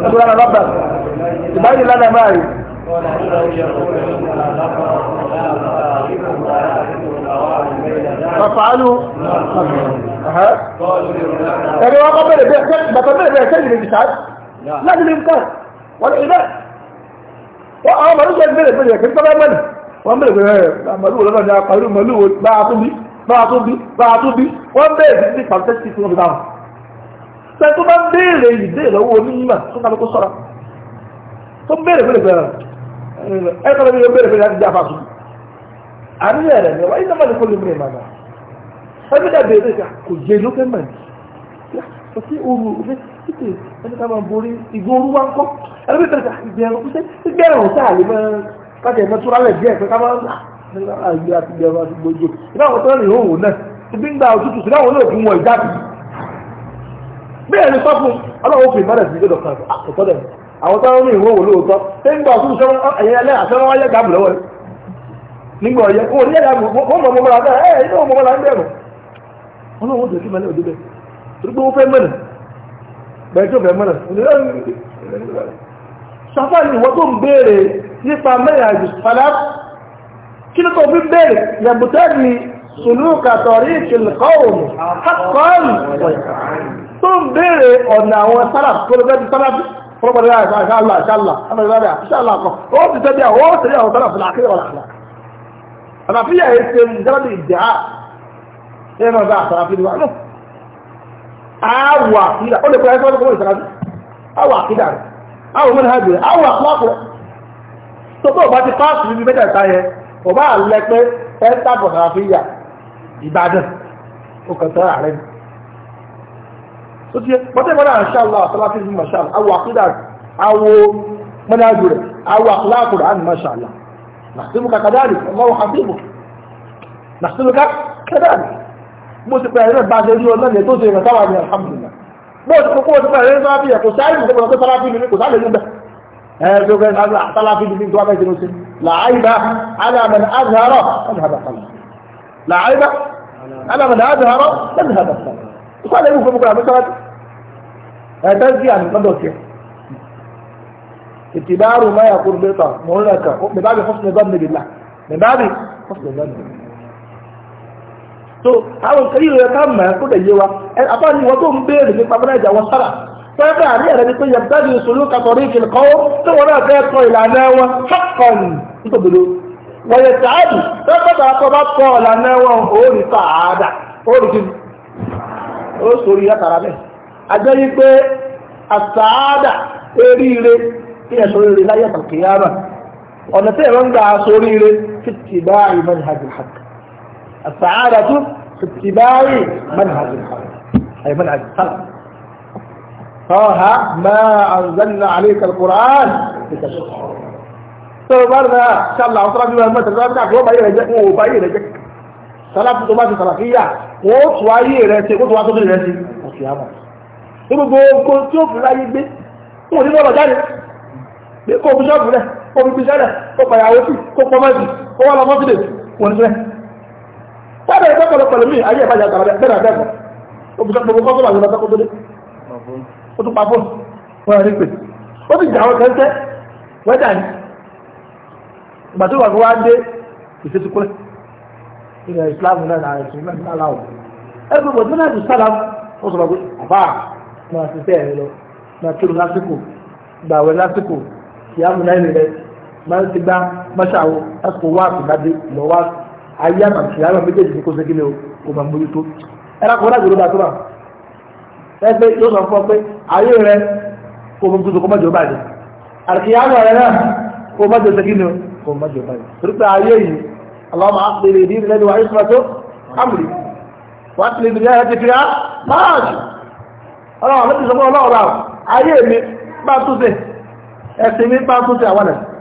أقول أنا ربك تبين لنا معي فافعلوا ها قالوا يا رب انا بيحتاج بطلع بيحتاج للجسد لازم يمكن والعباد wọ́n àwọn màlúù jẹ́ bèrè bèrè kí tọ́lá mẹ́lì wọ́n bèrè bèrè eh, màlúù lọ́dọ̀ ní apàlú màlúù bá a tún bí bá a tún bí bá a tún bí wọ́n bèrè sí ti pàṣẹ sí ti wọ́n fi dáhùn. sẹ́ tó bá ń bèrè ìbéèrè lọ́wọ́ onímọ̀ tó kálukú sọ̀rọ̀ tó ń bèrè bèrè bèrè ẹ̀ wọ́n bèrè bèrè kò sí oru òfé títì ẹni ká máa borí ìgbó oru wá ń kọ́ ẹni bí tẹ̀sán ìgbẹ̀rún kúṣẹ́ ìgbẹ̀rún ọ̀tá àlè máa kájà ìmọ̀ tó rálẹ̀ díẹ̀ pé ká máa ń gbà àgbẹ̀ àti ìgbẹ̀rún àti gbòjò ìgbà àwọn tó rìn òun náà ibi ń gba òtútù sí láwọn olóògùn wọn ìjáde bẹ́ẹ̀ ni sọ́fún ọlọ́wọ́ fi ìmọ̀lẹ̀ sí ìjọba kan àkọ́kọ́ ah, dẹ̀ àwọn tó rìn òun olóòótọ́ ṣé ń gba òtútù sọ́wọ́ ẹ̀yẹ àṣẹ́wọ́n wáyé gàmù lọ́wọ́ nígbà ọ̀yẹ́ wọn ò ní ẹ̀dá wọn mọ̀ mọ́mọ́ra bẹ́ẹ̀ ẹ̀ inú mọ́mọ́ra ń bẹ̀rù ọlọ́wọ́ torípé ó fẹ́ mẹ́rin bẹ̀rẹ̀ tí ó fẹ́ mẹ́rin ṣàfà ní ìwọ́n tó ń béèrè nípa mẹ́rin àjò fàlá kí ló tó fi béèrè yàgbùtẹ́ ni sùlúkà tọ̀rí ìṣẹ̀lẹ̀kọ́ọ̀mù akọ́ọ̀lù tó ń béèrè ọ̀nà àwọn sálàf tó lọ́gbẹ́ sálàf fọ́pọ̀lẹ́ àṣàlá àṣàlá àṣàlá àṣàlá kọ́ ó ti tẹ́bí àwọn ó tẹ́bí àwọn sálàf láàkiri wọn àṣàlá àbàfíyà èsè ìjọba ìjà ẹ̀rọ bá àṣàlá fi àwọ̀ àkídà ó lè kọ́ ẹgbẹ́ ọdún ìsànàbí àwọ̀ àkídà rẹ̀ àwọ̀ mọ́nà hajj rẹ̀ àwọ̀ àkọ́kọ́ tó tó bá ti páàsì níbi mẹ́tẹ̀ẹ̀ta yẹn kò bá lẹ pé pẹ́ńtà bọ̀nàfíyà ìbàdàn ó kàn tán ààrẹ ni tó ti pọ́tẹ́ mọ́nà àṣàlọ́ àtàláfíì ní mọ̀ṣàlọ́ àwọ̀ àkídà àwọ̀ bó ti pẹ̀lú ìbá ṣe rí ọlọ́lẹ̀ tó ṣe ìrẹ̀sáwà ní alhamdulillah bó ti kókó ti pẹ̀lú sálábì ẹ̀ kò sáyé ìṣẹ́ pẹ̀lú sálábì ní kò sáyé níbẹ̀ ẹ̀ tó fẹ́ sálábì ní tó wáfẹ́ ìṣẹ́ lóṣẹ́ làáyíbá alámẹ̀ azharọ̀ ẹ̀dùhàbà sálà làáyíbá alámẹ̀ azharọ̀ ẹ̀dùhàbà sálà ìfọ̀lẹ́ ìwé fún mi kọ́ ẹ̀tẹ́sí àmì lọ́dọ̀ tiẹ̀ ìtìbáàrù máa yà kúrò lẹ́tà mọ̀ ń rẹ̀ kà mẹ́bàbí fọ́sùn ẹ̀dọ́ níbi là mẹ́bàbí fọ́sùn ẹ̀dọ́ níbi là so àwọn nǹkan yìí rẹ̀ ká mọ̀ ẹ́ kó lè yé wa àbá ni wọ́n tó ń béèrè nípa bẹ́ẹ̀ ìjà wọn sára fẹ́ẹ́ àárẹ̀ rẹ̀ ni pé yabdadi sòlú kàtọ́rí ìkìlkọ́ tí wọ́n náà fẹ́ tọ ìlànà wọn fọ́kàn nítòbìlú wọ́n yẹ sàádù fẹ́ẹ́ pẹ́ta akọ bá tọ ìlànà wọn òórì sàádà òórì kìlú ó sòrí látara bẹ́ẹ̀ àjẹ́ yí pé àsàádà eríire kí ẹ sọ rere láyé àtàkìyàmà ọ̀nà tí ẹ̀rọ ń gbà sóríire fi tìbá ìmọ̀ ìhàjì hàkì السعادة في اتباع منهج الخلق أي منهج الخلق طه ما أنزلنا عليك القرآن لتشكر فبرنا طيب إن شاء الله وصلاة في المسجد لا بتاعك هو بايرة جك هو بايرة جك صلاة تطمات صلاحية وصوائي رأسي وصوائي صدري رأسي وصيامة gbogbo nǹkan tí ó fi láyé gbé هو ní lọ́rọ̀ jáde kó fi ṣọ́ọ̀bù rẹ̀ kó fi fi ṣẹ́lẹ̀ kó pàyàwó sí kó pọ́mẹ́sì kó wà lọ mọ́sílẹ̀ wọ́n ní rẹ̀ pọ̀lọpọ̀ lómi ayé ìbájá àtàrà bẹ́ẹ̀ bẹ́ẹ̀ kọ́ òbùkọ́ tó wà lọ́dọ́ kó tó dé ó tún pa fóònù wọ́n rí pé ó ti jà àwọn kẹ́ńtẹ́ wẹ́dà ní ìgbà tó wà wá dé ìfẹ́tukúrẹ́ ilẹ̀ Islam náà náà ẹ̀sùn náà náà láwọ̀ ẹgbẹ́ bọ̀ tó náà ti sálà ó sọ̀rọ̀ pé àbá máa ti tẹ́ ẹ̀rẹ́ lọ máa kírun lásìkò gbàwẹ̀ lásìkò ìyá mi náà rẹ̀ máa ti gbá máṣáwó lásìkò ayé àmàkì àwọn méjèèjì ní kó ṣe kílẹ̀ o máa mójú tó ẹ̀rọ kan láti olóba tó bá ẹ pé yóò sọ fún ọ pé ayé rẹ kó mú gbúdọ̀ kó má jọ báyìí àti àwọn rẹ náà kó má jọ ṣe kílẹ̀ o kó má jọ báyìí torí pé ayé yìí aláwọ̀ àpèrè ìdí ìrìnlẹ̀ ni wà á yẹ wà á tilẹ̀ ìdílé ẹ̀ ti fi á máàjù ọlọ́wọ́ àmì ti sọ fún ọlọ́wọ́ báwọn ayé mi bá túnṣe ẹ̀sìn mi bá túnṣe àwọn ẹ̀sìn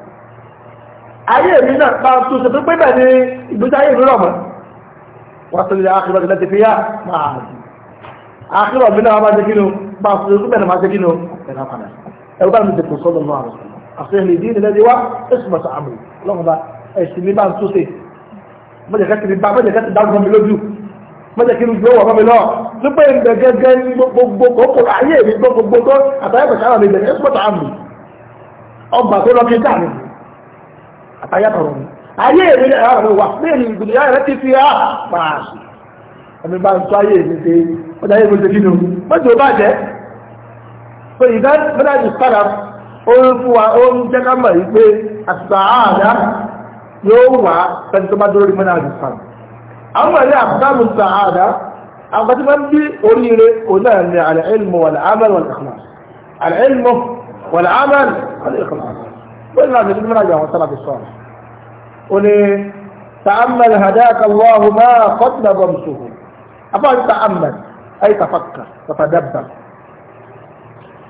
ayé mi náà bá tún ṣe pé bẹ́ẹ̀ ni ìgbésí ayé mi rọ̀ mọ́ wọ́n tó lè àkìrọ̀ ìlẹ̀ ti fi yá máa dì àkìrọ̀ mi náà máa jẹ́ kínú bá tún ṣe pé máa jẹ́ kínú ẹ̀rọ padà ẹ̀rọ bá mi tètè sọ́dọ̀ náà rẹ̀ àfihàn lè dín ilẹ̀ wá ẹ̀sùn mọ̀tà àmì lọ́kọ̀ọ́ba ẹ̀sìn mi bá ń tún ṣe tó àtàyẹ̀kọ̀ sára mi bẹ̀rẹ̀ ẹ̀sùn ọgbà tó lọ kí n dà mí àtàyàtọ̀rọ̀ ni ayé mi náà àwọn wà pé ní ìgbìlẹ̀ yára rẹ ti fi há pààsì ẹni bá ń tọ́ ayé mi ṣe ọjà ayé mi ṣe kínú mọ́tò bá jẹ́ pé ìdá mẹ́ta ti padà ó ń fún wa ó ń jẹ́ ká mọ̀ yìí pé àtìgbà yóò wà pẹ̀lú tó bá dúró ní mẹ́ta ti padà àwọn ọmọ ilé àbúdá mi sọ àwọn tí wọ́n bí oríire òun náà ní al-ilmu wal-amal wal wọ́n náà nínú mìíràn àwọn sára fi sọ̀rọ̀ ó ní ta'ammal hadaka Allahu ma qatla gamsuhu afọ́ ní ta'ammal ay tafakkar tafadabbar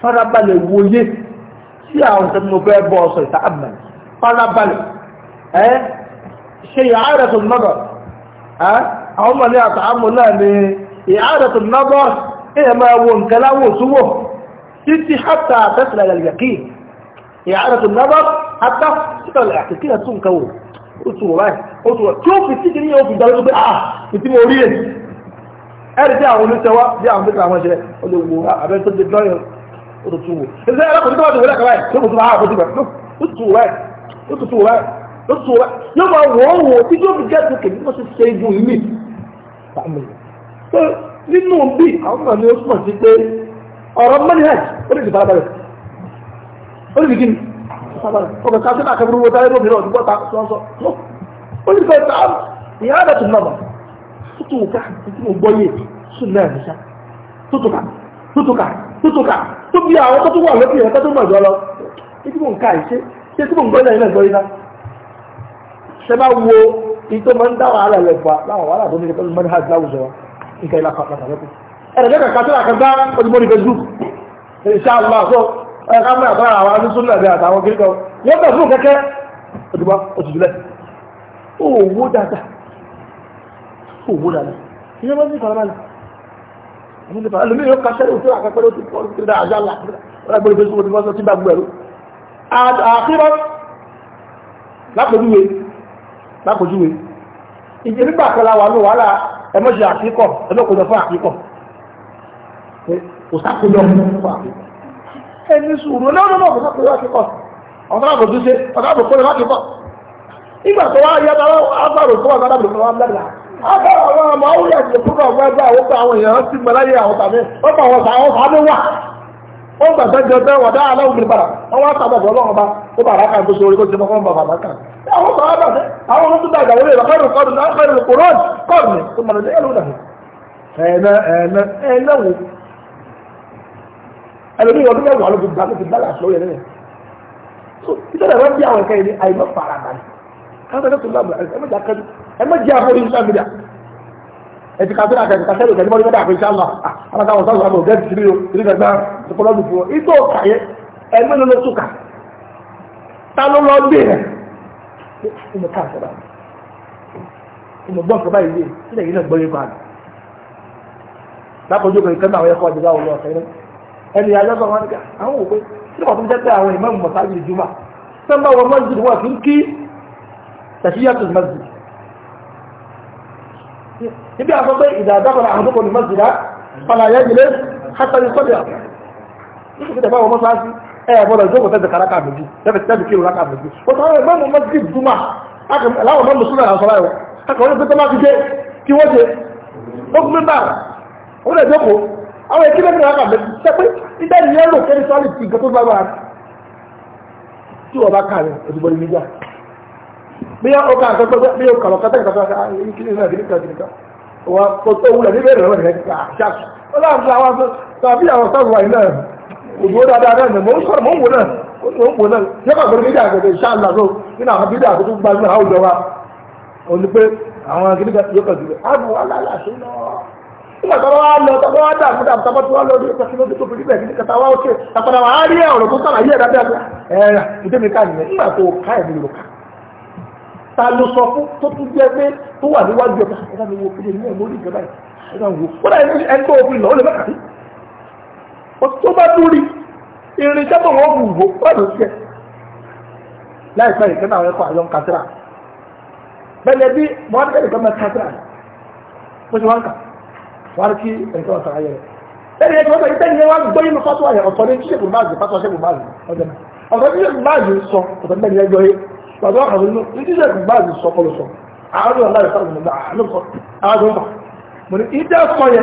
farabalẹ̀ wòye sí àwọn tó mú bẹ́ẹ̀ bọ́ ọ̀sọ̀ ta'ammal farabalẹ̀ ẹ́ ṣe i'adatul nadar àwọn ọmọ ní àtàmù náà ni i'adatul nadar èèyàn máa wo nǹkan láwọ̀ òsúwò títí hátà tẹ́sílẹ̀ yàlìyàkí ìyàrá nàbà àtà síkà àkìkí àti nǹkan wò ó tù wọ́n báyìí ó tù wọ́n tí ó fi sí kìíní yóò fi dá lójú pé ah ìtì mo rí èyí ẹ̀rí tí àwọn oníṣẹ́wá bí àwọn fẹ́kẹ̀rẹ̀ àwọn ìṣẹ̀lẹ̀ ó lè wò abẹ́rẹ́ tó lè dọ́yọ̀ ó tó tù wò ẹ̀sẹ̀ ẹ̀rọ kò ní tọ́wọ́ tó wọlé àkàrà yìí tó kò tó máa kò tó gbà ó tù wọ́n ó tù wọ́n ó tù wọ́n yóò ó lè kí ni ọkọ̀ ká sínú àkàbúrú wo táyé lómìnira ọdún bọ́ta sọ́sọ́ ó lè fẹ́ tàá ní àdá tó nàmà tútùkà tí mo gbọ́ yé sùn náà nìṣá tútùkà tútùkà tútùkà tó bí àwọn tó tó wà lókè ẹ̀ka tó mọ̀ jọ lọ tí mo ń ka ìṣe ṣé tí mo ń gbọ́ yé náà gbọ́ yé náà ṣe bá wo ìtò máa ń dá wàhálà rẹ̀ gbà láwọn wàhálà tó ní kẹfẹ́ mọ́ni hajj láwùjọ wa nǹkan ìlà pàtàkì ẹ̀rẹ̀ kẹ́kẹ́ kàtàkì àkàndá ojúmọ́ ní Facebook ẹ̀ka mẹ́ àtàrà àwọn alúsùn náà bí àtàwọn kiri kan wọ́n bẹ̀ fún kẹ́kẹ́ òdùbá òṣìṣẹ́ owó dáadáa owó dáadáa ìyẹn wọ́n ti kọ̀ọ̀lá náà àwọn ìdìbò alùmíì yóò kàṣẹ́ òfin àkàkọ́rẹ́ òtún kọ́ kiri dáa àjálà ọ̀rẹ́gbẹ̀rẹ̀ fẹ́sùn òtún fọ́sọ́ tí bá gbẹ̀rú àkírọ́ lápòjúwe lápòjúwe ìjẹ́ nígbà kọlá wà ní wàhálà ẹmọ́ṣe àkíkọ̀ ẹmọ́kọ̀ọ́jọ́ fún àkíkọ̀ kò sákòjọ́ ẹni sùúrù lọ́nà ọ̀gá tó láti pọ̀ ọ̀gá àbò tó ṣe ọ̀gá àbò kọ́lẹ̀ láti pọ̀ nígbà tó wá yẹ tọ́lá agbárò tó wà gbádàbò tó wà gbádàbò agbára àwọn ọmọ awúyẹ ti kúrò ọgbẹ́gbẹ́ àwọn pé àwọn èèyàn ti mọ láyé àwọn tàbí ó pa àwọn sàwọn sàánú wà ó gbà sẹ́jọ pé wọ̀dá aláwọ̀ mi padà wọ́n wá sábà bọ̀ lọ́wọ́ bá ó bàrà ká gbèsè orí kó ti mọ́kàn bàbà bàkà àwọn sàwọn bàbà àwọn ọmọ tó dàgbà wọlé ìbàkọ́rù kọ́ọ̀dù náà ẹlòmí ọdún mẹ́wàá ló fi gbà ló fi gbà láti lóye so ìtọ́jà ìwé bí àwọn nǹkan yìí ní àìmọ́ farabalẹ̀ káńtà tó lọ́mọ ẹ mọ̀jà kẹ́lu ẹ mọ̀jà àfọwọ́ ìṣúná mi dà ẹ ti kàtó àkàtì kàtó ìkàtí mọ́ni mọ́ni àfẹ́ ìṣáàlá alága wọn sáwọn sábà ọ̀gẹ́dì sílẹ̀ ìrí gbàgbà ìpọlọ́dù fún wọn ìtọ́ kàyẹ ẹ mẹ́nu ló tún kà ta ló lọ gbé rẹ̀ ìmọ̀ ká àṣẹ báyìí ẹni àjọsọ wọn ká àwọn òpin tí wọ́n tún jẹ́ pé àwọn ìmáàmù mọ̀sáàjì ìjùmọ̀ sọ́mbà wọn mọ́sí wọn fi ń kí tàṣíyàtò mọ́sí níbi àwọn pé ìdàdàkọ̀lá àwọn tókò ní mọ́sí rá fàlàyé ilé hátàrí sọ́dẹ̀ àwọn nítorí tẹ̀fẹ́ wọn mọ́sáàjì ẹ̀ gbọ́dọ̀ ìjókòó tẹ́sẹ̀ kárákà méjì tẹ́fẹ̀ kí lóra kà méjì ó sọ àwọn ìmáàmù mọ́sí ìjùmọ̀ láwọn mọ́mù súnmọ̀ àwọn sọ́láyọ̀ akọ̀wé pé tọ́má ti dé kí wọ́n ṣe ó kú mẹ́bà ó lè jókòó àwọn ìkílẹ̀ ní àwọn àmì ṣe pé ìdá ìyá lò kẹ́rì sọ́ọ̀lì tí nǹkan tó bá wà tí wọ́n bá kà rẹ̀ òdìbò ní níjà bí ó kà nǹkan tó bí ó kà lọ kátà nǹkan tó ṣe ìkílẹ̀ náà kìíní kan kìíní kan wà kò tó wúlẹ̀ níbẹ̀ rẹ̀ rẹ̀ kà ṣáàkì ọlọ́run àwọn tàbí àwọn sáàbù wà náà òdìbò dáadáa náà nà mò ń sọ̀rọ̀ mò ń wò náà mò ń wò náà yẹ́pà gbọ́dọ̀ níjà nígbà tó wá lọ tó wá dà múdà tó wá lọ ní ìpàṣẹ lójú tó fi níbẹ̀ ní kàtà wá òkè àpàdà wà á rí ọ̀rọ̀ tó sàlàyé ẹ̀dá bí ẹ̀rà ìdẹ́mi ká nìyẹn nígbà tó ká ẹ̀mí ló ká ta ló sọ fún tó tún jẹ́ pé tó wà níwájú ọ̀tá ẹ̀dá mi wo kíni ní ẹ̀mọ́ ní ìjọba ẹ̀dá wo ó dà ẹni tó obìnrin lọ ó lè má kàrí tó bá dúrí irinṣẹ́ tó wọ́n wù wó wà ló jẹ láìpẹ́ ìkẹ́ náà ẹ̀kọ́ àyọ̀ kàtírà bẹ́ẹ̀ ni bí mọ́tẹ́lì kan mẹ́ kàtírà bó ṣe wá ń kà wárìkì ẹ̀kọ́ ọ̀sán ayẹ rẹ̀. Bẹ́ẹ̀ni ẹ̀kọ́ ọ̀sán ìtẹ́ni wá gbọ́ yín fọ́tò ayẹ ọ̀tọ̀ ní ṣíṣẹ́kù báàgì fọ́tò ṣẹ́kù báàgì ọjọ́ náà. ọ̀tọ̀ ṣíṣẹ́kù báàgì sọ ọ̀tọ̀ bẹ́ẹ̀ni ẹjọ́ yé pàtó àwọn inú ṣíṣẹ́kù báàgì sọ kọlù sọ. Àwọn ọ̀la rẹ̀ sọ̀rọ̀ nígbà àlùkọ àwọn ọ̀la. Mo ní ìdá sọ yẹ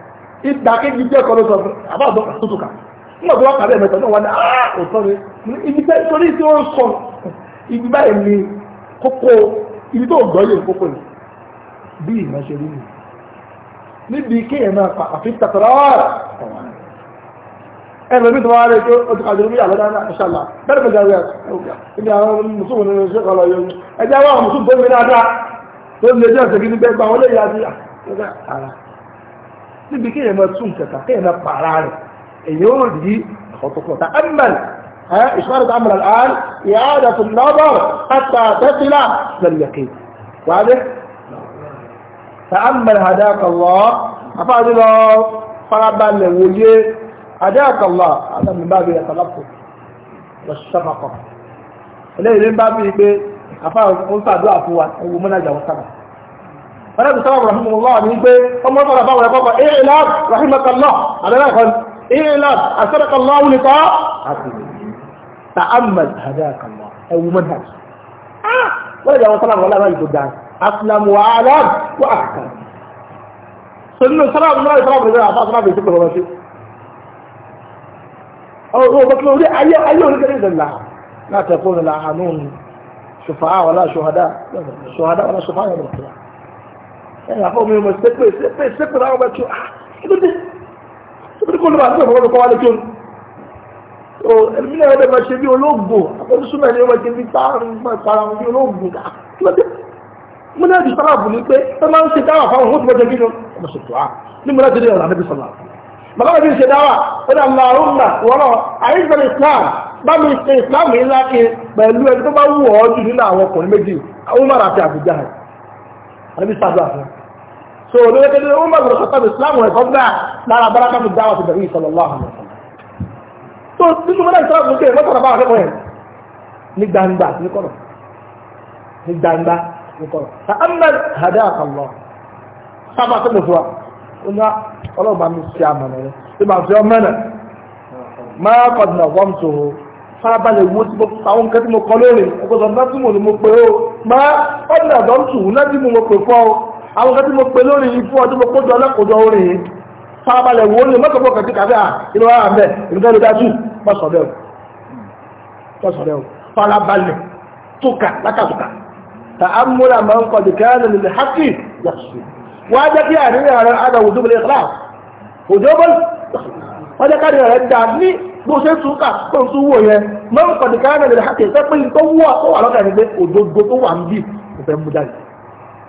ìdá kéjì jẹ́ kọlù sọ fún àbá àbọ̀ àtúntò ká. Nígbà tó wá kàdé mẹ́ta náà wà ní òtọ́ ni. Ibi tẹ́ torí tí wọ́n sọ ibi báyìí ni kókó ibi tó gbọ́ yẹ kókó yìí. Bí ìmọ̀ ṣe rí nìyí. نبيكي ما في التكرار انا بيت وعلي تقدر بي على ان شاء الله بل مجاوات اني انا مصوب ان الشيخ الله يوم اجا واه مصوب دون من هذا دون من جاسة كده بيبا ولا يا دي نبيكي ما تسوم كتا كي انا بقرار دي خطوك وتأمل ها اشارة عمل الان اعادة النظر حتى تصل لليقين واضح ta'ammal hadaka Allah afáàdé lọ farabalẹ̀ wòye hadaka Allah alámi bá bí ẹ̀sàlápò lọ ṣàpapọ̀ eléyìí bá bí pé afáàdé ń sàdúrà fún wa ewu mọ́nàjà wọn sábà wọn láti sábà rahimu Allah ní pé ọmọ fara bá wọn kọ́kọ́ ìlà rahimakallah àdàlẹ́ kan ìlà àṣẹ́dàkallah wùlẹ̀kọ́ àti ta'ammal hadaka Allah ewu ah! mọ́nàjà wọn أسلم وأعلم وأحكم سنة سلام الله يسلام رجال عطاء ما يسلم وما شيء أو هو بطلوا لي أيوه أيوه الجليل الله لا تكون الأعانون شفعاء ولا شهداء شهداء ولا شفعاء يوم القيامة يعني أقوم يوم السبت السبت السبت أنا ما تشوف كده ده كده كل ما أسمع بقول قوالي كون المين هذا ما شبيه لوجو أقول شو اليوم كده بيتعامل ما تعامل لوجو كده múnájú sálàbù ní pé ẹ máa ń ṣe dáwà fáwọn ohun tó bọ́jọ gígan ọmọ ṣètò à ní múnájú ní ọ̀rọ̀ àdébí sọ̀lá bàbá mi ṣe dáwà ó dà ńlá ọ̀rọ̀ ńlá wọ́rọ̀ àìsàn islam bá mi ṣe islam ńlá kí pẹ̀lú ẹni tó bá wù ọ́ jù nínú àwọn ọkùnrin méjì Umar àti Abuja àdébí sàdúrà fún so olóyè tó dé Umar bọ̀rọ̀ sọ́tà islam rẹ̀ kọ́gbà lára bárakà mi dáwà ti bẹ̀rẹ̀ ìsọ̀lọ́lá àwọn ọ̀sán so nínú múnájú sálàbù ní pé mọ́tàrà bá wà ní gbangba ní kọ̀rọ̀ ní gbangba nìkan sàmà hàdá àkàlọ́ sábà tó mọ̀ fún wa ọ̀nà ọlọ́ọ̀bà mi ṣe àmàlà rẹ̀ ṣé màá fi ọmọ náà máa kọ̀dùn àwọn tó o farabalẹ̀ wo tí mo àwọn nǹkan tí mo kọ lórí ọgbọ́dọ̀ náà mo ní mo pè ó máa kọ̀dùn àwọn tó o náà tí mo pè fọ́ o àwọn nǹkan mo pè lórí ikú ọdún mo kójọ ọlọ́kọ̀dọ̀ orí yìí farabalẹ̀ wo ni mọ́tòkọ̀ kàtí kàfẹ́ à ah, inú wa àmẹ́ ìrúkẹ́ ló dájú pọ̀sọ̀dẹ̀ o farabalẹ̀ tókà látàtúkà tààmúra máa ń kọjú kẹ́rin lè hákì yàtọ̀ wọ́n á jẹ́ kí àníyàn rẹ̀ ada wùdú bìlẹ̀ ìkìlá òjò bọ́ wọ́n jẹ́ káàdì rẹ̀ dà ní bó ṣe tún kà tó ń tún wò yẹn máa ń kọjú kẹ́rin lè hákì sẹ́pẹ́ yìí tó wọ́ tó wà lọ́kàn ní pé òdodo tó wà ń bì mo fẹ́ mú jáde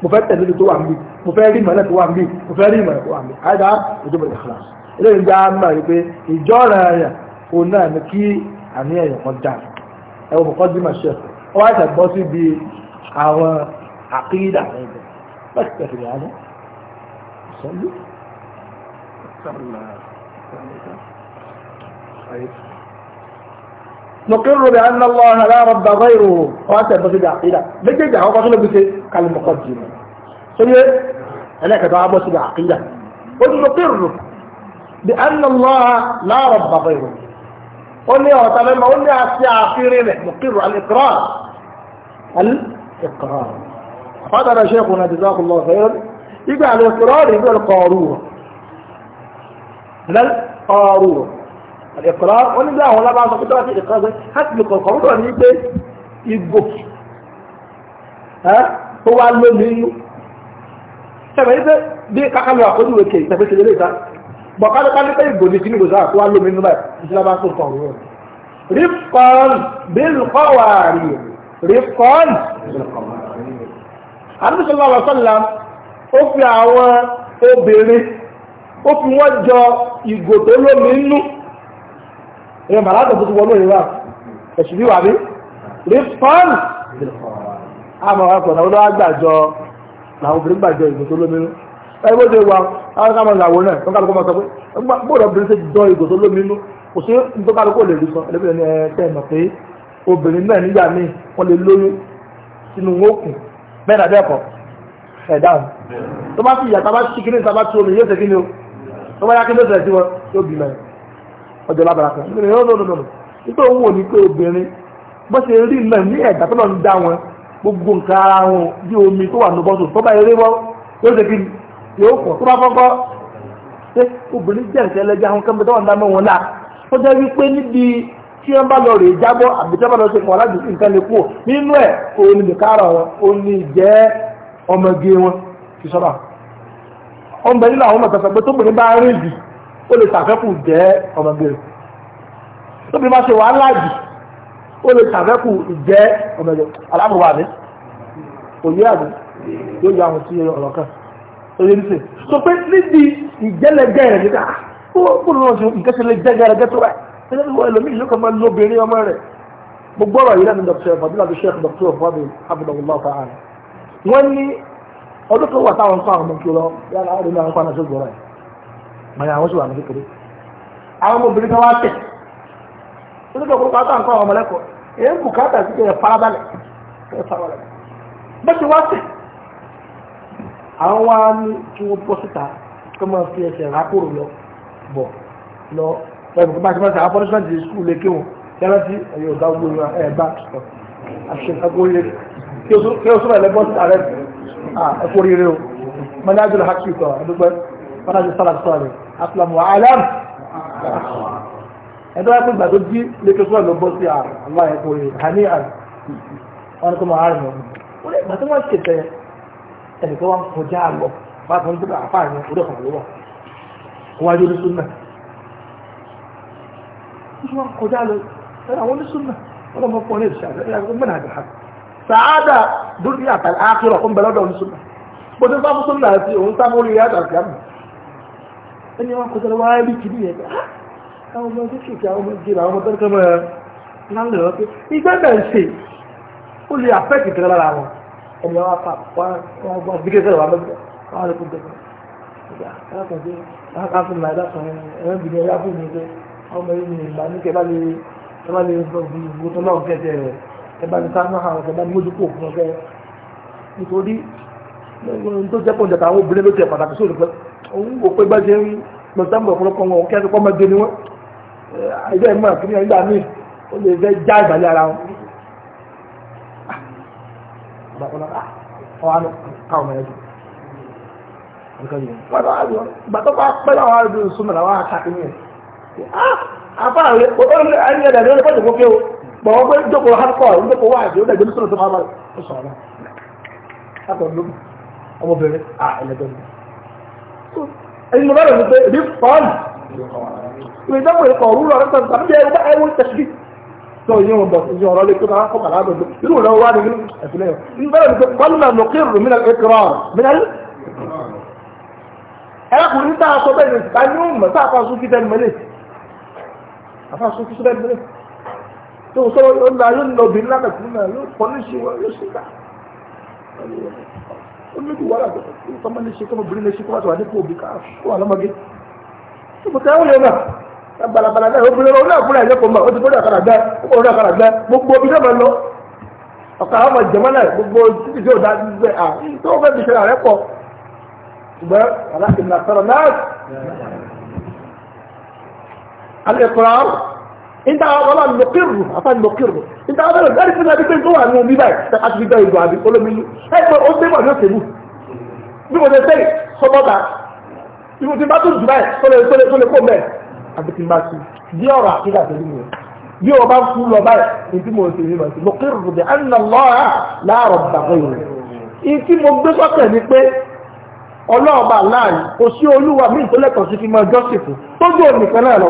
mo fẹ́ tẹ̀lé tó wà ń bì mo fẹ́ rí mọ̀lẹ́ tó wà ń bì mo fẹ́ rí mọ̀lẹ́ tó wà ń bì àìdá òjò bìlẹ̀ ìkìlá ilé ìjà máa rí pé ìjọ́ra ẹ̀yà òun náà ní kí àníyàn kan dà ẹ̀wọ̀n kọ́ dí màṣẹ́ ọ wá ìṣàgbọ́ sí bíi àwọn àkídà ẹgbẹ̀ pẹ̀sìpẹ̀sì rẹ̀ alẹ́ sọ́lú nùkírù bí an lọ́wọ́ aláàrọ̀ bàbá ìrò wọ́n tẹ̀ bọ́ sí àkídà méjèèjì àwọn kọ́sílẹ̀ gbèsè kalmọ̀kọ́ jù lọ sóyé ẹlẹ́kẹ̀tọ́ abọ́ sí àkídà ó ní nùkírù bí an lọ́wọ́ aláàrọ̀ bàbá ìrò ó ní ọ̀tá mẹ́ma ó ní àti àfírí rẹ̀ nùkírù alìkírọ̀ إقرار قدر شيخنا جزاك الله خيرا يبقى الإقرار يبقى القارورة لا القارورة الإقرار ولا لا ولا بعض قدرة الإقرار هتبقى القارورة اللي يبقى يبقى ها هو على المنهي yìí إذا دي قاقل òkè وكي ṣe إذا bọ̀kálùkálù بقال ìgbòdì kí ní gbòdì àkó wà lómi nínú báyìí ìṣẹ́lá bá tó kàn rú rẹ̀ rifqan àdúgbò ọ̀sánlá ó fi àwọn obìnrin ó fi wọ́n jọ ìgò tó lómi nínú ìyẹn bàrá tó tó ti wọnú ìwà ẹ̀sùn bí wà bí rifqan àmọ́ ọkọ̀ náà ló wá gbàjọ làwọn obìnrin gbàjọ ìgò tó lómi nínú ẹgbẹ́ tó wà àwọn káwọn ìyàwó náà tó kálukú máa sọ pé bóòdù obìnrin ti dán ìgò tó lómi nínú kò sí ní tó kálukú lè rí sọ ẹlẹ́bìnrin ẹ̀ tẹ́ ẹ̀ mọ̀ pé obìnrin náà nígbà míì wọ́n lè lóyún sínú òkun bẹ́ẹ̀ dàbí ẹ̀dá o tó bá fi ìyàtọ̀ bá ti kíní ìta bá ti omi yóò ṣe kíní o tó bá yá kí ló ṣẹlẹ̀ sí wọn yóò bímọ ẹ̀ ọjọ́ lábàrá kan nítorí yóò lò lò lò nítorí òun ò ní pé obìnrin bó ṣe rí náà ní ẹ̀dá tó lọ dá wọn gbogbo nǹkan ara wọn bí omi tó wà ní bọ́sùn tó bá eré bọ́ yóò ṣe kíní yóò pọ̀ tó bá fọ́kọ́ ṣé obìnrin jẹ́ nǹkan ẹlẹ́gbẹ́ àwọn kan bẹ́ẹ̀ tó wà ń dá mọ́ wọn lá tí wọ́n bá lọ rè jábọ́ àbí tí wọ́n bá lọ ṣe kàn láti nǹkan lè kú nínú ẹ̀ òun ni nìkárà wọn òun ni jẹ́ ọmọge wọn wọn bẹ àwọn ọmọ tẹ̀sán pé tó bá rìn jù ó lè jẹ́ ọmọge rẹ̀ tó bá ṣe wàhálà jù ó lè ọmọge aláàbùwà òye yóò àwọn tí ọ̀rọ̀ kan pé níbi ìjẹ́lẹ̀gẹ́ rẹ̀ nígbà ó kúrò náà ẹgbẹ́ ìwọ ẹlòmíì yóò kàn máa lo obìnrin ọmọ rẹ̀ gbogbo ọ̀rọ̀ yìí lẹ́nu dr fadila bí sheikh dr fadil abdullah fahani wọ́n ní ọdún tó wà táwọn kọ́ àwọn ọmọ kúrò yára àwọn ọmọ kọ́ àwọn ṣọ́gbọ́n rẹ̀ mọ̀nyá àwọn ṣùgbọ́n kékeré àwọn ọmọbìnrin kan wá tẹ̀ nínú tó kọ́ àwọn kọ́ àwọn ọmọlẹ́kọ̀ọ́ èyí bùkátà sí kẹ́ farabalẹ̀ kẹ́ pẹ̀lú bá ti máa sàá punishment di skul lè kéwọn yára sí ẹ̀yẹ ọ̀dà ogun ìwà ẹ̀ bá àṣekàgbó yẹ kí o sọ̀rọ̀ ẹ̀lẹ́gbọ́n sí ààrẹ ẹ̀kọ́ rírẹ́ o mọ́ni àjọlọ̀ hàkì ìtọ̀ àdúgbẹ́ wọn àti sálà sọ̀rọ̀ rẹ̀ àtìlámù àlám ẹ̀dọ́ ẹ̀kọ́ ìgbà tó jí lè kí o sọ̀rọ̀ lọ́gbọ́n sí àlá ẹ̀kọ́ rẹ̀ hàní àrẹ wọn kọ́ máa rẹ̀ mọ́ wọn ìgbà tó wọ́n ṣe tẹ ẹnìkan wọn wájú orí súnmọ́ oṣù wọn kọjá lọ ẹ̀rọ àwọn oníṣúná wọn mọ fún ọ ní ìṣàkóso mẹ́rin àgbà sàádà dúkìá àtàlẹ́ àkírọ̀ ó ń bẹ lọ́dọ̀ oníṣúná bó ti sáfún súnà àti òun sáfún orí ìyá àtàkì àmì ẹni wọn kọjá lọ wáyé bí kìíní yẹn ah! àwọn ọmọ ojú kìkì àwọn ọmọ ìgbìmọ̀ àwọn ọmọ tó ń kọ́ mọ́ ẹ lálẹ́ wọn pé ìgbẹ́ bẹ̀ ń ṣe tẹ́lẹ̀ ọmọ yìí ni ìgbà ní kẹbà lè kẹbà lè sọ bí ìwò tó náà kẹtẹ rẹ kẹbà ní sáà náà kẹbà ní mójúkò fún ọkẹ nítorí tó jẹ́ pọ̀ jàtà àwọn obìnrin ló tẹ̀ pàtàkì sóòlù pé òun kò pé bá ṣe ń lọ sáà mọ̀ ọ̀pọ̀lọpọ̀ wọn kí ẹ̀sìnkọ́ máa gbéni wọn ẹgbẹ́ ìmọ̀ àkíní ẹgbẹ́ àmì ó lè fẹ́ já ìbàlẹ̀ ara wọn. Ah, ọ̀hánú káwọn ọmọ ẹ̀dùn nǹkan bá pẹ́ láwọn arúgbó súnmọ́ làwọn àkàkí nìyẹn. Ah, àbá rẹ̀ olórí ayé ẹ̀dà lórí pọ́jù fún kí o pọ̀ wọ́n pé jókòó hardkọ́ ìjókòó wà àti onígbè nítorí tó máa bá rẹ̀ sọ̀rọ̀ látọ̀ ló ọmọbìnrin à ẹlẹ́dọ̀ ni. ẹni mo bá rẹ̀ wípé èmi fọ́ọ̀nù ìwé ìjọba ìkọ̀ òwúrọ̀ rẹ̀ sọ̀rọ̀ tàbí ẹ̀rọ ẹ̀wọ̀n tẹ̀sí tó yín wọn bọ̀ sí ọ̀rọ̀ lè tó máa kọ́ màlá àdó irú ìlọ wa nínú ẹ̀fílẹ̀ yọ. ń bẹ̀rẹ̀ wípé kọ́lùmọ̀ nùkírù mí nàlẹ́ kírọ̀ mí nàlẹ́. ẹ̀rọ tá a sọ bẹ́ẹ̀ ni ta ni ó mọ̀ tá a kọ́ sún kí tẹ́lẹ̀ mẹ́lẹ̀ àfa sọ kí sọ́dọ̀ ìbílẹ̀ tó sọ yóò nà yóò nà obìnrin náà kàkiri náà yóò pọ̀ ní ṣe wọn yóò ṣe ká ó ní kí wàhálà tó máa ní ṣe kọ́ obìnrin lè ṣe kọ́ àtàwọn àdínkù òbí ká fún wa lọ́mọge tó mọ̀ tẹ́wọ́ yẹn náà balabala náà obìnrin náà fúnra ẹ̀ lẹ́kọ̀ọ́ máa ó ti bọ́dọ̀ àkàrà gbá ó bọ́dọ̀ àkàrà gbá gbogbo omi náà lọ ọ̀kà àwọn ìjẹ̀mọ́ náà gbogbo títí tí ò dá à tó fẹ́ fi ṣe àrẹ́pọ̀ ṣùgbọ́n aláṣẹ alẹ́kọ̀ọ́ níta ọlọ́run lọ́kìrù afáàní lọ́kìrù níta ọlọ́run lọ́kìrù fún ẹbí pé tó wà ní omi báyìí láti fi gbọ́ ìgbà àbí olómi ní ẹgbẹ́ ó gbé wà ní òṣèlú bí mo ṣe sẹ́yìn sọ́bọ́ta bí mo ti bá tó jù báyìí tó lè tó lè tó lè kó mẹ́ẹ̀ àbí ti máa ti bí ọ̀rọ̀ àkídà tẹ̀lé mi bí o bá kú lọ báyìí ní tí mo ṣe ní ma ṣe lọ́kìrù bí anna lọ́ra láàrọ̀ bàbá yìí ìtí mo gbé sọ́kẹ̀ ni pé ọlọ́ọ̀bà láàyè kò sí olúwa mí ìtọ́lẹ̀kọ̀ sí fi máa jọ́sìn fún tójú òmìnkan náà lọ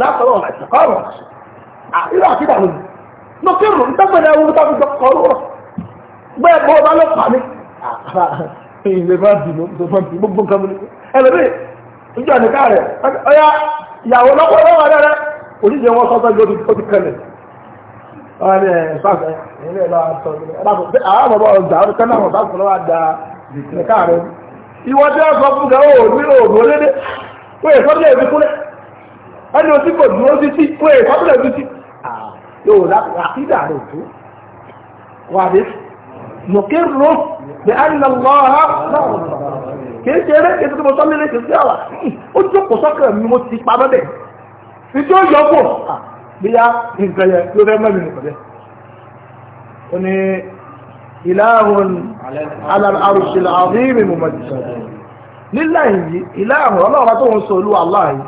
látọ̀rọ̀ ìtẹ̀kọ́rọ̀ àìrò àkídà mi ló kí rò nígbàgbẹ̀rẹ̀ ewu tó fi kọ́rọ̀ bẹ́ẹ̀ bọ́ ọba ló pa mí ilé máa bínú tó máa bínú gbogbo nǹkan mi ẹlẹ́bí ìjọ nìkan rẹ̀ ọya ìyàwó lọ́pọ̀ lọ́wọ́ rẹ̀ oníṣẹ́ wọn sọ́tọ́ lórí ó ti kẹlẹ̀ wọ́n ní ẹ̀ sáfẹ́ ilé ìlú àtọ́ àwọn ọmọ ọ̀dà ọdún kan náà wọ́n sáfẹ́ lọ́wọ́ ìwọ́n tí wọ́n sọ fún gẹ̀ọ́ òní òògùn olédè pé ìsọ́dún èmi ẹni oṣù kò dúró títí wọ́n èyí sábúlẹ̀ títí yóò àkídà rẹ̀ tó wà dé nùkírù bí a nà lọ́ha náà kìí ṣe eré kìí ṣe mo sọ lélẹ̀ kìí ṣe àwà ó tún kò sọ́kẹ̀ mi mo ti pa mẹ́bẹ̀ ìjọ yọkù bí a nǹkan yẹ ló fẹ́ mẹ́rin nìkan jẹ́ ó ní ìlàhùn alàrùsìlà àbí ìrìn mọ̀mọ́dì nílẹ̀ yìí ìlàhùn ọlọ́run tó ń sọ olú aláàyè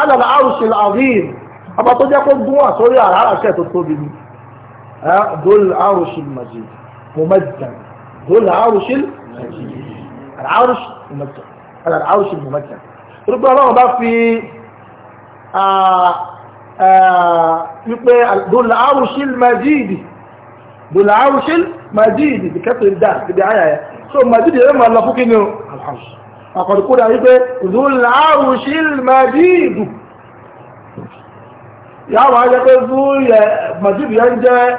alàlà àrùsì àríyìn ọba tó jẹ́ kó gún wà sórí àràràṣẹ́ tó tóbi ni dol àrùsì majid mumajjan dol àrùsì majid àrùsì mumajjan alàlà àrùsì mumajjan rúgbọ́n ọlọ́run bá fi wípé dol àrùsì majid dol àrùsì majid bí kẹ́tọ̀ ìdá ibi ayà yẹn so majid yẹn máa lọ fún kí ni alhamdulilayi فقد قول عيبه ذو العرش المجيد يا وعدك ذو المجيد ينجى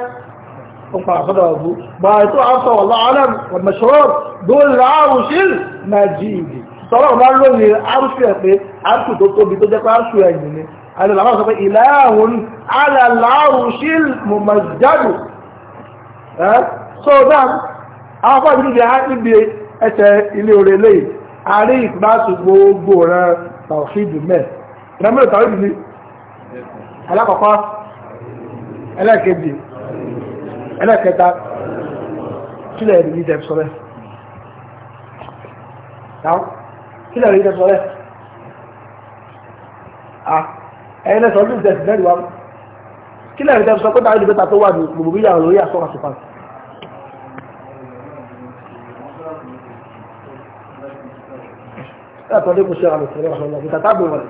فأخذها ذو بايتو عرصة والله عالم والمشهور ذو العرش المجيد صلى الله عليه وسلم العرش يقول عرش دوتو بيتو جاكو عرش يعني أن العرش يقول إله على العرش الممجد ها صدام أعطى جميع هذه الأشياء اللي أولي àrí ìtìbáṣù gbogbo rẹ̀ tàwọ̀ṣídù mẹ́ ìrẹ́mọ́lẹ̀ tàwọ̀ṣídù sí alákọ̀ọ́kọ́ ẹlẹ́ẹ̀kejì ẹlẹ́ẹ̀kẹta kílẹ̀ rí ìdẹ̀ sọ́rẹ́ kílẹ̀ rí ìdẹ̀ sọ́rẹ́ ẹ̀yìn lẹ́sọ̀ọ́dún ìdẹ̀ sílẹ̀ rí wa kílẹ̀ rí ìdẹ̀ sọ pé báyìí lè bẹ́ta tó wà هذا طريق الشيخ عبد السلام رحمه الله بتتابع ولا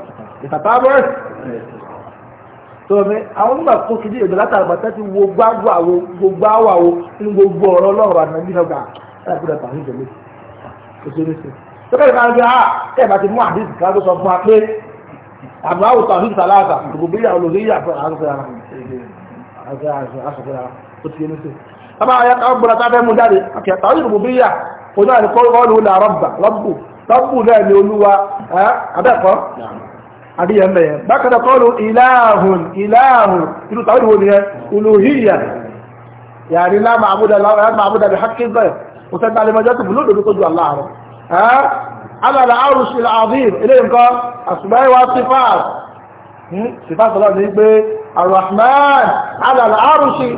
بتتابع tọ́mẹ́ àwọn nígbà tó kìdí èdè látàrí bàtà tí wo gbágbó àwo gbogbo àwọ̀ àwo nínú gbogbo ọ̀rọ̀ ọlọ́run àti nàìjíríà gbà látàrí bàtà ní ìjọba ètò ìrìnsì. tọ́kẹ́ ìfẹ́ àwọn ah tẹ́ bá ti mú àdìsí kan tó sọ fún wa pé àmọ́ àwòtò àdìsí aláàtà gbogbo bí àwọn olóyè àfẹ́ àṣọfẹ́ ara àṣọfẹ́ ara ó ti yẹnu sí. bàbá àwọn gbọ́dọ̀ tá tọ́pù náà ni olúwa abẹ́kọ́ àbíyẹ̀mẹ̀ yẹn bákan náà kọ́lù ìlàhùn ìlàhùn inú tàbí wo nìyẹn olùhíyà yàrí láàmà àbúdà láàmà àbúdà bí hákí bẹ́ẹ̀ kò sẹ́ni alẹ́ mọ́jọ́ tó bù lódò tó ju aláàrọ̀ alàlà àrùsì àdìm ilé nǹkan àṣùgbọ́n wa sífàs sífàs ọlọ́run ní pé arahman alàlà àrùsì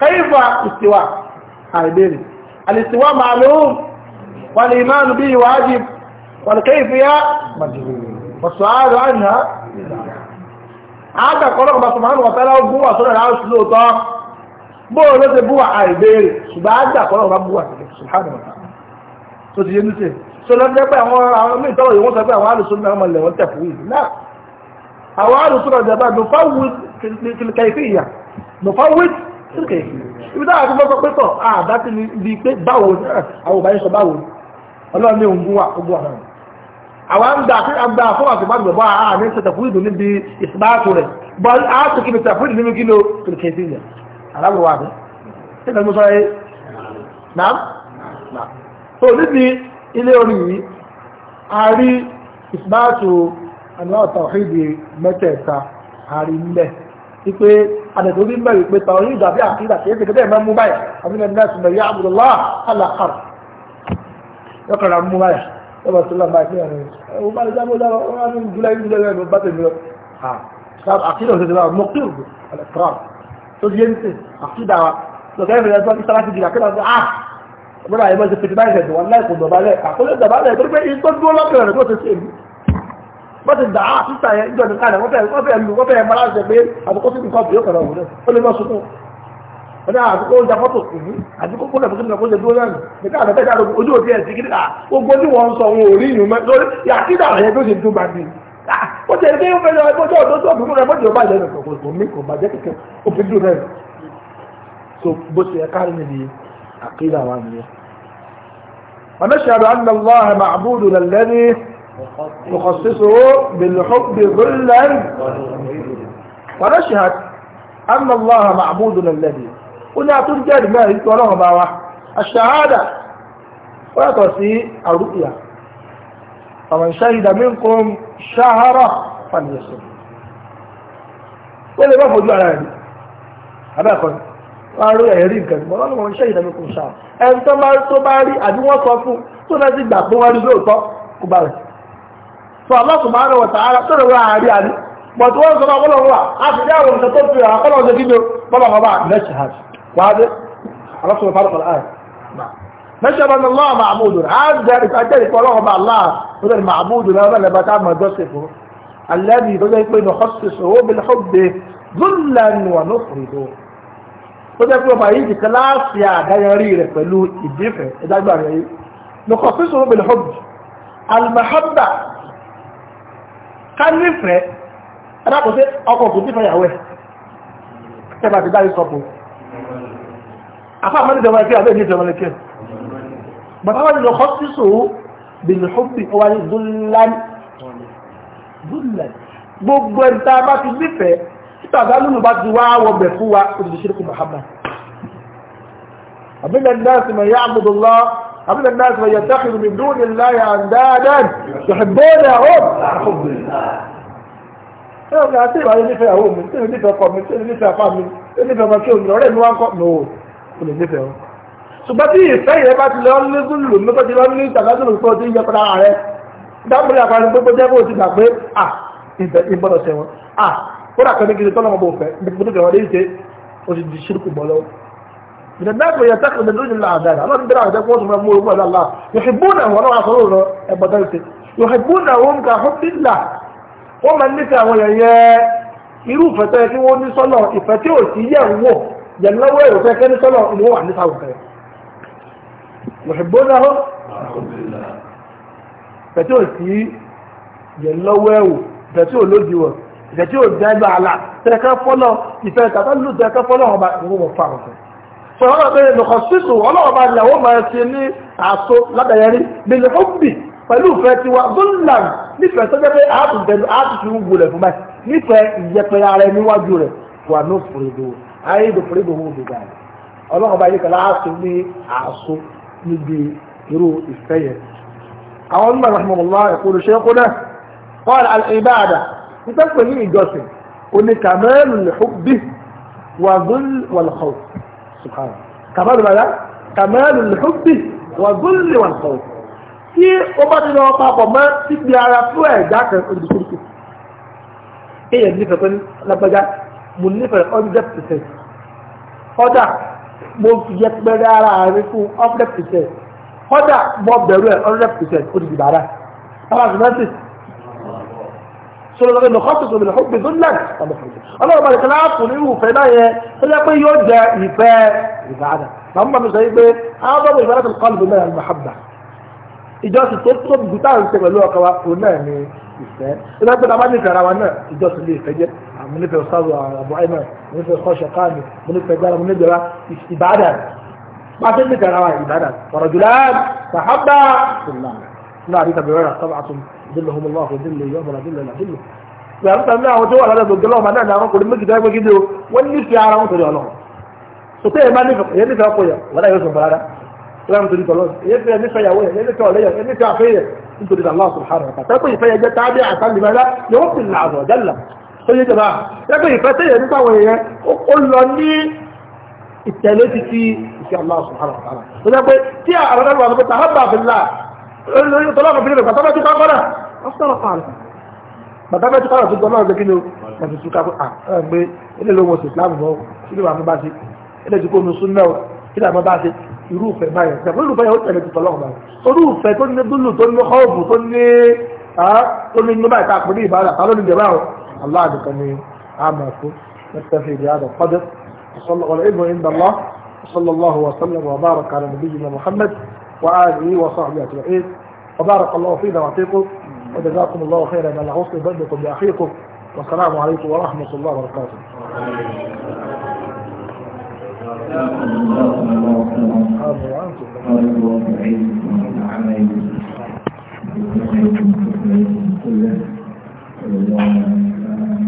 kaifa istiwa àìbèrè alistiwa ma'lum wal iman bihi wajib wal kayfiya wasu'alu anha àádà kọ́lọ́kọ̀ bá sọmọ́ àwọn ọ̀tẹ́lá ogun wà sọ́rọ̀ láwọn ṣùlọ tọ́ bóò ló ṣe búwà àìbéèrè ṣùgbọ́n àádà kọ́lọ́kọ̀ bá búwà ṣùgbọ́n tó ti yé ní ṣe so lọ́jọ́ pé àwọn àwọn mí tọ́wọ̀ ìwọ́n sọ pé àwọn alùsùn náà mọ̀lẹ̀ wọ́n tẹ̀kù yìí náà àwọn alùsùn náà jẹba nufawit kìlìkà ìfìyà nufawit okay ibi táwọn àti fọ́sọ pé tọ̀ àdá ti di pé báwo náà ah, àwọn òbáyé sọ báwo ọlọ́run ní òǹgùn wà ogun àná àwọn àgbà àti àgbà fún àti bá gbẹ̀bọ́ àá ní ṣe tẹ̀fúrìdù níbi ìsìbáàtò rẹ̀ bọ́ a ti kí ni tẹ̀fúrìdù níbi kí ló kìlìkì sí ilẹ̀ aláwọ̀ wà ní ṣé kàní mo sọ ẹ náà tó níbi ilé orin yìí a rí ìsìbáàtò àníwá tàwáhídì mẹ́tẹ̀ẹ̀ta a rí mẹ́ẹ̀ wípé àdẹ̀tò bí ń bẹ̀rẹ̀ pé tàwọn yìí dàbí àkídà kìí ṣèkẹ́tẹ́ ẹ̀ máa mú báyà àbí nàìjíríà sì mẹ̀rí àbùdùlá àlàkàr yọkàrà mú báyà lọ́wọ́ tó lọ́wọ́ báyà fíyàn rẹ̀ ẹ̀wọ̀n bá lè jábọ̀ lọ́wọ́ wọn ní ìdúlá ìdúlá ìdúlá ìdúlá bá tẹ̀lé lọ. àkídà òṣèlú wa mọ̀kìrù àlẹ́kàr tó di yẹn ti àkídà wa lọ́kẹ́ ìfẹ̀lẹ́ tó ń sára ti jìgà kílọ̀ ah lọ́wọ́ àyè mọ́ ti fìtì báyìí ṣẹ̀dùn wọn láì kò dọ̀bálẹ̀ àkọlé dọ̀bálẹ̀ tó pé ìtọ́jú ọlọ́kẹ̀rẹ̀ tó ti ṣe wọ́n ti dà á sísà yẹn ìjọ nìkan rẹ̀ wọ́n fẹ́ wọ́n fẹ́ lu wọ́n fẹ́ mara ṣe pé àbúkọ́ sí nǹkan bìí kọ̀ọ̀rọ̀ òun ó lè lọ sunkún wọ́n ní àbúkọ́ oúnjẹ fọ́tò kù mí àbúkọ́ kó lẹ́bùkún nìkan kó ṣe dúró náà nìkan àbẹ́ bẹ́ẹ̀ dáadọ́ ojú òdi ẹ̀ sí kíkà gbogbo tí wọ́n ń sọ wọn ò rí ìyún mẹ́ lórí yàtídà rẹ̀ tó ṣe tó bá di ó ṣe pé ó fẹ́ lọ ẹgbẹ́ tó ọdún tó ọdún rẹ̀ mọ́jọ́ bá mí kò bàjẹ́ kẹ̀kẹ́ ó fi rẹ̀ so bó ṣe ẹ kárí níbi àkídà wa nìyẹn. ونشهد أن يخصصه بالحب ظلا ونشهد أن الله معبودنا الذي قلنا ترجى ما يتولوه معه الشهادة ويتوسي الرؤيا فمن شهد منكم شهر فليصم wọ́n lè bá fojú ara rẹ̀ abẹ́ẹ̀kọ́ wọ́n rí ẹ̀rí nǹkan mọ́ lọ́nà wọn ṣẹ́yìn lẹ́mí kò ṣáà ẹni tó bá rí àbí wọ́n sọ fún tó náà sì gbà pé wọ́n rí lóòótọ́ kó bá rẹ̀ so Allah subhanahu wa ta'ala tó rọrọ àárí àrí but wọ́n sọ bá bọ́lọ̀ wà á fi dáwọn nǹkan tó fi àwọn kọ́lọ̀ ọ̀sẹ̀ kíjọ bọ́lọ̀ bàbá nashhad wáde alásùnmọ̀ fárọ̀kọ̀ láàrín nashhad bá lọ́wọ́ ma'budu á jẹ́ ìtajẹ́ ìpọ̀ lọ́wọ́ bá Allah tó dẹ̀ ma'budu lọ́wọ́ lẹ́bà tá mọ̀ jọ́sẹ̀ fún alẹ́bí tó jẹ́ pé nùkọ́sìsì ó bí lọ́bẹ̀ zullan wa nufrido tó jẹ́ pé ọba yìí kíláàsì àdáyẹrí rẹ̀ pẹ̀lú ìdífẹ̀ ìdágbà rẹ̀ yìí nùkọ́sìsì ó bí lọ́bẹ̀ al-mahabba ká nífẹ̀ẹ́ ẹ̀dàkùn sí ọkọ̀ òkú nífẹ̀ẹ́ ìyàwó ẹ̀ tẹ́bà ti dárí sọ́pù afá àmọ́ni ìjọba ẹ̀kẹ́ àbẹ́ ìjọba ẹ̀kẹ́ bàbá wọn lọ kọ́sísò bìlìfọ́bì ọwá ní dúnlán gbogbo ẹ̀ tá a bá ti nífẹ̀ẹ́ títà dánúnù bá ti wá wọbẹ̀ fún wa òṣìṣẹ́ kù Muhammad أبدا الناس من يتخذ من دون الله أندادا يحبونهم حب الله ẹ̀rọ àti ìwà yẹn nífẹ̀ẹ́ àwọn òmìn tí ó nífẹ̀ẹ́ ọkọ mi tí ó nífẹ̀ẹ́ apá mi tí ó nífẹ̀ẹ́ ọmọ kí omi ọ̀rẹ́ mi wá ń kọ́ mi ò kò lè nífẹ̀ẹ́ o. ṣùgbọ́n tí ìfẹ́ yẹn bá ti lọ lóògùn lò mí tó ti lọ ní ìtàgásùn òkú ọtí yẹ padà rẹ dábòlì àpárí gbogbo jẹ́ kó o ti gbà pé à ìbọ̀dọ̀ sẹ́wọ̀n à kódà kan ní kí من الناس من يتخذ من دون الله عدانا الله من دون قوتهم يأمور أمور الله يحبونهم ولو عصروا بدلت يحبونهم كحب الله وما النساء ويا irú ìfẹ́tọ́ yẹ kí wọ́n ní sọ́nà ìfẹ́ tí ò sí yẹ̀ ń wò yẹ̀lọ́wọ́ èrò fẹ́ kẹ́ ní sọ́nà ìlú wà ní sáwọn kẹrẹ lọ́ṣùgbọ́n náà ìfẹ́ tí ò sí yẹ̀lọ́wọ́ ẹ̀wò ìfẹ́ tí ò lódi wọ̀ ìfẹ́ tí ò jẹ́ gbàlà tẹ̀kẹ́ fọ́lọ́ ìfẹ́ tàbí lùtẹ̀kẹ́ fọ́lọ́ ọba ìwọ̀n fà ọ̀sẹ̀ sọ̀rọ̀ pé nùkọ̀sísù ọlọ́ọ̀bá ìyàwó máa ṣe ní àṣọ ládàyẹrí bílẹ̀ fọ́bì pẹ̀lú ìfẹ́ tiwa zúlàn nífẹ̀ẹ́ sọ́jọ́ pé àtúntẹ̀lú àtúntún gbòlẹ̀ fún báyìí nífẹ̀ẹ́ ìyẹpẹ̀rẹ̀ ara níwájú rẹ̀ wà ní òfurufú ayé ní òfurufú wọn òbí dáa ọlọ́ọ̀bá yìí kàlá àṣọ ní àṣọ níbi irú ìfẹ́ yẹn. àwọn onímọ̀ rahmanullah ẹ̀kọ́ ṣe kó náà wọ́n al-ibada nípa ìjọsìn oníkàmẹ́lù lè hubbi wà zúl subhanahu kàmáàlù bàdá kàmáàlù lùhùbì wà gúnlẹ̀ wà sọ̀rọ̀ tí ó bá ti lọ papọ̀ mọ́ síbi ara fún ẹ̀dá kan olùdókòwò èèyàn nífẹ̀ẹ́ pé lágbájá mo nífẹ̀ẹ́ hundred percent kọ́dà mo fi yẹpẹrẹ ara rẹ fún hundred percent kọ́dà mo bẹ̀rù ẹ̀ hundred percent ó ti di bàrà. sọ́lọ́ lọ́gbẹ́ nọ̀kọ́tù tó lè hó gbé dúnlẹ̀ ọlọ́run bá nìkan láàpù nínú ìfẹ́ náà yẹn tó yẹ pé yóò jẹ ìfẹ́ ìbáadà màmú bàbá sọ pé ábọ̀bọ̀ ìfẹ́ láti kọ́ lùmọ́ ẹ̀rọ mahabba ìjọsìn tó tó bù táà ń ṣe pẹ̀lú ọkọ wa òun náà ni ìfẹ́ ìgbà pé bàbá nífẹ̀ẹ́ ara wa náà ìjọsìn lè fẹ́ jẹ́ mo nífẹ̀ẹ́ sáwọ àbọ̀ àìmọ̀ mo nífẹ̀ẹ́ kọ́ṣọ̀ káàmì mo nífẹ̀ẹ́ dára mo nífẹ̀ẹ́ ìbáadà bá a ṣe nífẹ̀ẹ́ ara wa ìbáadà ọ̀rọ̀ jùlọ sàhábà ìlànà لا ريت بيرا طبعا ظلهم الله وظل يظل ظل لا ظل يا رب لا هو جوا هذا ظل الله ما نحن نعرف كل مجد هذا مجد واللي في عالم ترى الله سوت ما نف يدي فاقوا يا ولا يوسف برا لا نتري تلوس يدي يدي فيا ويا يدي كوا ليا يدي كوا فيا نتري الله سبحانه وتعالى تقول فيا جت تابع عشان لماذا يوقف العز وجل سوي جبا يقول فتى يدي فاقوا يا كل لني التلاتة في إن شاء الله سبحانه وتعالى ولا بقى تيا أنا أنا بتحب في الله lórí tọ́lọ́kọ̀ fi lè bàtà bá túká kọ́dà ọ́sọ́rọ̀ pààlù bàtà bá túká lọ́tún tọ́lọ́kọ̀ gbẹ́kí ni ó pàtàkì túká pé ilé ló wọ́n sì láàmù mọ́ ilé wà fún bá ṣe وآله وصحبه أجمعين وبارك الله فينا وفيكم وجزاكم الله خيرا من الحسن بدكم بأخيكم والسلام عليكم ورحمة الله وبركاته.